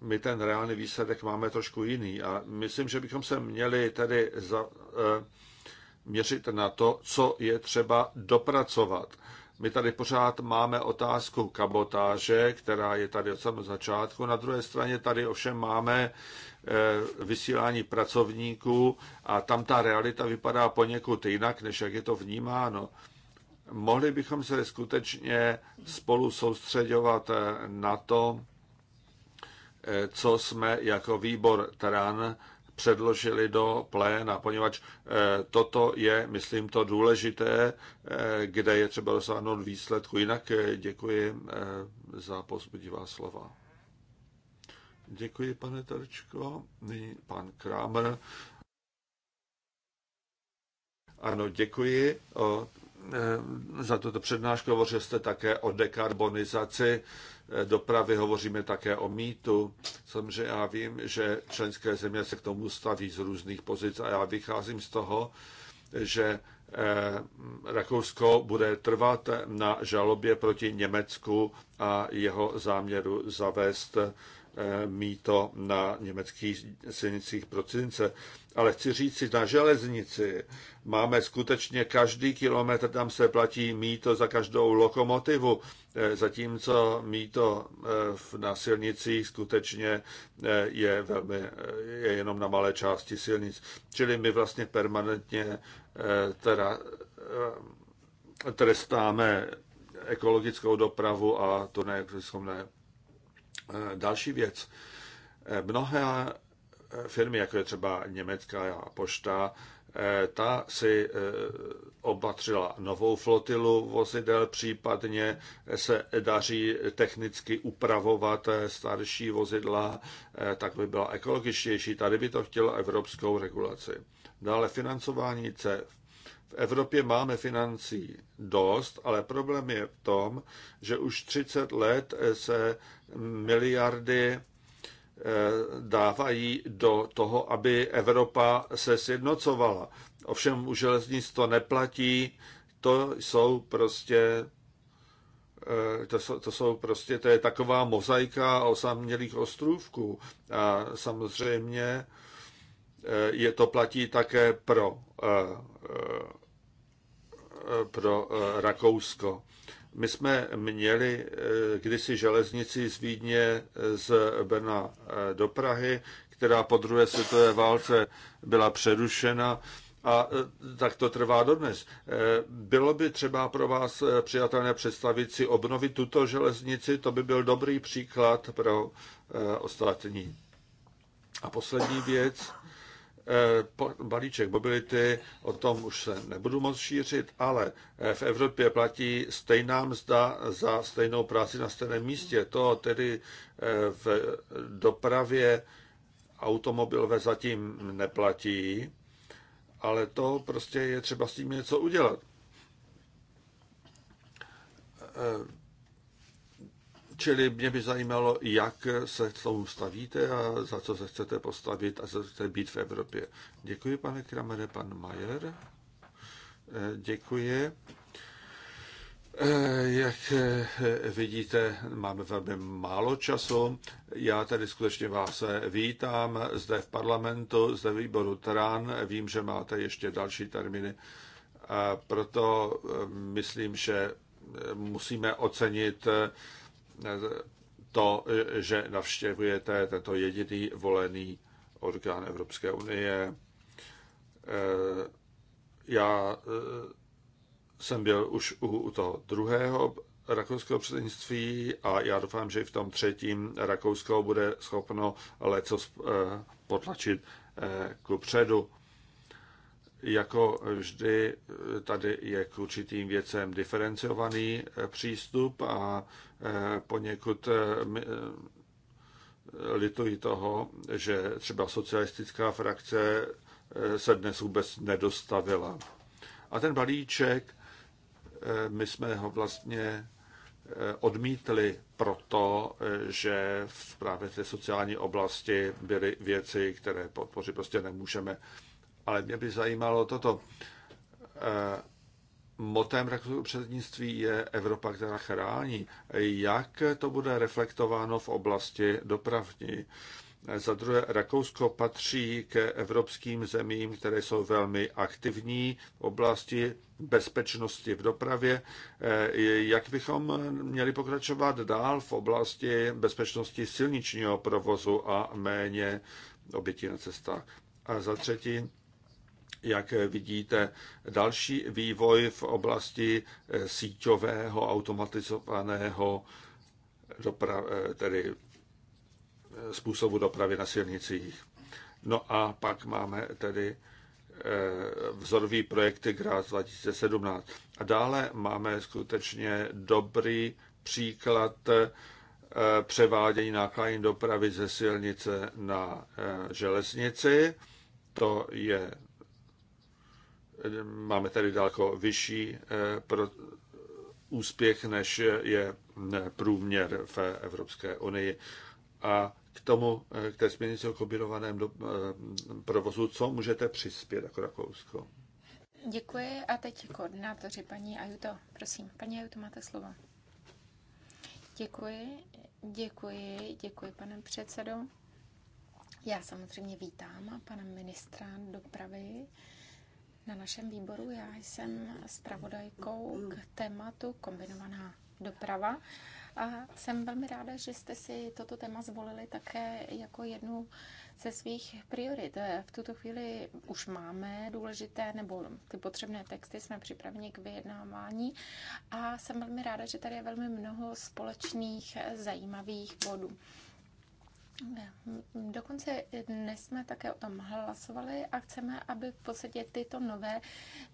my ten reálný výsledek máme trošku jiný a myslím, že bychom se měli tedy za, eh, měřit na to, co je třeba dopracovat. My tady pořád máme otázku kabotáže, která je tady od samého začátku. Na druhé straně tady ovšem máme eh, vysílání pracovníků a tam ta realita vypadá poněkud jinak, než jak je to vnímáno. Mohli bychom se skutečně spolu soustředovat eh, na to, eh, co jsme jako výbor TRAN předložili do pléna, poněvadž eh, toto je, myslím, to důležité, eh, kde je třeba dosáhnout výsledku. Jinak eh, děkuji za pozbudivá slova. Děkuji, pane Terčko. Nyní pan Kramer. Ano, děkuji za toto přednášku. Hovořil jste také o dekarbonizaci dopravy, hovoříme také o mýtu. Samozřejmě já vím, že členské země se k tomu staví z různých pozic a já vycházím z toho, že eh, Rakousko bude trvat na žalobě proti Německu a jeho záměru zavést eh, mýto na německých silnicích pro cizince ale chci říct si, na železnici máme skutečně každý kilometr, tam se platí míto za každou lokomotivu, eh, zatímco míto eh, na silnicích skutečně eh, je, velmi, je jenom na malé části silnic. Čili my vlastně permanentně teda trestáme ekologickou dopravu a to ne, Další věc. Mnohé firmy, jako je třeba německá pošta, eh, ta si eh, obatřila novou flotilu vozidel, případně se daří technicky upravovat eh, starší vozidla, tak by byla ekologičtější. Tady by to chtělo evropskou regulaci. Dále financování CEF. V Evropě máme financí dost, ale problém je v tom, že už 30 let se miliardy Eh, dávají do toho, aby Evropa se sjednocovala. Ovšem u železnic to neplatí, to jsou prostě eh, to jsou, to jsou prostě, to je taková mozaika osamělých ostrůvků. A samozřejmě eh, je to platí také pro, pro Rakousko. My jsme měli eh, kdysi železnici z Vídně eh, z Brna eh, do Prahy, která po druhé světové válce byla přerušena a tak to trvá dodnes. Bylo by třeba pro vás přijatelné představit si obnovit tuto železnici, to by byl dobrý příklad pro ostatní. A poslední věc, Eh, balíček mobility, o tom už se nebudu moc šířit, ale eh, v Evropě platí stejná mzda za stejnou práci na stejném místě. To tedy eh, v dopravě automobilové zatím neplatí, ale to prostě je třeba s tím něco udělat Čili mě by zajímalo, jak se k tomu stavíte a za co se chcete postavit a co chcete být v Evropě. Děkuji, pane Kramere, pan Majer. Eh, děkuji. Eh, jak eh, vidíte, máme velmi málo času. Já tady skutečně vás vítám zde v parlamentu, zde v výboru TRAN. Vím, že máte ještě další termíny. A proto myslím, že musíme ocenit to, že navštěvujete tento jediný volený orgán Evropské unie. Eh, já eh, jsem byl už u, toho druhého rakouského předsednictví a já doufám, že i v tom třetím Rakousko bude schopno leco eh, potlačit ku předu. Jako vždy tady je k určitým věcem diferencovaný eh, přístup a eh, poněkud eh, lituji toho, že třeba socialistická frakce se dnes vůbec nedostavila. A ten balíček, my jsme ho vlastně odmítli proto, že v právě té sociální oblasti byly věci, které podpořit prostě nemůžeme. Ale mě by zajímalo toto. Eh, motem rakouského předsednictví je Evropa, která chrání. Jak to bude reflektováno v oblasti dopravní? Eh, za druhé, Rakousko patří k evropským zemím, které jsou velmi aktivní v oblasti bezpečnosti v dopravě. Eh, jak bychom měli pokračovat dál v oblasti bezpečnosti silničního provozu a méně obětí na cestách? A za třetí, jak vidíte, další vývoj v oblasti eh, síťového automatizovaného doprav, eh, tedy eh, způsobu dopravy na silnicích. No a pak máme tedy vzorový projekty GRAS 2017. A dále máme skutečně dobrý příklad převádění nákladní dopravy ze silnice na železnici. To je Máme tady daleko vyšší eh, pro úspěch, než je eh, průměr v Evropské unii. A k tomu, eh, k té směrnici o kombinovaném do, provozu, co můžete přispět jako Rakousko? Děkuji a teď koordinátoři paní Ajuto. Prosím, paní Ajuto, máte slovo. Děkuji, děkuji, děkuji pane předsedo. Já samozřejmě vítám pana ministra dopravy na našem výboru. Já jsem pravodajkou k tématu kombinovaná doprava a jsem velmi ráda, že jste si toto téma zvolili také jako jednu ze svých priorit. V tuto chvíli už máme důležité nebo ty potřebné texty, jsme připraveni k vyjednávání a jsem velmi ráda, že tady je velmi mnoho společných zajímavých bodů. Dokonce dnes jsme také o tom hlasovali a chceme, aby v podstatě tyto nové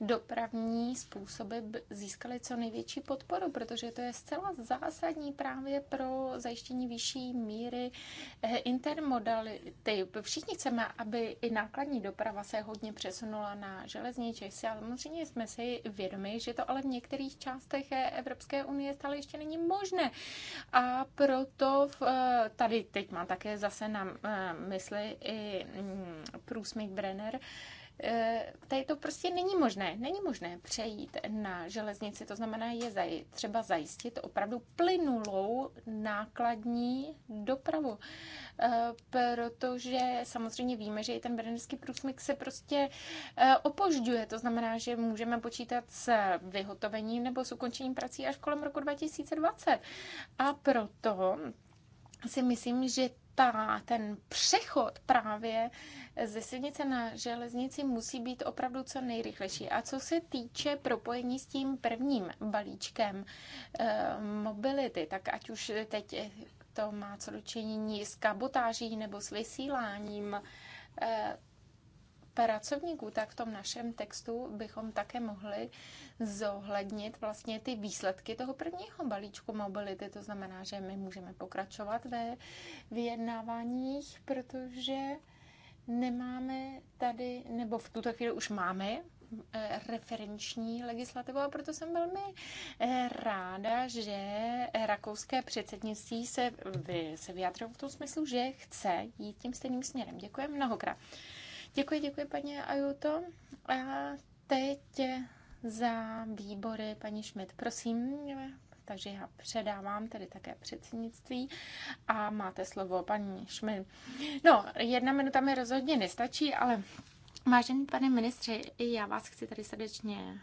dopravní způsoby získaly co největší podporu, protože to je zcela zásadní právě pro zajištění vyšší míry eh, intermodality. Všichni chceme, aby i nákladní doprava se hodně přesunula na železnici. Ale samozřejmě jsme si vědomi, že to ale v některých částech eh, Evropské unie stále ještě není možné. A proto v, eh, tady teď má také měli zase na eh, mysli i mm, průsmyk Brenner, eh, tady to prostě není možné. Není možné přejít na železnici, to znamená, je zaj, třeba zajistit opravdu plynulou nákladní dopravu. Eh, protože samozřejmě víme, že i ten brněnský průsmyk se prostě opožďuje. To znamená, že můžeme počítat s vyhotovením nebo s ukončením prací až kolem roku 2020. A proto si myslím, že ta, ten přechod právě ze silnice na železnici musí být opravdu co nejrychlejší. A co se týče propojení s tím prvním balíčkem e, mobility, tak ať už teď to má co dočinění s kabotáží nebo s vysíláním, e, pracovníků, tak v tom našem textu bychom také mohli zohlednit vlastně ty výsledky toho prvního balíčku mobility. To znamená, že my můžeme pokračovat ve vyjednáváních, protože nemáme tady, nebo v tuto chvíli už máme eh, referenční legislativu a proto jsem velmi eh, ráda, že rakouské předsednictví se, se vyjádřilo v tom smyslu, že chce jít tím stejným směrem. Děkuji mnohokrát. Děkuji, děkuji paní Ajuto. A teď za výbory paní Schmidt. Prosím, takže já předávám tedy také předsednictví a máte slovo, paní Šmin. No, jedna minuta mi rozhodně nestačí, ale vážený pane ministře, já vás chci tady srdečně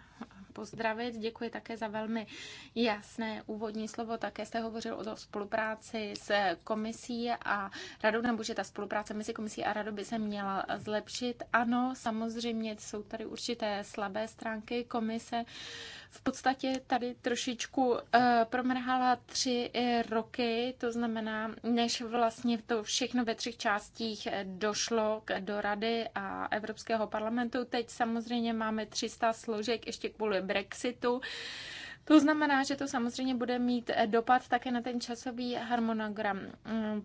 pozdravit. Děkuji také za velmi jasné úvodní slovo. Také jste hovořil o spolupráci s komisí a radou, nebo že ta spolupráce mezi komisí a radou by se měla zlepšit. Ano, samozřejmě jsou tady určité slabé stránky komise v podstatě tady trošičku eh, promrhala tři eh, roky, to znamená, než vlastně to všechno ve třech částích eh, došlo k, do Rady a Evropského parlamentu. Teď samozřejmě máme 300 složek ještě kvůli Brexitu. To znamená, že to samozřejmě bude mít eh, dopad také na ten časový harmonogram. Mm,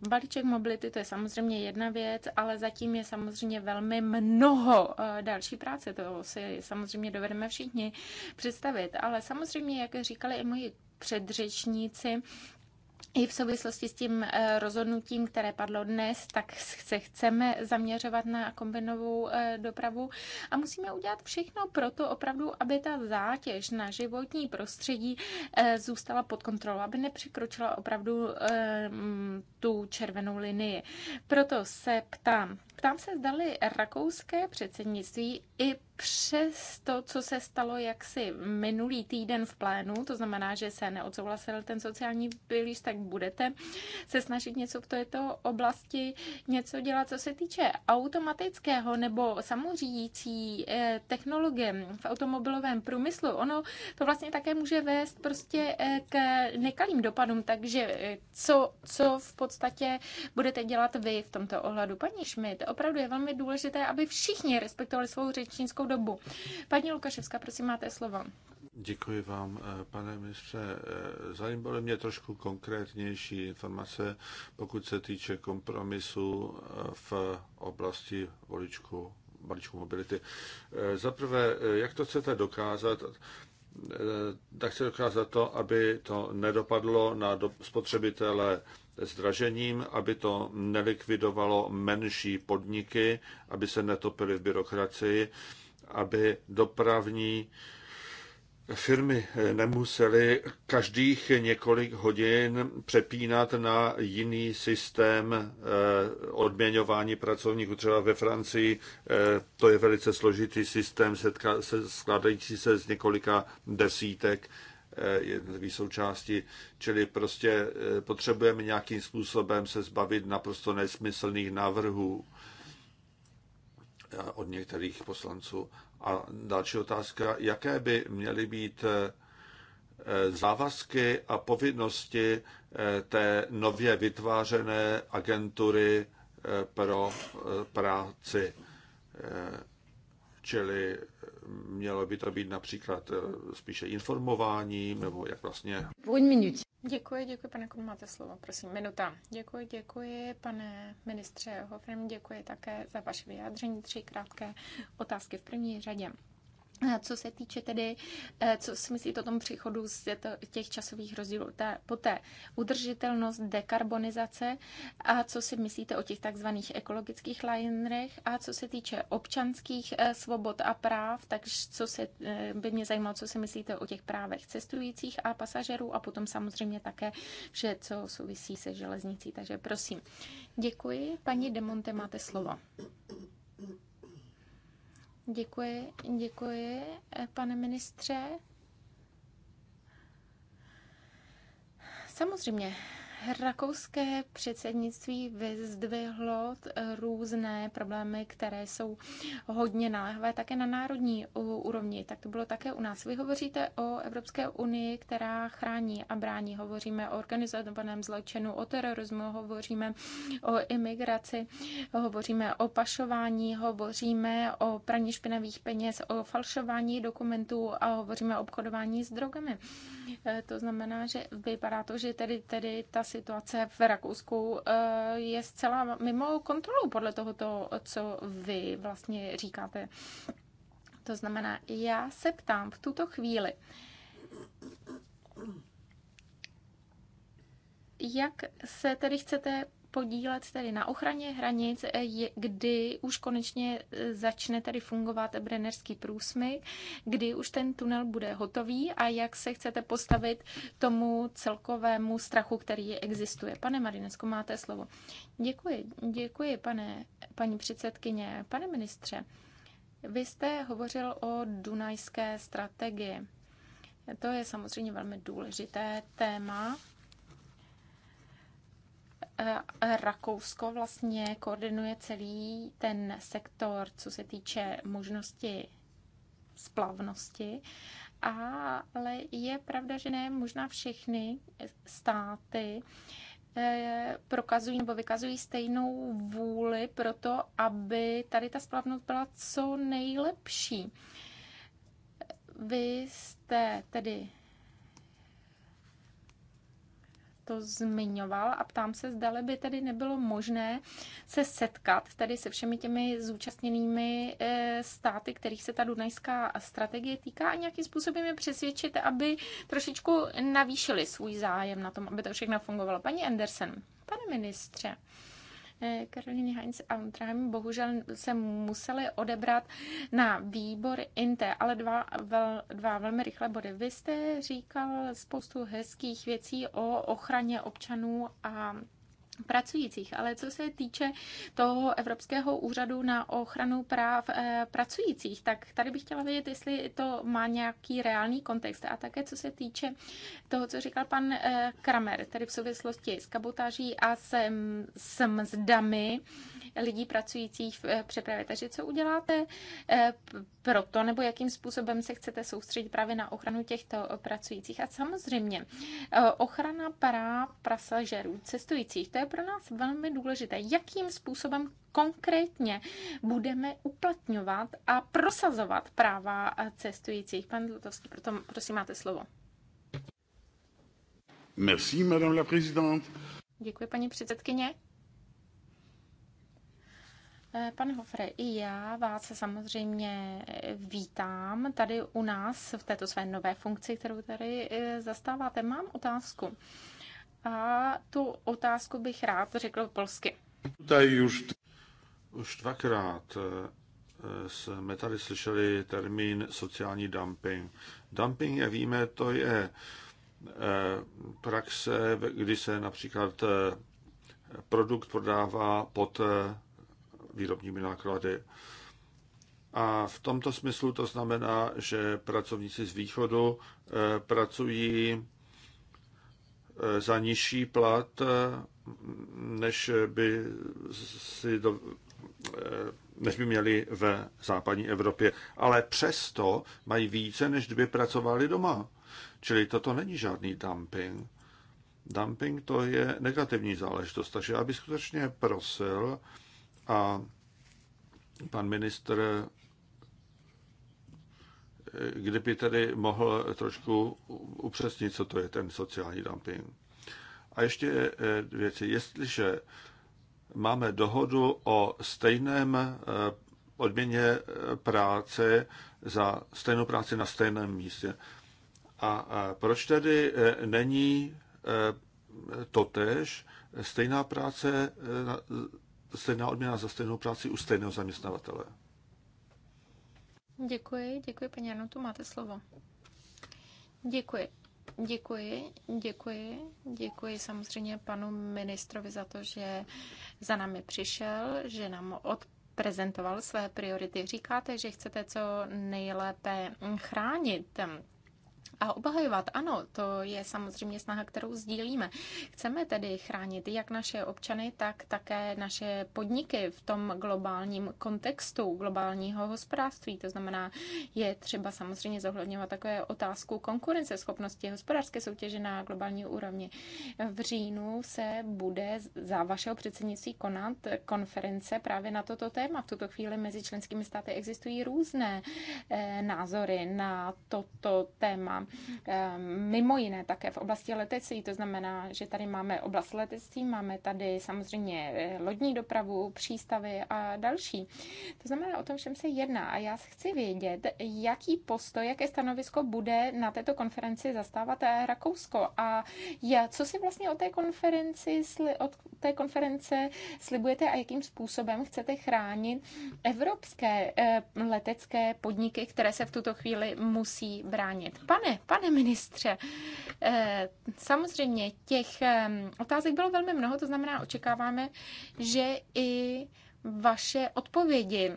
balíček mobility to je samozřejmě jedna věc, ale zatím je samozřejmě velmi mnoho eh, další práce. To si samozřejmě dovedeme všichni představit. Ale samozřejmě, jak říkali i moji předřečníci, i v souvislosti s tím eh, rozhodnutím, které padlo dnes, tak se chceme zaměřovat na kombinovou eh, dopravu a musíme udělat všechno pro to opravdu, aby ta zátěž na životní prostředí eh, zůstala pod kontrolou, aby nepřekročila opravdu mm, tu červenou linii. Proto se ptám, ptám se, zdali rakouské předsednictví i přes to, co se stalo jaksi minulý týden v plénu, to znamená, že se neodsouhlasil ten sociální pilíř, tak budete se snažit něco v této oblasti něco dělat, co se týče automatického nebo samořídící eh, technologie v automobilovém průmyslu. Ono to vlastně také může vést prostě eh, k nekalým dopadům, takže eh, co, co v podstatě budete dělat vy v tomto ohledu? Paní Schmidt, opravdu je velmi důležité, aby všichni respektovali svou řečnickou určitou dobu. Paní Lukaševská, prosím, máte slovo. Děkuji vám, eh, pane ministře. Eh, zajímaly mě trošku konkrétnější informace, pokud se týče kompromisu eh, v oblasti voličku, balíčku mobility. Zaprvé, jak to chcete dokázat? Tak chcete dokázat to, aby to nedopadlo na spotřebitele zdražením, aby to nelikvidovalo menší podniky, aby se netopily v byrokracii aby dopravní firmy nemusely každých několik hodin přepínat na jiný systém eh, odměňování pracovníků. Třeba ve Francii eh, to je velice složitý systém, se, skládající se z několika desítek eh, jednotlivých součástí, čili prostě potřebujeme nějakým způsobem se zbavit naprosto nesmyslných návrhů Eh, od některých poslanců. A další otázka, jaké by měly být eh, závazky a povinnosti eh, té nově vytvářené agentury pro práci, čili mělo by to být například eh, spíše informováním, nebo jak vlastně? Děkuji, děkuji, pane Kudu, máte slovo, prosím, minuta. Děkuji, děkuji, pane ministře Hofrem, děkuji také za vaše vyjádření, tři krátké otázky v první řadě. Eh, co se týče tedy, eh, co si myslíte o tom příchodu z těch časových rozdílů, ta, poté udržitelnost, dekarbonizace a co si myslíte o těch takzvaných ekologických linerech a co se týče občanských eh, svobod a práv, tak co se, by mě zajímalo, co si myslíte o těch právech cestujících a pasažerů a potom samozřejmě také vše, co souvisí se železnicí. Takže prosím, děkuji. Paní Demonte, máte slovo. Děkuji, děkuji, pane ministře. Samozřejmě, Rakouské předsednictví vyzdvihlo eh, různé problémy, které jsou hodně naléhavé také na národní úrovni. Tak to bylo také u nás. Vy hovoříte o Evropské unii, která chrání a brání. Hovoříme o organizovaném zločinu, o terorismu, hovoříme o imigraci, hovoříme o pašování, hovoříme o praní špinavých peněz, o falšování dokumentů a hovoříme o obchodování s drogami. Eh, to znamená, že vypadá to, že tedy, tedy ta situace v Rakousku eh, je zcela mimo kontrolu podle tohoto, co vy vlastně říkáte. To znamená, já se ptám v tuto chvíli, jak se tedy chcete podílet tedy na ochraně hranic, eh, kdy už konečně eh, začne tady fungovat Brennerský průsmyk, kdy už ten tunel bude hotový a jak se chcete postavit tomu celkovému strachu, který existuje. Pane Marinesko, máte slovo. Děkuji, děkuji, pane, paní předsedkyně. Pane ministře, vy jste hovořil o dunajské strategii. To je samozřejmě velmi důležité téma, Eh, Rakousko vlastně koordinuje celý ten sektor, co se týče možnosti splavnosti, ale je pravda, že ne možná všechny státy eh, prokazují nebo vykazují stejnou vůli pro to, aby tady ta splavnost byla co nejlepší. Vy jste tedy to zmiňoval a ptám se, zda by tedy nebylo možné se setkat tedy se všemi těmi zúčastněnými eh, státy, kterých se ta Dunajská strategie týká a nějakým způsobem je přesvědčit, aby trošičku navýšili svůj zájem na tom, aby to všechno fungovalo. Paní Andersen, pane ministře, Eh, Karolíně Heinz Trahem bohužel se museli odebrat na výbor INTE, ale dva, vel, dva velmi rychle body. Vy jste říkal spoustu hezkých věcí o ochraně občanů a pracujících. Ale co se týče toho Evropského úřadu na ochranu práv eh, pracujících, tak tady bych chtěla vědět, jestli to má nějaký reálný kontext. A také co se týče toho, co říkal pan eh, Kramer, tedy v souvislosti s kabotáží a s, s mzdami lidí pracujících v eh, přepravě. Takže co uděláte pro to, nebo jakým způsobem se chcete soustředit právě na ochranu těchto pracujících? A samozřejmě ochrana práv pasažerů, cestujících, to je je pro nás velmi důležité, jakým způsobem konkrétně budeme uplatňovat a prosazovat práva cestujících. Pan Lutovský, proto prosím, máte slovo. Merci, madame la présidente. Děkuji, paní předsedkyně. Eh, pane Hofre, i já vás samozřejmě vítám tady u nás v této své nové funkci, kterou tady eh, zastáváte. Mám otázku a tu otázku bych rád řekl polsky. Tady už, už dvakrát eh, jsme tady slyšeli termín sociální dumping. Dumping, jak víme, to je eh, praxe, kdy se například eh, produkt prodává pod výrobními náklady. A v tomto smyslu to znamená, že pracovníci z východu pracují Eh, za nižší plat, eh, než by si do, eh, než by měli ve západní Evropě. Ale přesto mají více, než kdyby pracovali doma. Čili toto není žádný dumping. Dumping to je negativní záležitost. Takže já bych skutečně prosil a pan ministr kdyby tedy mohl trošku upřesnit, co to je ten sociální dumping. A ještě eh, věci. Jestliže máme dohodu o stejném eh, odměně eh, práce za stejnou práci na stejném místě. A proč tedy není totež stejná práce, stejná odměna za stejnou práci u stejného zaměstnavatele? Děkuji, děkuji, paní Arnotu, máte slovo. Děkuji. Děkuji, děkuji, děkuji samozřejmě panu ministrovi za to, že za námi přišel, že nám odprezentoval své priority. Říkáte, že chcete co nejlépe chránit a obhajovat. Ano, to je samozřejmě snaha, kterou sdílíme. Chceme tedy chránit jak naše občany, tak také naše podniky v tom globálním kontextu globálního hospodářství. To znamená, je třeba samozřejmě zohledňovat takové otázku konkurenceschopnosti hospodářské soutěže na globální úrovni. V říjnu se bude za vašeho předsednictví konat konference právě na toto téma. V tuto chvíli mezi členskými státy existují různé eh, názory na toto téma. Eh, mimo jiné také v oblasti letectví, to znamená, že tady máme oblast letectví, máme tady samozřejmě eh, lodní dopravu, přístavy a další. To znamená, o tom všem se jedná a já chci vědět, jaký postoj, jaké stanovisko bude na této konferenci zastávat eh, Rakousko a já, co si vlastně o té konferenci, od té konference slibujete a jakým způsobem chcete chránit evropské letecké podniky, které se v tuto chvíli musí bránit. Pane pane ministře, eh, samozřejmě těch ehm, otázek bylo velmi mnoho, to znamená, očekáváme, že i vaše odpovědi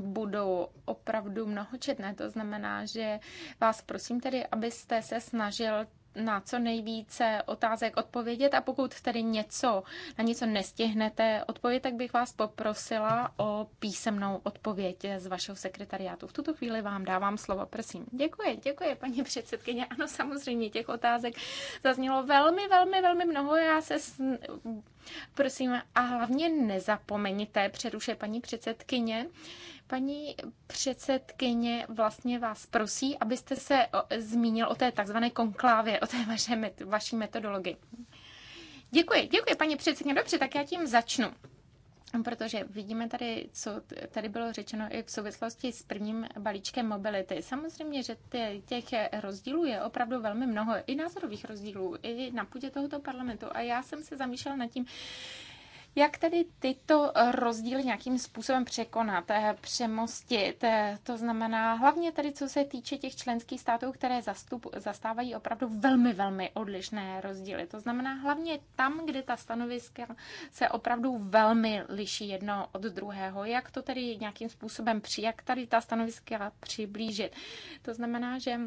budou opravdu mnohočetné. To znamená, že vás prosím tedy, abyste se snažil na co nejvíce otázek odpovědět a pokud tedy něco, na něco nestihnete odpovědět, tak bych vás poprosila o písemnou odpověď z vašeho sekretariátu. V tuto chvíli vám dávám slovo, prosím. Děkuji, děkuji, paní předsedkyně. Ano, samozřejmě těch otázek zaznělo velmi, velmi, velmi mnoho. Já se sn... prosím a hlavně nezapomeňte, přeruše paní předsedkyně, Paní předsedkyně vlastně vás prosí, abyste se zmínil o té takzvané konklávě, o té vaše, vaší metodologii. Děkuji, děkuji, paní předsedkyně. Dobře, tak já tím začnu. Protože vidíme tady, co tady bylo řečeno i v souvislosti s prvním balíčkem mobility. Samozřejmě, že těch rozdílů je opravdu velmi mnoho, i názorových rozdílů, i na půdě tohoto parlamentu. A já jsem se zamýšlela nad tím, jak tedy tyto rozdíly nějakým způsobem překonat, eh, přemostit? Eh, to znamená hlavně tedy, co se týče těch členských států, které zastup, zastávají opravdu velmi, velmi odlišné rozdíly. To znamená hlavně tam, kde ta stanoviska se opravdu velmi liší jedno od druhého. Jak to tedy nějakým způsobem při, jak tady ta stanoviska přiblížit? To znamená, že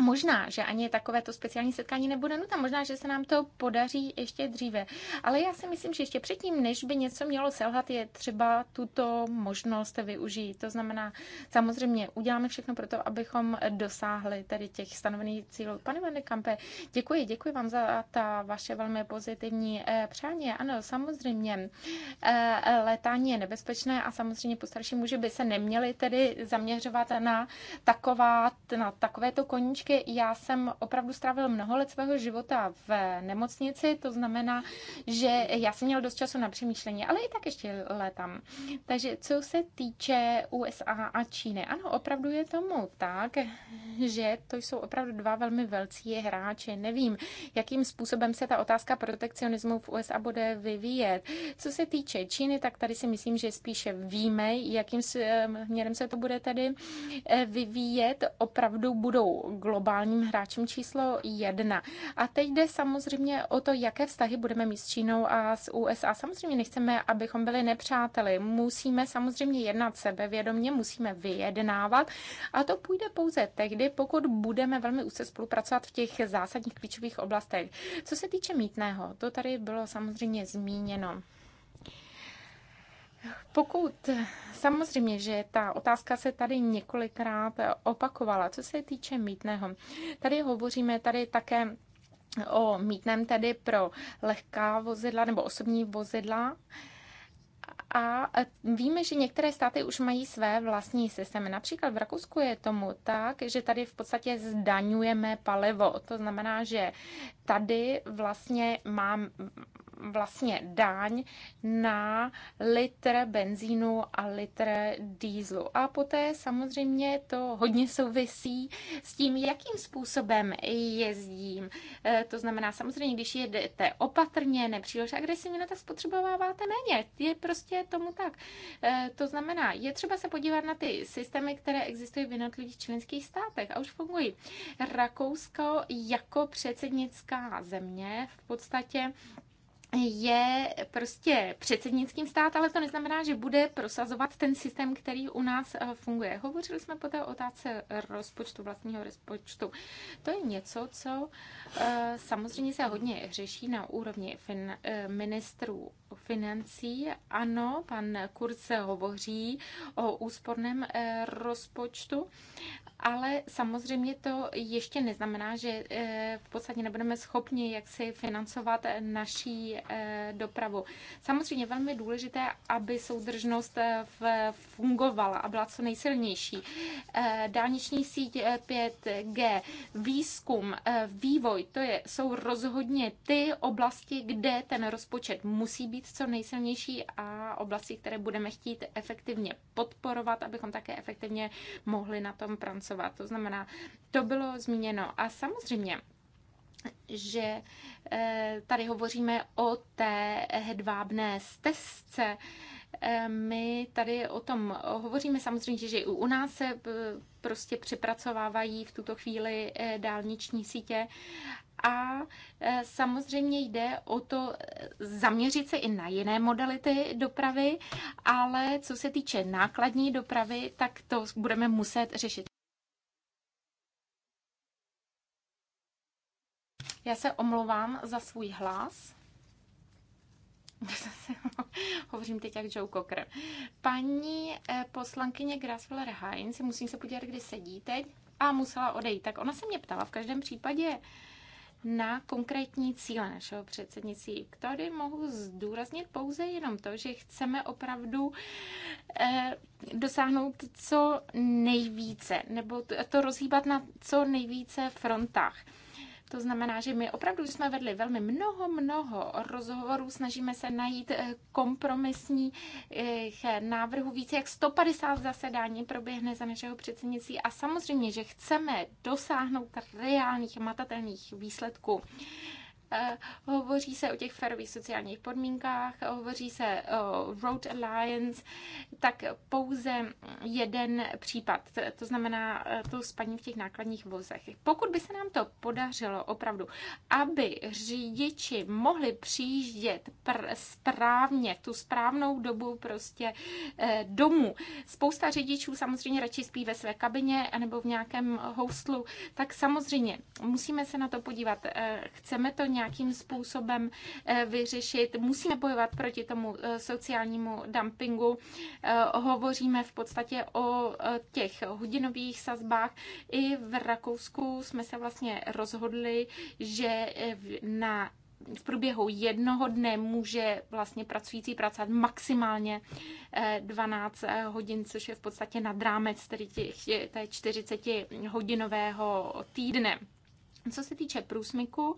Možná, že ani takovéto speciální setkání nebude nutné, možná, že se nám to podaří ještě dříve. Ale já si myslím, že ještě předtím, než by něco mělo selhat, je třeba tuto možnost využít. To znamená, samozřejmě uděláme všechno pro to, abychom dosáhli tedy těch stanovených cílů. Pane Van Kampe, děkuji, děkuji vám za ta vaše velmi pozitivní eh, přání. Ano, samozřejmě eh, letání je nebezpečné a samozřejmě postarší muži by se neměli tedy zaměřovat na, taková, na takovéto koníčky, léčičky. Já jsem opravdu strávil mnoho let svého života v nemocnici, to znamená, že já jsem měl dost času na přemýšlení, ale i tak ještě létám. Takže co se týče USA a Číny, ano, opravdu je tomu tak, že to jsou opravdu dva velmi velcí hráči. Nevím, jakým způsobem se ta otázka protekcionismu v USA bude vyvíjet. Co se týče Číny, tak tady si myslím, že spíše víme, jakým směrem se to bude tady eh, vyvíjet. Opravdu budou globální globálním hráčem číslo jedna. A teď jde samozřejmě o to, jaké vztahy budeme mít s Čínou a s USA. Samozřejmě nechceme, abychom byli nepřáteli. Musíme samozřejmě jednat sebevědomě, musíme vyjednávat a to půjde pouze tehdy, pokud budeme velmi úzce spolupracovat v těch zásadních klíčových oblastech. Co se týče mítného, to tady bylo samozřejmě zmíněno. Pokud samozřejmě, že ta otázka se tady několikrát opakovala, co se týče mítného, tady hovoříme tady také o mítném tedy pro lehká vozidla nebo osobní vozidla. A víme, že některé státy už mají své vlastní systémy. Například v Rakousku je tomu tak, že tady v podstatě zdaňujeme palivo. To znamená, že tady vlastně mám, vlastně daň na litr benzínu a litr dýzlu. A poté samozřejmě to hodně souvisí s tím, jakým způsobem jezdím. E, to znamená, samozřejmě, když jedete opatrně, nepříliš agresivně, no tak spotřebováváte méně. Je prostě tomu tak. E, to znamená, je třeba se podívat na ty systémy, které existují v jednotlivých členských státech a už fungují. Rakousko jako předsednická země v podstatě je prostě předsednickým stát, ale to neznamená, že bude prosazovat ten systém, který u nás eh, funguje. Hovořili jsme po té otázce rozpočtu, vlastního rozpočtu. To je něco, co eh, samozřejmě se hodně řeší na úrovni fin- eh, ministrů financí. Ano, pan Kurz hovoří o úsporném rozpočtu, ale samozřejmě to ještě neznamená, že eh, v podstatě nebudeme schopni jak si financovat eh, naší eh, dopravu. Samozřejmě velmi důležité, aby soudržnost fungovala a byla co nejsilnější. Dálniční síť 5G, výzkum, vývoj, to je, jsou rozhodně ty oblasti, kde ten rozpočet musí být co nejsilnější a oblasti, které budeme chtít efektivně podporovat, abychom také efektivně mohli na tom pracovat pracovat. To znamená, to bylo zmíněno. A samozřejmě, že eh, tady hovoříme o té hedvábné stezce. Eh, my tady o tom hovoříme samozřejmě, že i u nás se eh, prostě přepracovávají v tuto chvíli dálniční sítě a samozřejmě jde o to zaměřit se i na jiné modality dopravy, ale co se týče nákladní dopravy, tak to budeme muset řešit. Já se omlouvám za svůj hlas. Hovořím teď jak Joe Cocker. Paní eh, poslankyně Grasfeller Heinz, musím se podívat, kde sedí teď, a musela odejít. Tak ona se mě ptala v každém případě na konkrétní cíle našeho předsednicí. Tady mohu zdůraznit pouze jenom to, že chceme opravdu eh, dosáhnout co nejvíce, nebo to, to rozhýbat na co nejvíce frontách. Eh, to znamená, že my opravdu jsme vedli velmi mnoho, mnoho rozhovorů, snažíme se najít eh, kompromisních eh, návrhů. Více jak 150 zasedání proběhne za našeho předsednictví a samozřejmě, že chceme dosáhnout reálných matatelných výsledků. Eh, hovoří se o těch férových sociálních podmínkách, hovoří se o Road Alliance, tak pouze jeden případ, to znamená eh, to spaní v těch nákladních vozech. Pokud by se nám to podařilo opravdu, aby řidiči mohli přijíždět pr- správně, v tu správnou dobu prostě eh, domů. Spousta řidičů samozřejmě radši spí ve své kabině nebo v nějakém hostlu, tak samozřejmě musíme se na to podívat. Eh, chceme to nějakým způsobem eh, vyřešit. Musíme bojovat proti tomu eh, sociálnímu dumpingu. Eh, hovoříme v podstatě o těch hodinových sazbách. I v Rakousku jsme se vlastně rozhodli, že na v průběhu jednoho dne může vlastně pracující pracovat maximálně 12 hodin, což je v podstatě nad rámec tedy těch, té 40 hodinového týdne. Co se týče průsmyku,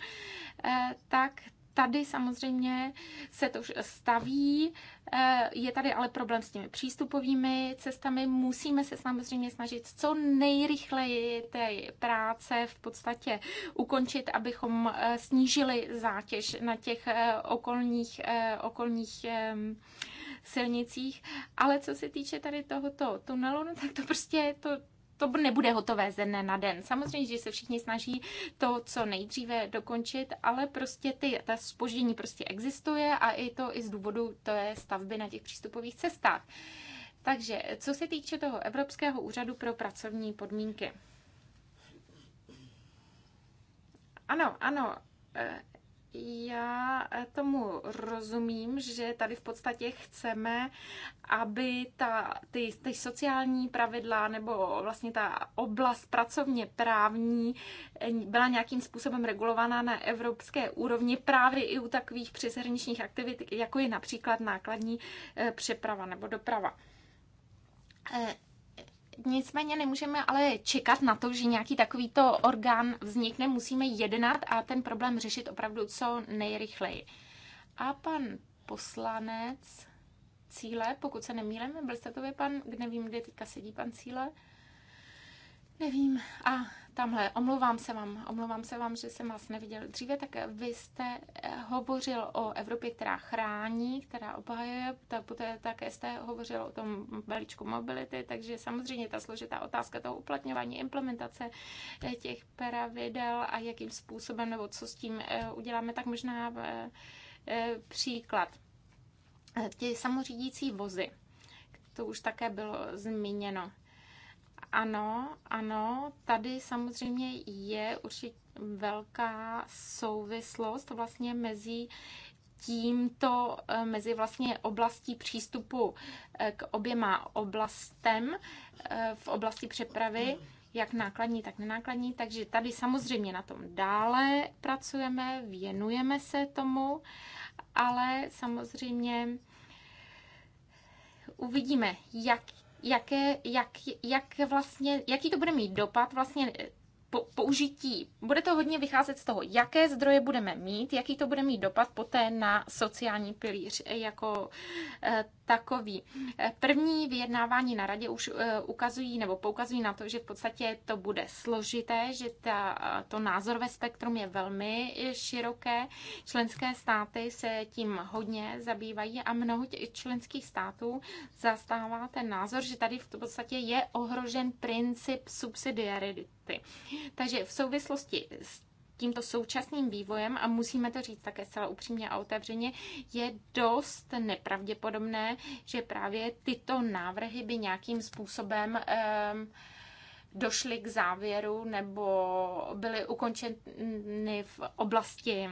eh, tak tady samozřejmě se to staví, eh, je tady ale problém s těmi přístupovými cestami. Musíme se samozřejmě snažit co nejrychleji té práce v podstatě ukončit, abychom eh, snížili zátěž na těch okolních, okolních silnicích. Ale co se týče tady tohoto tunelu, no tak to prostě to to nebude hotové ze dne na den. Samozřejmě, že se všichni snaží to co nejdříve dokončit, ale prostě ty, ta spoždění prostě existuje a i to i z důvodu té stavby na těch přístupových cestách. Takže co se týče toho Evropského úřadu pro pracovní podmínky. Ano, ano, eh, já tomu rozumím, že tady v podstatě chceme, aby ta, ty, ty sociální pravidla nebo vlastně ta oblast pracovně právní eh, byla nějakým způsobem regulována na evropské úrovni právě i u takových přeshraničních aktivit, jako je například nákladní eh, přeprava nebo doprava. Eh, Nicméně nemůžeme ale čekat na to, že nějaký takovýto orgán vznikne. Musíme jednat a ten problém řešit opravdu co nejrychleji. A pan poslanec Cíle, pokud se nemýlím, byl jste to vy pan, nevím, kde teďka sedí pan Cíle, nevím. A tamhle. Omlouvám se vám, omlouvám se vám, že jsem vás neviděl dříve, tak vy jste eh, hovořil o Evropě, která chrání, která obhajuje, tak poté také jste hovořil o tom balíčku mobility, takže samozřejmě ta složitá otázka toho uplatňování, implementace eh, těch pravidel a jakým způsobem nebo co s tím eh, uděláme, tak možná příklad. Ty samořídící vozy, to už také bylo zmíněno. Ano, ano, tady samozřejmě je určitě velká souvislost vlastně mezi tímto, eh, mezi vlastně oblastí přístupu eh, k oběma oblastem eh, v oblasti přepravy, jak nákladní, tak nenákladní. Takže tady samozřejmě na tom dále pracujeme, věnujeme se tomu, ale samozřejmě uvidíme, jak jaké, jak, jak vlastně, jaký to bude mít dopad vlastně eh, použití. Bude to hodně vycházet z toho, jaké zdroje budeme mít, jaký to bude mít dopad poté na sociální pilíř eh, jako eh, takový. Eh, první vyjednávání na radě už eh, ukazují nebo poukazují na to, že v podstatě to bude složité, že ta, eh, to názorové spektrum je velmi široké. Členské státy se tím hodně zabývají a mnoho členských států zastává ten názor, že tady v podstatě je ohrožen princip subsidiarity. Takže v souvislosti s tímto současným vývojem, a musíme to říct také zcela upřímně a otevřeně, je dost nepravděpodobné, že právě tyto návrhy by nějakým způsobem um, došly k závěru nebo byly ukončeny v oblasti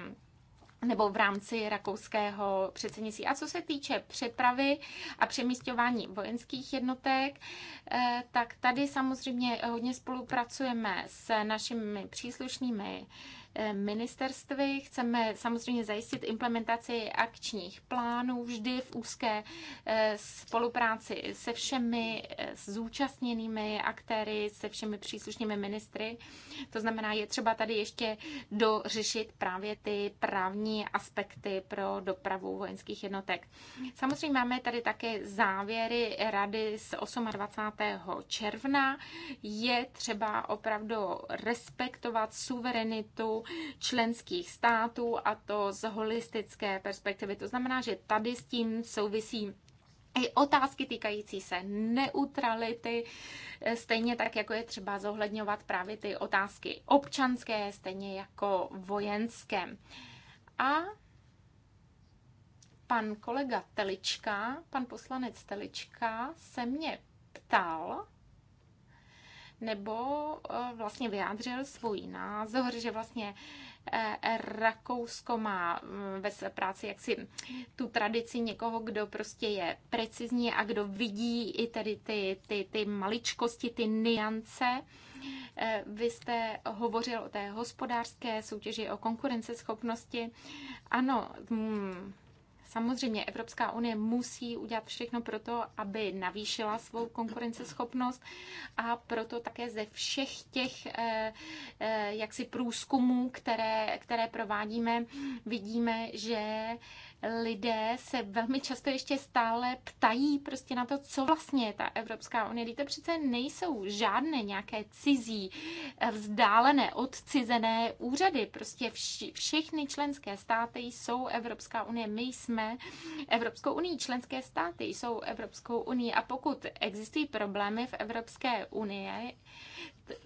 nebo v rámci rakouského předsednictví. A co se týče přepravy a přemístování vojenských jednotek, eh, tak tady samozřejmě hodně spolupracujeme s našimi příslušnými Eh, ministerstvy. Chceme samozřejmě zajistit implementaci akčních plánů vždy v úzké eh, spolupráci se všemi eh, zúčastněnými aktéry, se všemi příslušnými ministry. To znamená, je třeba tady ještě dořešit právě ty právní aspekty pro dopravu vojenských jednotek. Samozřejmě máme tady také závěry rady z 28. června. Je třeba opravdu respektovat suverenitu členských států a to z holistické perspektivy. To znamená, že tady s tím souvisí i otázky týkající se neutrality, stejně tak, jako je třeba zohledňovat právě ty otázky občanské, stejně jako vojenské. A pan kolega Telička, pan poslanec Telička se mě ptal, nebo eh, vlastně vyjádřil svůj názor, že vlastně eh, Rakousko má mm, ve své práci jaksi tu tradici někoho, kdo prostě je precizní a kdo vidí i tedy ty, ty, ty maličkosti, ty niance. Eh, vy jste hovořil o té hospodářské soutěži, o konkurenceschopnosti. Ano, mm, Samozřejmě Evropská unie musí udělat všechno pro to, aby navýšila svou konkurenceschopnost a proto také ze všech těch eh, eh, jaksi průzkumů, které, které provádíme, vidíme, že lidé se velmi často ještě stále ptají prostě na to, co vlastně je ta Evropská unie. To přece nejsou žádné nějaké cizí, eh, vzdálené, odcizené úřady. Prostě vši, všechny členské státy jsou Evropská unie. My jsme Evropskou unii. Členské státy jsou Evropskou unii. A pokud existují problémy v Evropské unii,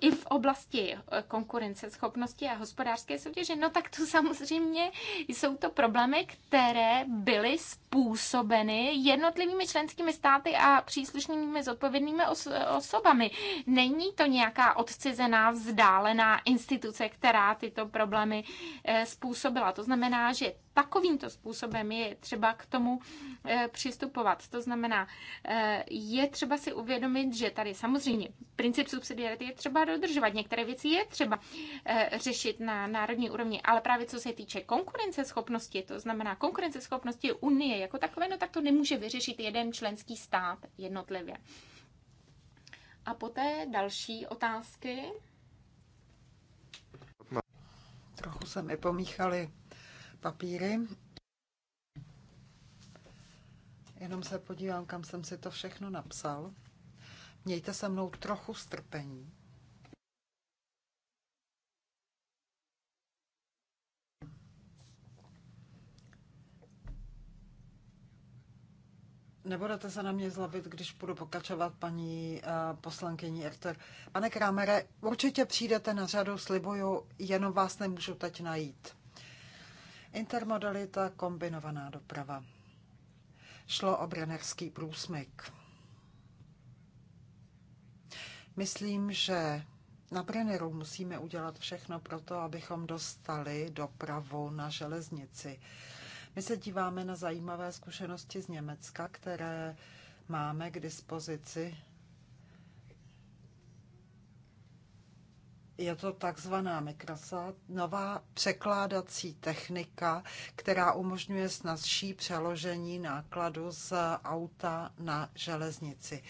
i v oblasti eh, konkurenceschopnosti a hospodářské soutěže, no tak to samozřejmě jsou to problémy, které byly způsobeny jednotlivými členskými státy a příslušnými zodpovědnými os- osobami. Není to nějaká odcizená, vzdálená instituce, která tyto problémy eh, způsobila. To znamená, že takovýmto způsobem je třeba k tomu eh, přistupovat. To znamená, eh, je třeba si uvědomit, že tady samozřejmě princip subsidiarity je třeba dodržovat. Některé věci je třeba eh, řešit na národní úrovni, ale právě co se týče konkurenceschopnosti, to znamená konkurenceschopnosti Unie jako takové, no tak to nemůže vyřešit jeden členský stát jednotlivě. A poté další otázky. Trochu se mi pomíchali papíry. Jenom se podívám, kam jsem si to všechno napsal. Mějte se mnou trochu strpení. Nebudete se na mě zlobit, když budu pokračovat paní eh, poslankyní Erter. Pane Krámere, určitě přijdete na řadu, slibuju, jenom vás nemůžu teď najít. Intermodalita, kombinovaná doprava. Šlo o brenerský průsmyk. Myslím, že na Brenneru musíme udělat všechno pro to, abychom dostali dopravu na železnici. My se díváme na zajímavé zkušenosti z Německa, které máme k dispozici Je to takzvaná mikrasa, nová překládací technika, která umožňuje snazší přeložení nákladu z auta na železnici.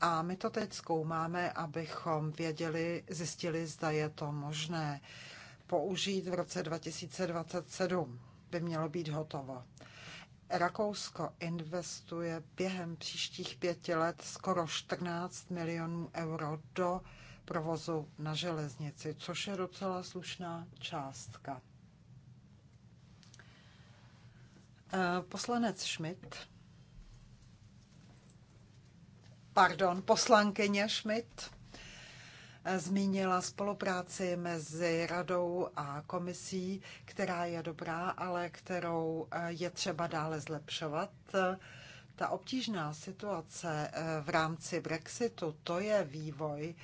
A my to teď zkoumáme, abychom věděli, zjistili, zda je to možné použít v roce 2027. By mělo být hotovo. Rakousko investuje během příštích pěti let skoro 14 milionů euro do provozu na železnici, což je docela slušná částka. Eh, poslanec Schmidt. Pardon, poslankyně Schmidt eh, zmínila spolupráci mezi radou a komisí, která je dobrá, ale kterou eh, je třeba dále zlepšovat. Ta obtížná situace v rámci Brexitu, to je vývoj,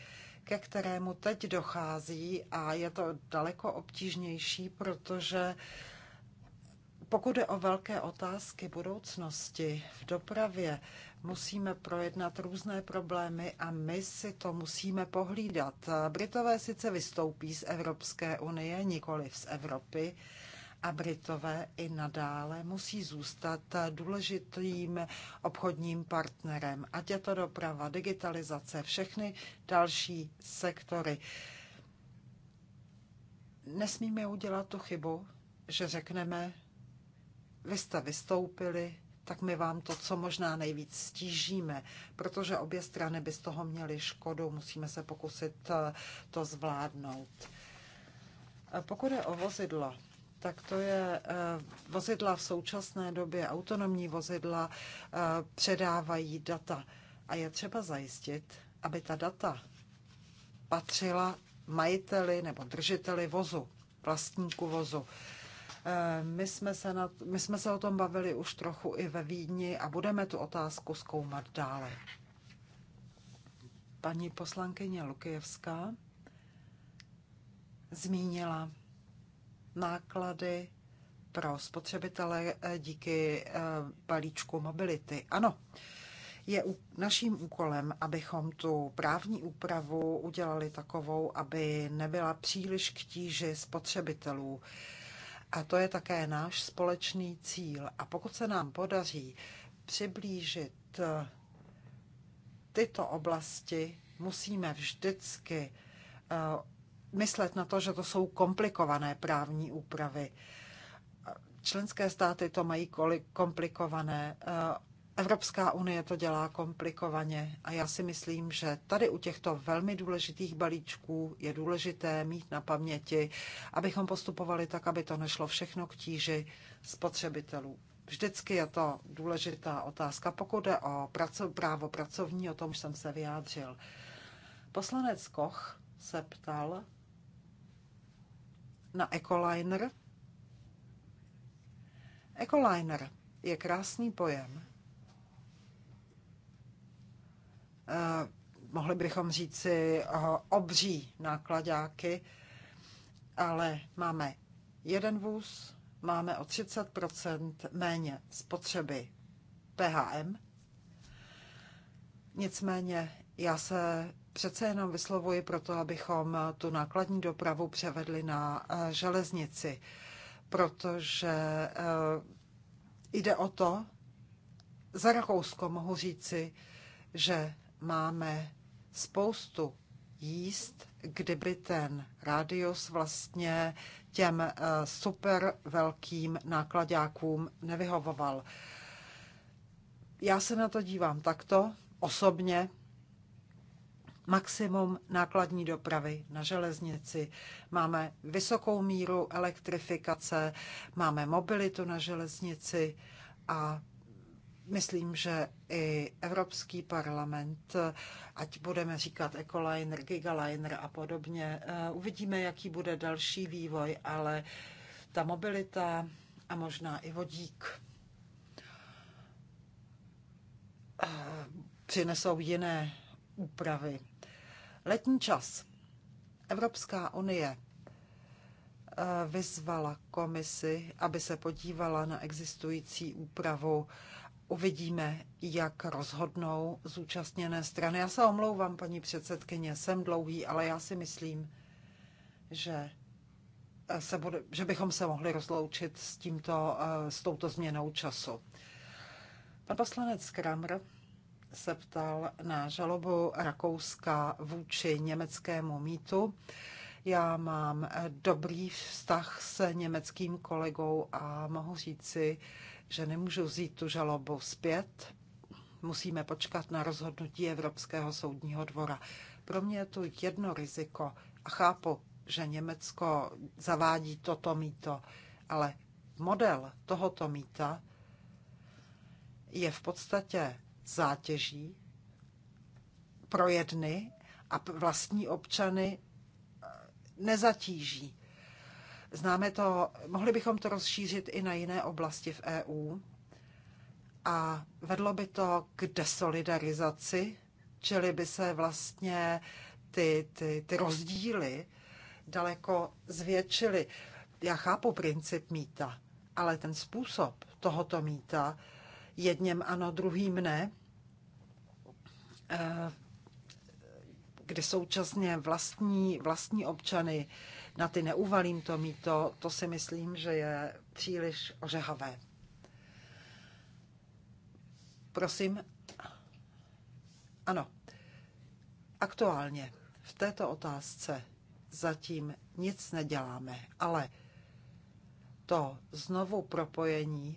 ke kterému teď dochází a je to daleko obtížnější, protože pokud je o velké otázky budoucnosti v dopravě, musíme projednat různé problémy a my si to musíme pohlídat. Britové sice vystoupí z Evropské unie, nikoli z Evropy, a Britové i nadále musí zůstat důležitým obchodním partnerem, ať je to doprava, digitalizace, všechny další sektory. Nesmíme udělat tu chybu, že řekneme, vy jste vystoupili, tak my vám to, co možná nejvíc stížíme, protože obě strany by z toho měly škodu, musíme se pokusit to zvládnout. Pokud je o vozidlo, tak to je eh, vozidla v současné době, autonomní vozidla eh, předávají data. A je třeba zajistit, aby ta data patřila majiteli nebo držiteli vozu, vlastníku vozu. Eh, my jsme, se na, my jsme se o tom bavili už trochu i ve Vídni a budeme tu otázku zkoumat dále. Paní poslankyně Lukijevská zmínila náklady pro spotřebitele eh, díky eh, balíčku mobility. Ano, je naším úkolem, abychom tu právní úpravu udělali takovou, aby nebyla příliš k tíži spotřebitelů. A to je také náš společný cíl. A pokud se nám podaří přiblížit eh, tyto oblasti, musíme vždycky myslet na to, že to jsou komplikované právní úpravy. Členské státy to mají komplikované, eh, Evropská unie to dělá komplikovaně a já si myslím, že tady u těchto velmi důležitých balíčků je důležité mít na paměti, abychom postupovali tak, aby to nešlo všechno k tíži spotřebitelů. Vždycky je to důležitá otázka. Pokud je o praco- právo pracovní, o tom už jsem se vyjádřil. Poslanec Koch se ptal, na Ecoliner. Ecoliner je krásný pojem. Eh, mohli bychom říci eh, obří nákladáky, ale máme jeden vůz, máme o 30 méně spotřeby PHM. Nicméně já se přece jenom vyslovuji proto, abychom tu nákladní dopravu převedli na eh, železnici, protože eh, jde o to, za Rakousko mohu říci, že máme spoustu jíst, kdyby ten rádius vlastně těm eh, super velkým nákladákům nevyhovoval. Já se na to dívám takto, osobně, maximum nákladní dopravy na železnici, máme vysokou míru elektrifikace, máme mobilitu na železnici a myslím, že i Evropský parlament, ať budeme říkat ecoliner, gigaliner a podobně, eh, uvidíme, jaký bude další vývoj, ale ta mobilita a možná i vodík eh, přinesou jiné úpravy. Letní čas. Evropská unie eh, vyzvala komisi, aby se podívala na existující úpravu. Uvidíme, jak rozhodnou zúčastněné strany. Já se omlouvám, paní předsedkyně, jsem dlouhý, ale já si myslím, že, eh, se bude, že bychom se mohli rozloučit s, tímto, eh, s touto změnou času. Pan poslanec Kramr se ptal na žalobu Rakouska vůči německému mýtu. Já mám dobrý vztah s německým kolegou a mohu říci, že nemůžu vzít tu žalobu zpět. Musíme počkat na rozhodnutí Evropského soudního dvora. Pro mě je tu jedno riziko a chápu, že Německo zavádí toto mýto, ale model tohoto mýta je v podstatě zátěží pro jedny a vlastní občany eh, nezatíží. Známe to, mohli bychom to rozšířit i na jiné oblasti v EU a vedlo by to k desolidarizaci, čili by se vlastně ty, ty, ty rozdíly daleko zvětšily. Já chápu princip míta, ale ten způsob tohoto míta jedním ano, druhým ne, eh, kdy současně vlastní, vlastní občany na ty neuvalím to mýto, to si myslím, že je příliš ořehavé. Prosím. Ano. Aktuálně v této otázce zatím nic neděláme, ale to znovu propojení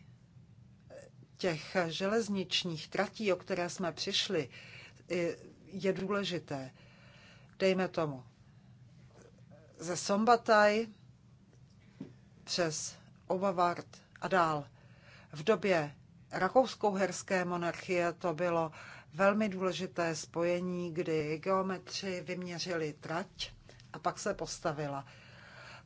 těch železničních tratí, o které jsme přišli, je důležité. Dejme tomu, ze Sombataj přes Obavard a dál. V době rakousko-herské monarchie to bylo velmi důležité spojení, kdy geometři vyměřili trať a pak se postavila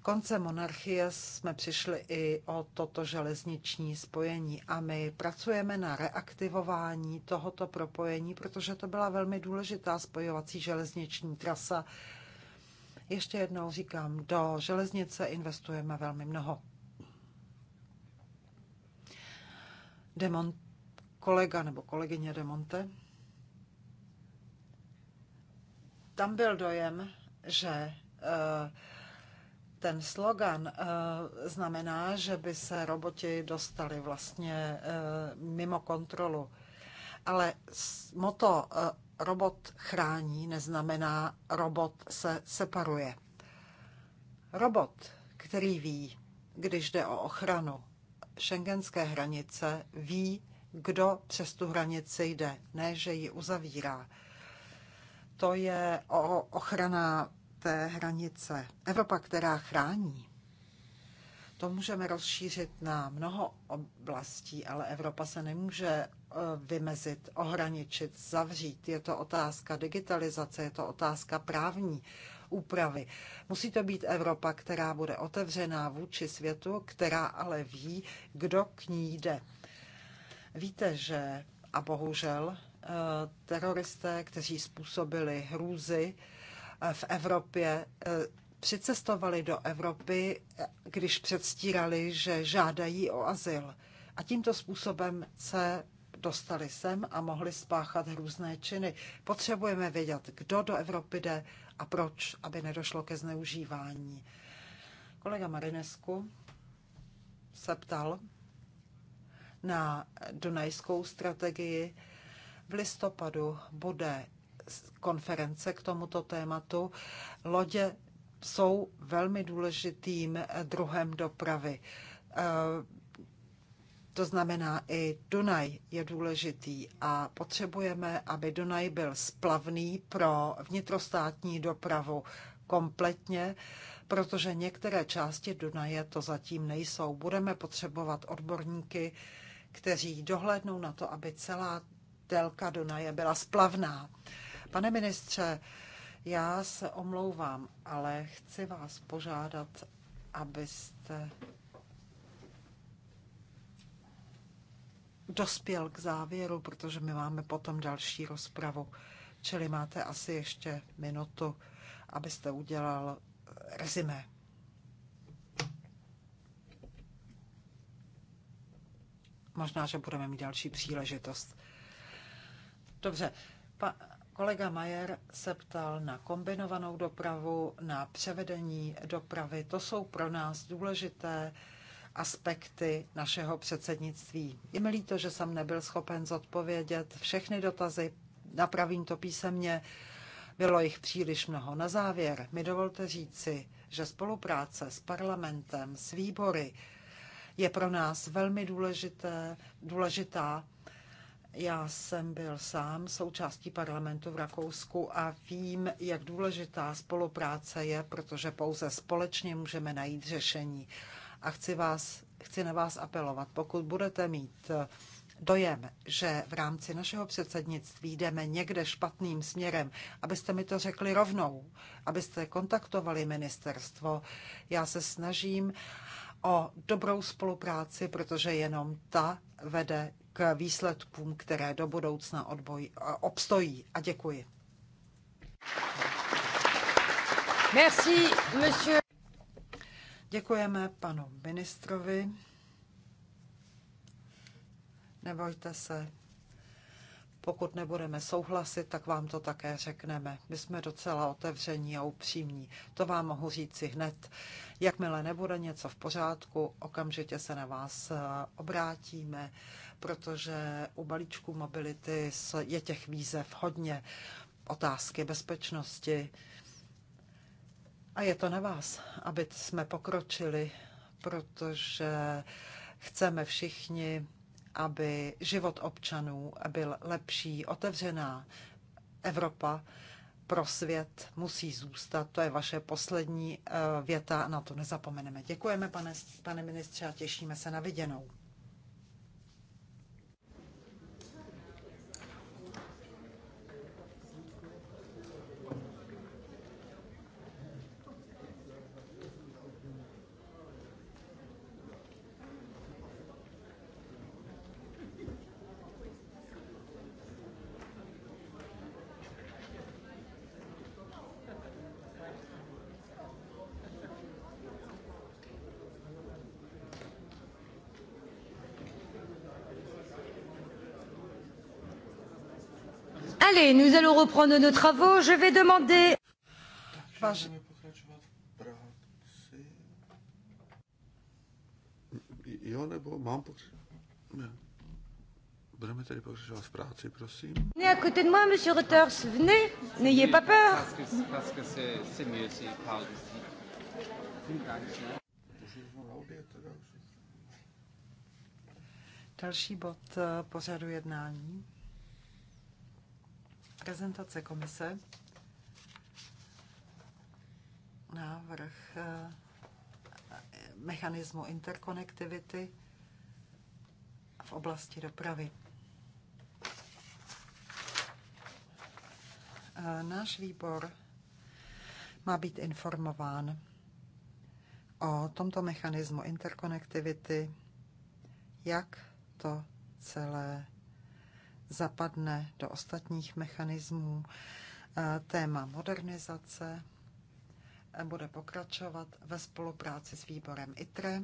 konce monarchie jsme přišli i o toto železniční spojení a my pracujeme na reaktivování tohoto propojení, protože to byla velmi důležitá spojovací železniční trasa. Ještě jednou říkám, do železnice investujeme velmi mnoho. Demont, kolega nebo kolegyně Demonte. Tam byl dojem, že uh, ten slogan eh, znamená, že by se roboti dostali vlastně eh, mimo kontrolu. Ale moto eh, robot chrání neznamená robot se separuje. Robot, který ví, když jde o ochranu šengenské hranice, ví, kdo přes tu hranici jde, ne že ji uzavírá. To je ochrana té hranice. Evropa, která chrání. To můžeme rozšířit na mnoho oblastí, ale Evropa se nemůže eh, vymezit, ohraničit, zavřít. Je to otázka digitalizace, je to otázka právní úpravy. Musí to být Evropa, která bude otevřená vůči světu, která ale ví, kdo k ní jde. Víte, že a bohužel eh, teroristé, kteří způsobili hrůzy, v Evropě eh, přicestovali do Evropy, eh, když předstírali, že žádají o azyl. A tímto způsobem se dostali sem a mohli spáchat různé činy. Potřebujeme vědět, kdo do Evropy jde a proč, aby nedošlo ke zneužívání. Kolega Marinesku se ptal na dunajskou strategii. V listopadu bude konference k tomuto tématu. Lodě jsou velmi důležitým druhem dopravy. Eh, to znamená, i Dunaj je důležitý a potřebujeme, aby Dunaj byl splavný pro vnitrostátní dopravu kompletně, protože některé části Dunaje to zatím nejsou. Budeme potřebovat odborníky, kteří dohlednou na to, aby celá délka Dunaje byla splavná. Pane ministře, já se omlouvám, ale chci vás požádat, abyste dospěl k závěru, protože my máme potom další rozpravu. Čili máte asi ještě minutu, abyste udělal eh, rezime. Možná, že budeme mít další příležitost. Dobře, pa, Kolega Majer se ptal na kombinovanou dopravu, na převedení dopravy. To jsou pro nás důležité aspekty našeho předsednictví. Je mi líto, že jsem nebyl schopen zodpovědět všechny dotazy, napravím to písemně. Bylo jich příliš mnoho. Na závěr mi dovolte říci, že spolupráce s parlamentem, s výbory je pro nás velmi důležité, důležitá já jsem byl sám součástí parlamentu v Rakousku a vím, jak důležitá spolupráce je, protože pouze společně můžeme najít řešení. A chci, vás, chci na vás apelovat, pokud budete mít eh, dojem, že v rámci našeho předsednictví jdeme někde špatným směrem, abyste mi to řekli rovnou, abyste kontaktovali ministerstvo. Já se snažím o dobrou spolupráci, protože jenom ta vede k výsledkům, které do budoucna odboj, obstojí. A děkuji. Merci, monsieur. Děkujeme panu ministrovi. Nebojte se, pokud nebudeme souhlasit, tak vám to také řekneme. My jsme docela otevření a upřímní. To vám mohu říci hned. Jakmile nebude něco v pořádku, okamžitě se na vás eh, obrátíme protože u balíčku mobility je těch výzev hodně. Otázky bezpečnosti. A je to na vás, aby jsme pokročili, protože chceme všichni, aby život občanů byl lepší, otevřená Evropa pro svět musí zůstat. To je vaše poslední eh, věta, na to nezapomeneme. Děkujeme, pane, pane ministře, a těšíme se na viděnou. Écoutez, nous allons reprendre nos travaux. Je vais demander... Váž... Jo, nebo mám pokračovat? Ne. Budeme tedy pokračovat v práci, prosím. Venez à côté de moi, monsieur Reuters. Venez, n'ayez pas peur. Parce que c'est mieux s'il parle ici. Další bod eh, pořadu jednání. Prezentace komise. Návrh eh, mechanismu interkonektivity v oblasti dopravy. Eh, náš výbor má být informován o tomto mechanismu interkonektivity, jak to celé zapadne do ostatních mechanismů. Eh, téma modernizace eh, bude pokračovat ve spolupráci s výborem ITRE,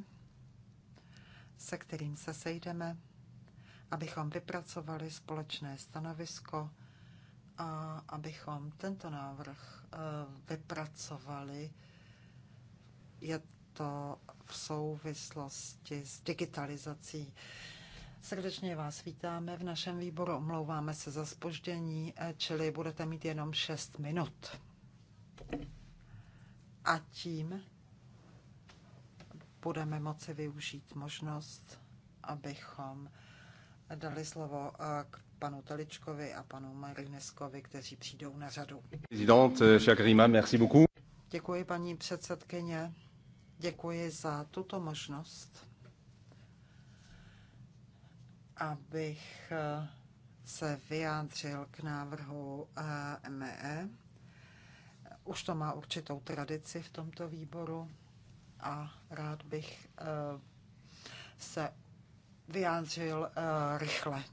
se kterým se sejdeme, abychom vypracovali společné stanovisko a abychom tento návrh eh, vypracovali. Je to v souvislosti s digitalizací. Srdečně vás vítáme v našem výboru. Omlouváme se za spoždění, eh, čili budete mít jenom 6 minut. A tím budeme moci využít možnost, abychom dali slovo eh, k panu Teličkovi a panu Marineskovi, kteří přijdou na řadu. Děkuji, paní předsedkyně. Děkuji za tuto možnost abych eh, se vyjádřil k návrhu eh, ME, Už to má určitou tradici v tomto výboru a rád bych eh, se vyjádřil rychle.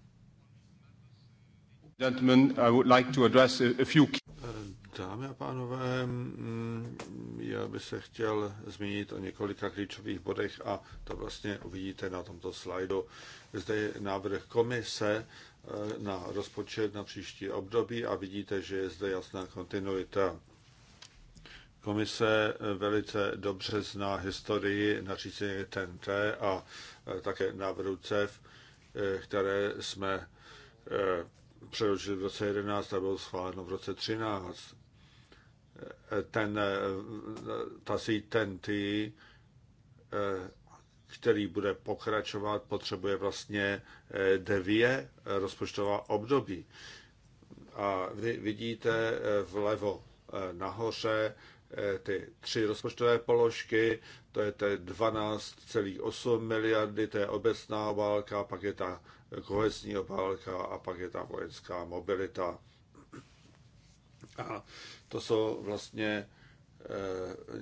Gentlemen, I would like to address a few Dámy a pánové, mm, já bych se chtěl zmínit o několika klíčových bodech a to vlastně uvidíte na tomto slajdu. Zde je návrh komise eh, na rozpočet na příští období a vidíte, že je zde jasná kontinuita. Komise eh, velice dobře zná historii nařízení TNT a eh, také návrhu CEF, které jsme přeložili v roce 11 a bylo schváleno v roce 13 ten, eh, ta ten ty, eh, který bude pokračovat, potřebuje vlastně eh, devě rozpočtová období. A vy vidíte vlevo nahoře ty tři rozpočtové položky, to je 12,8 miliardy, to je obecná obálka, pak je ta kohesní obálka a pak je ta vojenská mobilita. A to jsou vlastně, eh,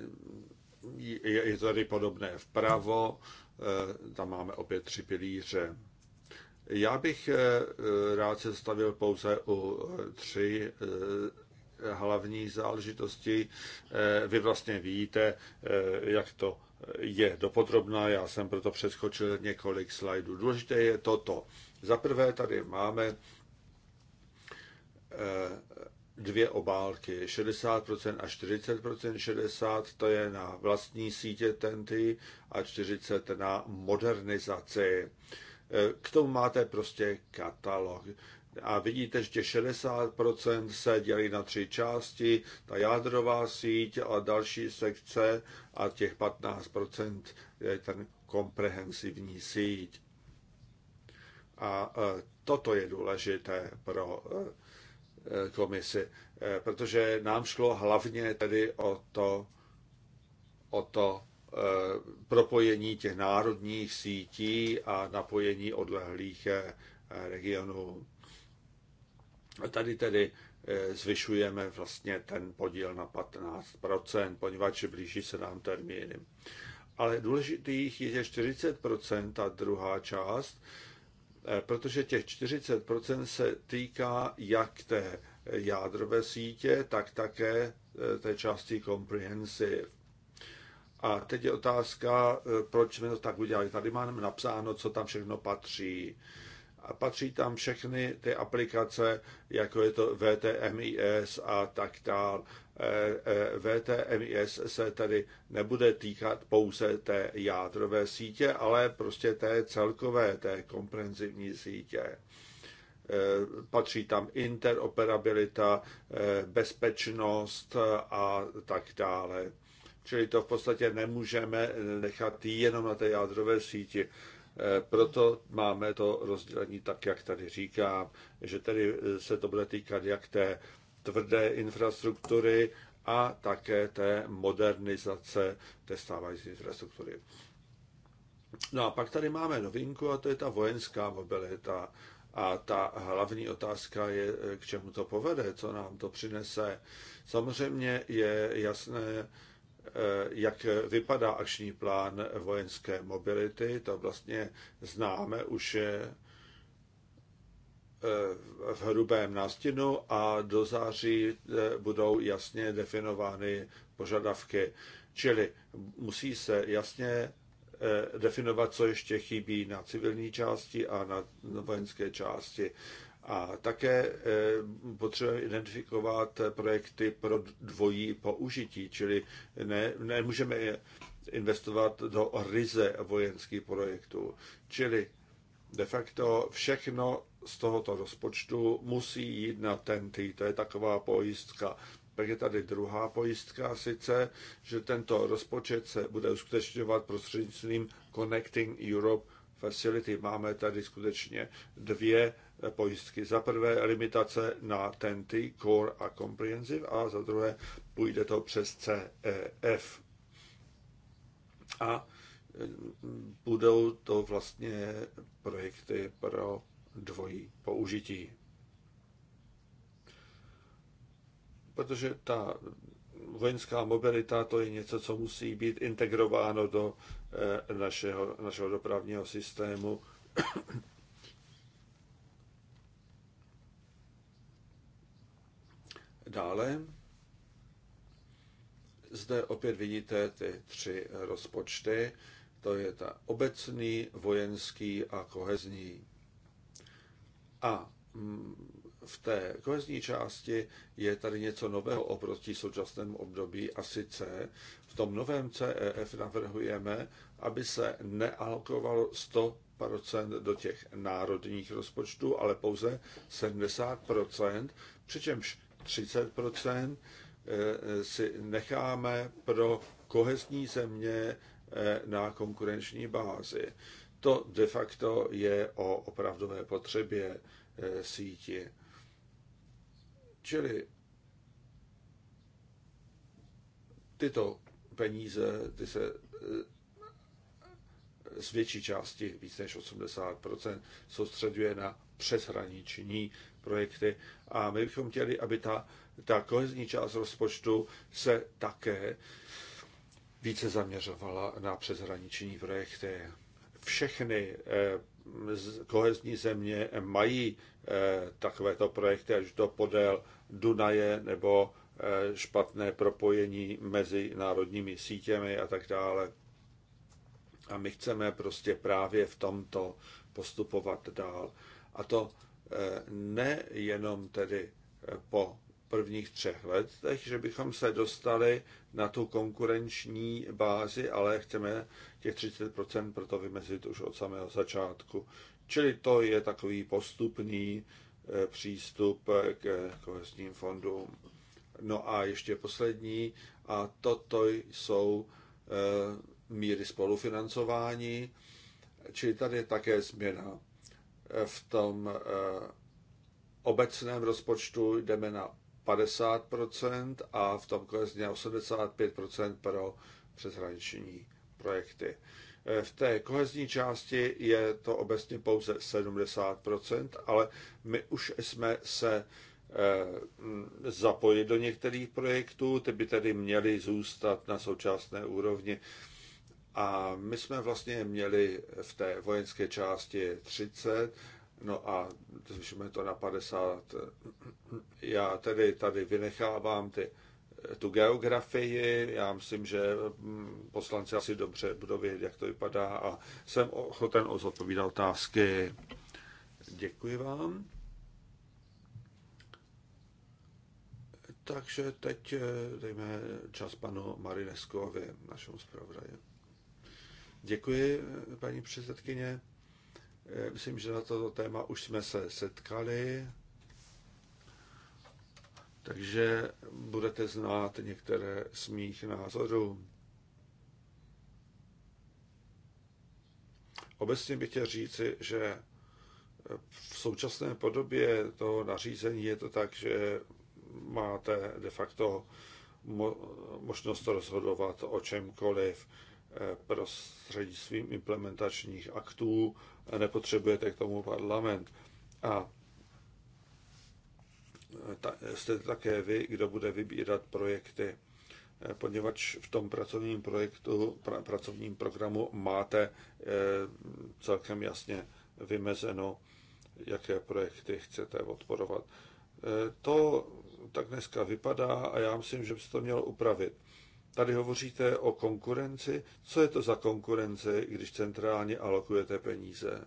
je tady podobné vpravo, eh, tam máme opět tři pilíře. Já bych eh, rád se stavil pouze u tři hlavní záležitosti. Vy vlastně víte, jak to je dopodrobná, já jsem proto přeskočil několik slajdů. Důležité je toto. Za prvé tady máme dvě obálky, 60% a 40%, 60 to je na vlastní sítě Tenty a 40 na modernizaci. E, k tomu máte prostě katalog. A vidíte, že těch 60% se dělí na tři části, ta jádrová síť a další sekce a těch 15% je ten komprehensivní síť. A e, toto je důležité pro e, Eh, komisi, eh, protože nám šlo hlavně tedy o to, o to eh, propojení těch národních sítí a napojení odlehlých regionů. Tady tedy zvyšujeme vlastně ten podíl na 15%, poněvadž blíží se nám termíny. Ale důležitých je 40% ta druhá část, Eh, protože těch 40% se týká jak té jádrové sítě, tak také eh, té části comprehensive. A teď je otázka, eh, proč jsme to tak udělali. Tady mám napsáno, co tam všechno patří. A patří tam všechny ty aplikace, jako je to VTMIS a tak dále. E, e, VTMIS se tedy nebude týkat pouze té jádrové sítě, ale prostě té celkové, té komprehenzivní sítě. E, patří tam interoperabilita, bezpečnost a tak dále. Čili to v podstatě nemůžeme nechat jenom na té jádrové síti. Proto máme to rozdělení tak, jak tady říkám, že tedy se to bude týkat jak té tvrdé infrastruktury a také té modernizace té stávající infrastruktury. No a pak tady máme novinku a to je ta vojenská mobilita. A ta hlavní otázka je, k čemu to povede, co nám to přinese. Samozřejmě je jasné, eh, jak vypadá akční plán vojenské mobility. To vlastně známe už je eh, Eh, v hrubém nástinu a do září eh, budou jasně definovány požadavky. Čili musí se jasně eh, definovat, co ještě chybí na civilní části a na vojenské části. A také potřebujeme identifikovat projekty pro dvojí použití, čili ne, nemůžeme investovat do ryze vojenských projektů. Čili de facto všechno z tohoto rozpočtu musí jít na tenty. To je taková pojistka. Pak je tady druhá pojistka, sice, že tento rozpočet se bude uskutečňovat prostřednictvím Connecting Europe Facility. Máme tady skutečně dvě pojistky. Za prvé limitace na tenty Core a Comprehensive a za druhé půjde to přes CEF. A budou to vlastně projekty pro dvojí použití. Protože ta vojenská mobilita to je něco, co musí být integrováno do eh, našeho, našeho dopravního systému. Dále zde opět vidíte ty tři rozpočty. To je ta obecný, vojenský a kohezní. A mm, v té kohezní části je tady něco nového oproti současnému období a sice v tom novém CEF navrhujeme, aby se nealkovalo 100% do těch národních rozpočtů, ale pouze 70%, přičemž 30% eh, si necháme pro kohezní země, Eh, na konkurenční bázi. To de facto je o opravdové potřebě eh, síti. Čili tyto peníze, ty se eh, z větší části, víc než 80%, soustředuje na přeshraniční projekty. A my bychom chtěli, aby ta, ta kohezní část rozpočtu se také eh, více zaměřovala na přeshraniční projekty. Všechny eh, kohezní země mají eh, takovéto projekty až do podél Dunaje nebo eh, špatné propojení mezi národními sítěmi a tak dále. A my chceme prostě právě v tomto postupovat dál. A to nejenom tedy po prvních třech letech, že bychom se dostali na tu konkurenční bázi, ale chceme těch 30% proto vymezit už od samého začátku. Čili to je takový postupný eh, přístup eh, k kohesním fondům. No a ještě poslední, a toto jsou eh, míry spolufinancování, čili tady je také změna. V tom obecném rozpočtu jdeme na 50% a v tom klesně 85% pro přeshraniční projekty. Eh, v té kohezní části je to obecně pouze 70%, ale my už jsme se eh, zapojit do některých projektů, ty by tedy měly zůstat na současné úrovni. A my jsme vlastně měli v té vojenské části 30 No a zvyšujeme to na 50. Já tedy tady vynechávám ty, tu geografii, já myslím, že mm, poslanci asi dobře budou vědět, jak to vypadá a jsem ochoten odpovídat otázky. Děkuji vám. Takže teď eh, dejme čas panu Marineskovi, našemu zpravodaji. Děkuji, paní předsedkyně. Eh, myslím, že na toto téma už jsme se setkali, takže budete znát některé z mých názorů. Obecně bych chtěl říci, že eh, v současné podobě toho nařízení je to tak, že máte de facto možnost rozhodovat o čemkoliv eh, prostřednictvím implementačních aktů nepotřebujete k tomu parlament. A ta, jste také vy, kdo bude vybírat projekty, poněvadž v tom pracovním projektu, pra, pracovním programu máte e, celkem jasně vymezeno, jaké projekty chcete odporovat. E, to tak dneska vypadá a já myslím, že byste to měl upravit. Tady hovoříte o konkurenci. Co je to za konkurence, když centrálně alokujete peníze?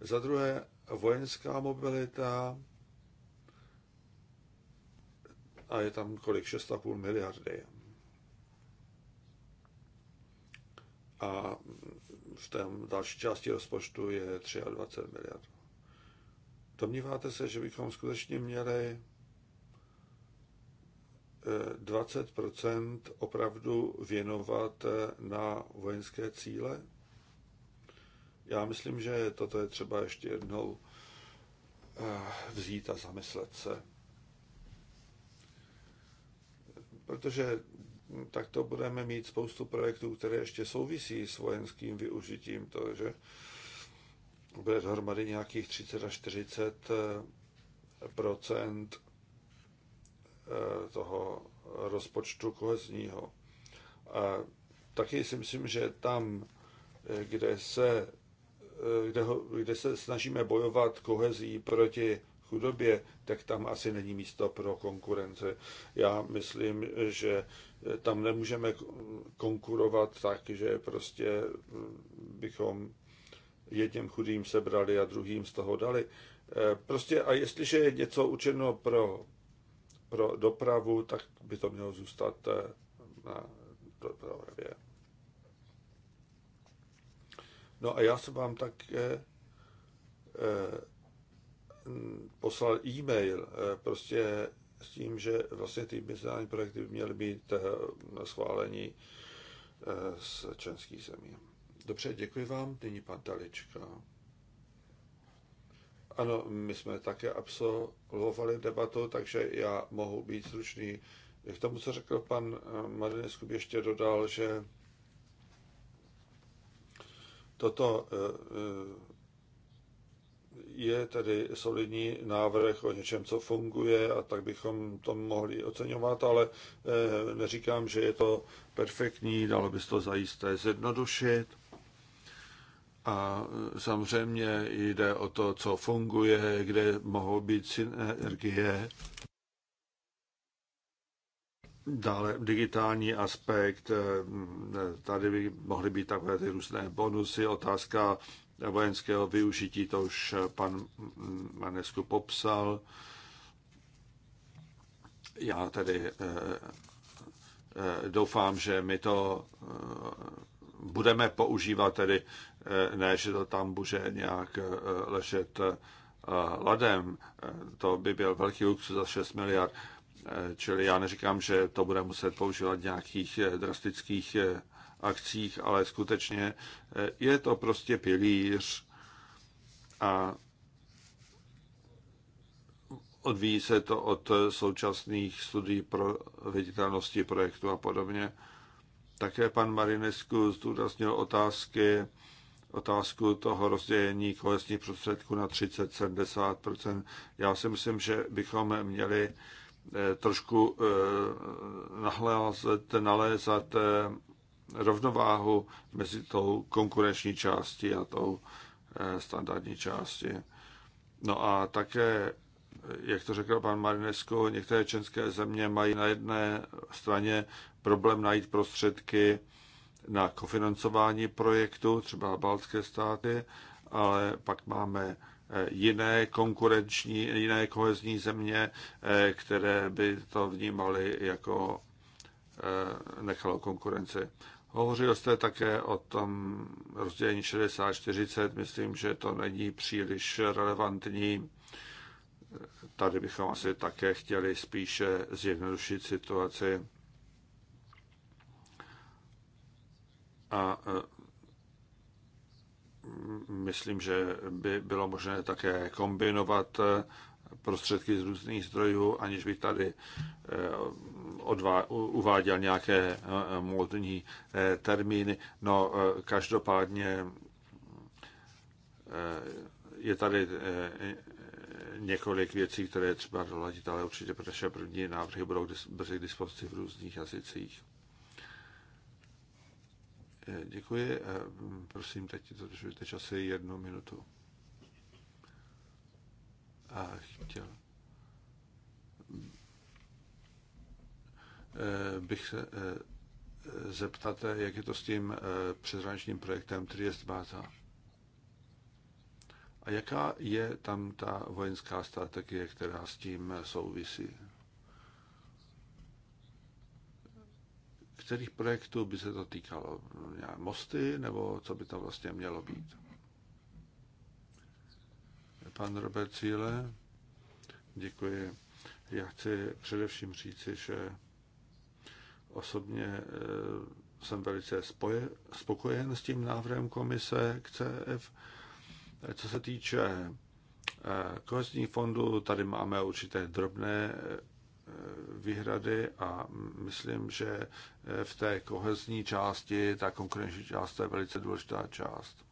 Za druhé, vojenská mobilita. A je tam kolik? 6,5 miliardy. A v té další části rozpočtu je 23 miliard. Domníváte se, že bychom skutečně měli 20 opravdu věnovat na vojenské cíle? Já myslím, že toto je třeba ještě jednou eh, vzít a zamyslet se. Protože takto budeme mít spoustu projektů, které ještě souvisí s vojenským využitím, to, že bude dohromady nějakých 30 až 40 eh, procent Eh, toho rozpočtu kohezního. A taky si myslím, že tam, eh, kde se, eh, kde, ho, kde se snažíme bojovat kohezí proti chudobě, tak tam asi není místo pro konkurenci. Já myslím, že tam nemůžeme konkurovat tak, že prostě hm, bychom jedním chudým sebrali a druhým z toho dali. Prostě a jestliže je něco učeno pro pro dopravu, tak by to mělo zůstat eh, na dopravě. No a já jsem vám také eh, eh, poslal e-mail prostě s tím, že vlastně ty mezinárodní projekty by měly být schválení s členských zemí. Dobře, děkuji vám. Nyní pan Talička. Ano, my jsme také absolvovali debatu, takže já mohu být slušný. K tomu, co řekl pan eh, Marinesku, ještě dodal, že toto eh, eh, je tedy solidní návrh o něčem, co funguje a tak bychom to mohli oceňovat, ale neříkám, že je to perfektní, dalo by se to zajisté zjednodušit. A samozřejmě jde o to, co funguje, kde mohou být synergie. Dále digitální aspekt, tady by mohly být takové ty různé bonusy, otázka vojenského využití, to už pan Manesku popsal. Já tedy eh, eh, doufám, že my to eh, budeme používat tedy, eh, ne, že to tam bude nějak eh, ležet eh, ladem, to by byl velký luxus za 6 miliard, čili já neříkám, že to bude muset používat nějakých drastických akcích, ale skutečně je to prostě pilíř a odvíjí se to od současných studií pro viditelnosti projektu a podobně. Také pan Marinescu zdůraznil otázky, otázku toho rozdělení kolesních prostředků na 30-70%. Já si myslím, že bychom měli eh, trošku eh, nahlázet, nalézat eh, rovnováhu mezi tou konkurenční částí a tou standardní části. No a také jak to řekl pan Marinesko, některé české země mají na jedné straně problém najít prostředky na kofinancování projektu, třeba baltské státy, ale pak máme eh, jiné konkurenční, jiné kohezní země, eh, které by to vnímaly jako eh, nechalo konkurenci. Hovořil jste také o tom rozdělení 60-40, myslím, že to není příliš relevantní tady bychom asi také chtěli spíše zjednodušit situaci a e, myslím, že by bylo možné také kombinovat e, prostředky z různých zdrojů, aniž bych tady e, odvá, uváděl nějaké módní termíny. No, každopádně je tady několik věcí, které je třeba doladit, ale určitě pro naše první návrhy budou brzy k dispozici v různých jazycích. Eh, děkuji. Mm, prosím, teď zadržujte časy jednu minutu. A chtěl eh, bych se eh, zeptat, jak je to s tím přeshraničním projektem Triest Báza. A jaká je tam ta vojenská strategie, která s tím souvisí? Kterých projektů by se to týkalo? Mosty, nebo co by tam vlastně mělo být? Pan Robert Cíle, děkuji. Já chci především říci, že osobně eh, jsem velice spoje, spokojen s tím návrhem komise k CF co se týče eh, kohezních fondů, tady máme určité drobné eh, výhrady a myslím, že eh, v té kohezní části, ta konkurenční část, to je velice důležitá část.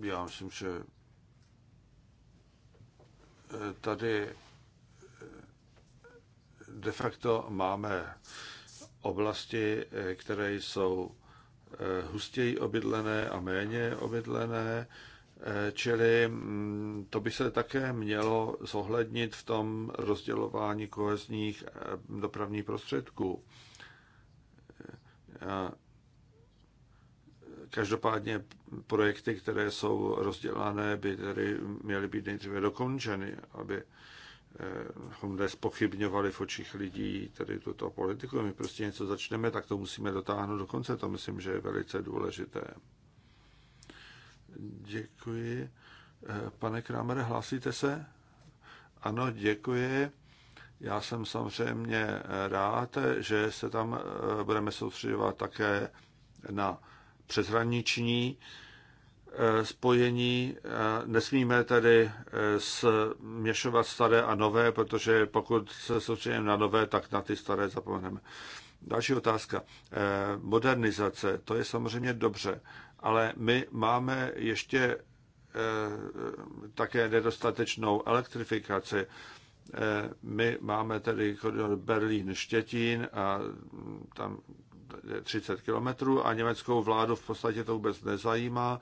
Já myslím, že tady de facto máme oblasti, které jsou Eh, hustěji obydlené a méně obydlené, eh, čili mm, to by se také mělo zohlednit v tom rozdělování kohezních eh, dopravních prostředků. Každopádně projekty, které jsou rozdělané, by tedy měly být nejdříve dokončeny, aby abychom eh, nespochybňovali v očích lidí tady tuto politiku. My prostě něco začneme, tak to musíme dotáhnout do konce. To myslím, že je velice důležité. Děkuji. Eh, Pane Kramere, hlásíte se? Ano, děkuji. Já jsem samozřejmě rád, že se tam eh, budeme soustředovat také na přeshraniční Eh, spojení. Eh, nesmíme tedy eh, směšovat staré a nové, protože pokud se soustředíme na nové, tak na ty staré zapomeneme. Další otázka. Modernizace, to je samozřejmě dobře, ale my máme ještě také nedostatečnou elektrifikaci. My máme tedy Berlín-Štětín a tam 30 kilometrů a německou vládu v podstatě to vůbec nezajímá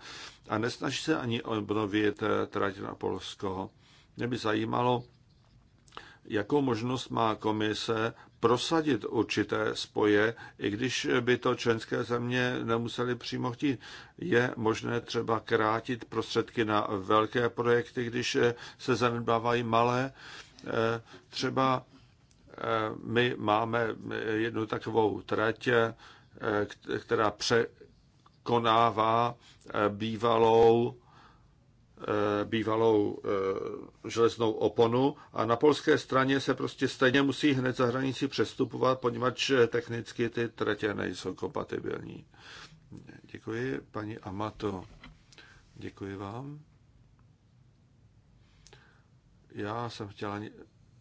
a nesnaží se ani obnovit eh, trať na Polsko. Mě by zajímalo, jakou možnost má komise prosadit určité spoje, i když by to členské země nemuseli přímo chtít. Je možné třeba krátit prostředky na velké projekty, když eh, se zanedbávají malé. Eh, třeba Eh, my máme jednu takovou trať, eh, která překonává eh, bývalou bývalou železnou oponu a na polské straně se prostě stejně musí hned za hranici přestupovat, poněvadž technicky ty tratě nejsou kompatibilní. Děkuji, paní Amato. Děkuji vám. Já jsem chtěla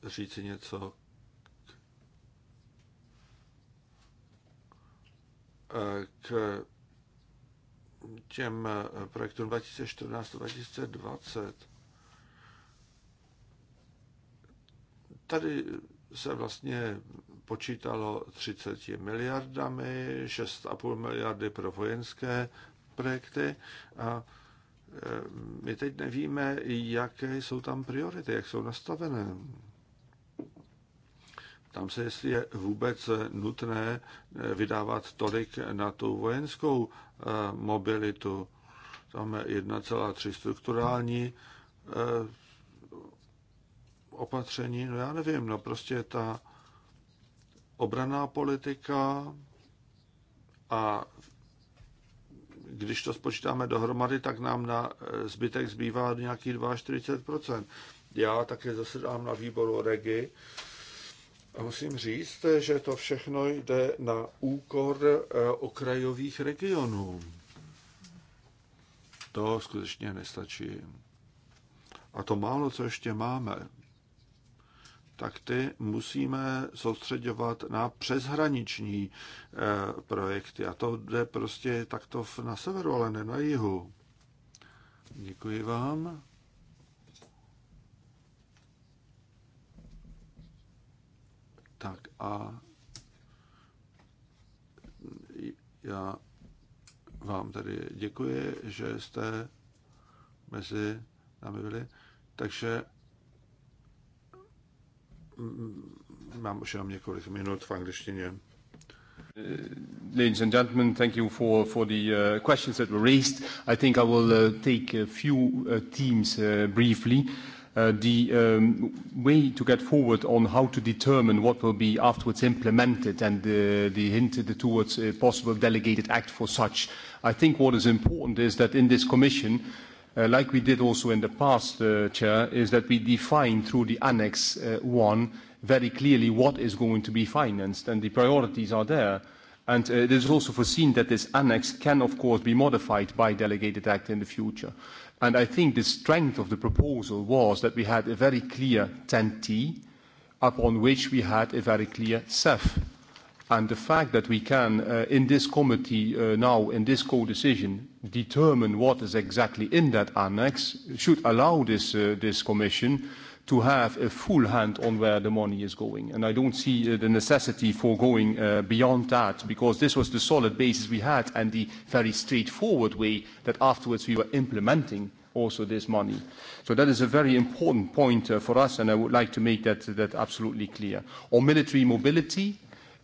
říci něco k těm projektům 2014-2020, tady se vlastně počítalo 30 miliardami, 6,5 miliardy pro vojenské projekty a e, my teď nevíme, jaké jsou tam priority, jak jsou nastavené. Tam se, jestli je vůbec nutné eh, vydávat tolik na tu vojenskou eh, mobilitu. Tam je 1,3 strukturální eh, opatření, no já nevím, no prostě ta obraná politika a když to spočítáme dohromady, tak nám na zbytek zbývá nějaký 42%. Já také zasedám na výboru REGI musím říct, že to všechno jde na úkor eh, okrajových regionů. To skutečně nestačí. A to málo, co ještě máme, tak ty musíme soustředovat na přeshraniční eh, projekty. A to jde prostě takto na severu, ale ne na jihu. Děkuji vám. Tak a já vám tady děkuji, že jste mezi námi byli. Takže mám už jenom několik minut v angličtině. Uh, ladies and gentlemen, thank you for, for the uh, questions that were raised. I think I will uh, take a few uh, themes uh, briefly. Uh, the um, way to get forward on how to determine what will be afterwards implemented and uh, the hint towards a possible delegated act for such. I think what is important is that in this commission, uh, like we did also in the past, uh, Chair, is that we define through the Annex 1 uh, very clearly what is going to be financed, and the priorities are there. And uh, it is also foreseen that this annex can, of course, be modified by delegated act in the future. And I think the strength of the proposal was that we had a very clear 10T, upon which we had a very clear CEF. And the fact that we can, uh, in this committee uh, now, in this co-decision, determine what is exactly in that annex should allow this, uh, this commission to have a full hand on where the money is going. And I don't see uh, the necessity for going uh, beyond that, because this was the solid basis we had and the very straightforward way that afterwards we were implementing also this money. So that is a very important point uh, for us, and I would like to make that, that absolutely clear. On military mobility,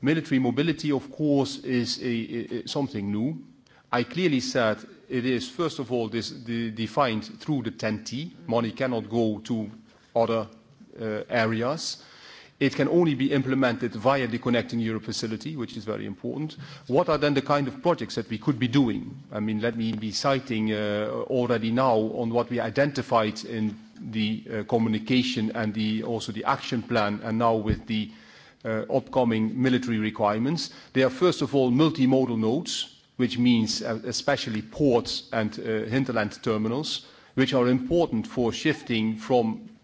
military mobility, of course, is a, a, something new. I clearly said it is, first of all, this, the, defined through the 10T. Money cannot go to other uh, areas. It can only be implemented via the Connecting Europe facility, which is very important. What are then the kind of projects that we could be doing? I mean, let me be citing uh, already now on what we identified in the uh, communication and the, also the action plan, and now with the upcoming military requirements. They are, first of all, multimodal nodes, which means especially ports and hinterland terminals, which are important for shifting from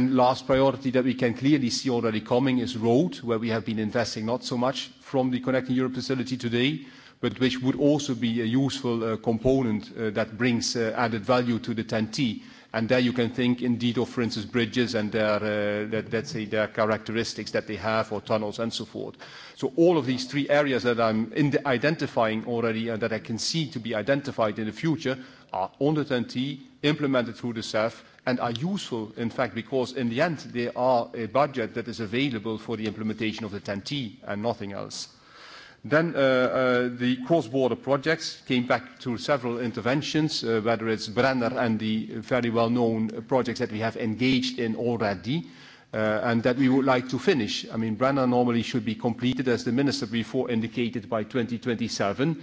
last priority that we can clearly see already coming is road, where we have been investing not so much from the Connecting Europe facility today, but which would also be a useful uh, component uh, that brings uh, added value to the TEN-T. there you can think indeed of, for instance, bridges and their, let's say, their characteristics that they have, or tunnels and so forth. all of these three areas that I'm identifying already and that I can see to be identified in the future are on the TEN-T, implemented through the CEF, and are useful, in fact, because in the end they are a budget that is available for the implementation of the ten t and nothing else. Then uh, uh, the cross-border projects came back to several interventions, uh, whether it's Brenner and the very well-known projects that we have engaged in already, uh, and that we would like to finish. I mean, Brenner normally should be completed, as the Minister before indicated, by 2027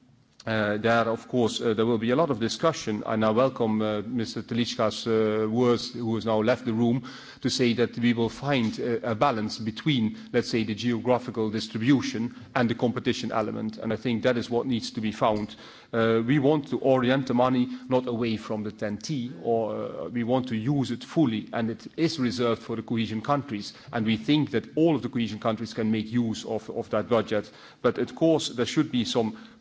Uh, there, of course, uh, there will be a lot of discussion, and I welcome uh, Mr. Telichka's uh, words, who has now left the room, to say that we will find uh, a balance between, let's say, the geographical distribution and the competition element, and I think that is what needs to be found. Uh, we want to orient the money not away from the TEN-T, or we want to use it fully, and it is reserved for the cohesion countries, and we think that all of the cohesion countries can make use of, of that budget. But of course, there should be some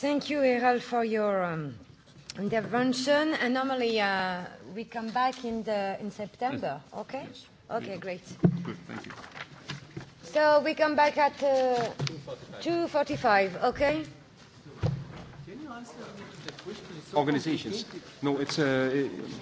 Thank you, Errol, for your um, intervention. And normally uh, we come back in, the, in September, yes. okay? Yes. Okay, yes. great. Good, thank you. So we come back at uh, 2.45, okay? Can you answer the question? So Organizations. No, it's... Uh, it,